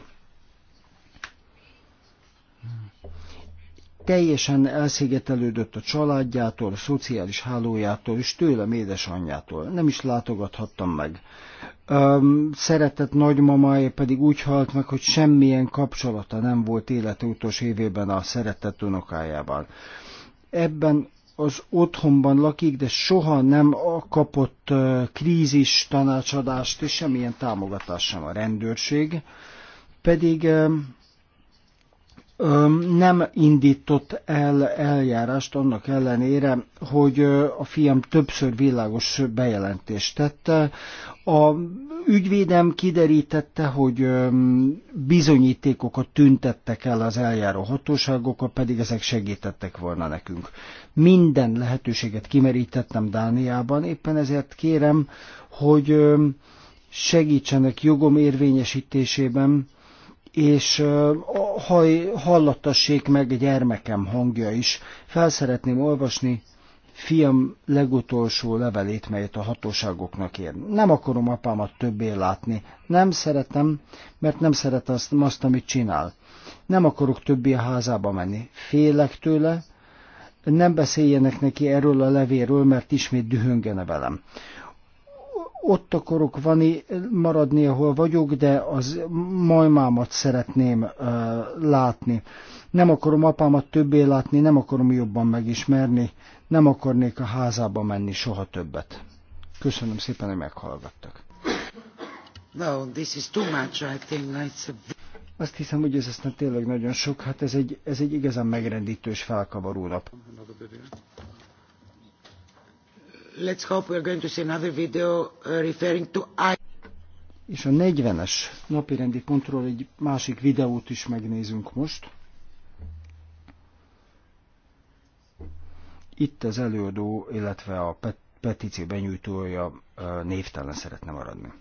teljesen elszigetelődött a családjától, a szociális hálójától és tőlem édesanyjától. Nem is látogathattam meg. Öm, szeretett nagymamája pedig úgy halt meg, hogy semmilyen kapcsolata nem volt élete utolsó évében a szeretett unokájával. Ebben az otthonban lakik, de soha nem kapott krízis tanácsadást és semmilyen támogatást sem a rendőrség. Pedig nem indított el eljárást annak ellenére, hogy a fiam többször világos bejelentést tette. A ügyvédem kiderítette, hogy bizonyítékokat tüntettek el az eljáró hatóságokkal, pedig ezek segítettek volna nekünk. Minden lehetőséget kimerítettem Dániában, éppen ezért kérem, hogy segítsenek jogom érvényesítésében, és haj, hallattassék meg gyermekem hangja is. felszeretném olvasni fiam legutolsó levelét, melyet a hatóságoknak ér. Nem akarom apámat többé látni. Nem szeretem, mert nem szeret azt, azt amit csinál. Nem akarok többé a házába menni. Félek tőle, nem beszéljenek neki erről a levéről, mert ismét dühöngene velem ott akarok vani, maradni, ahol vagyok, de az majmámat szeretném uh, látni. Nem akarom apámat többé látni, nem akarom jobban megismerni, nem akarnék a házába menni soha többet. Köszönöm szépen, hogy meghallgattak. No, this is too much, I think it's a... Azt hiszem, hogy ez aztán tényleg nagyon sok. Hát ez egy, ez egy igazán megrendítő és felkavaró nap és a 40-es napirendi pontról egy másik videót is megnézünk most. Itt az előadó, illetve a petíció benyújtója uh, névtelen szeretne maradni.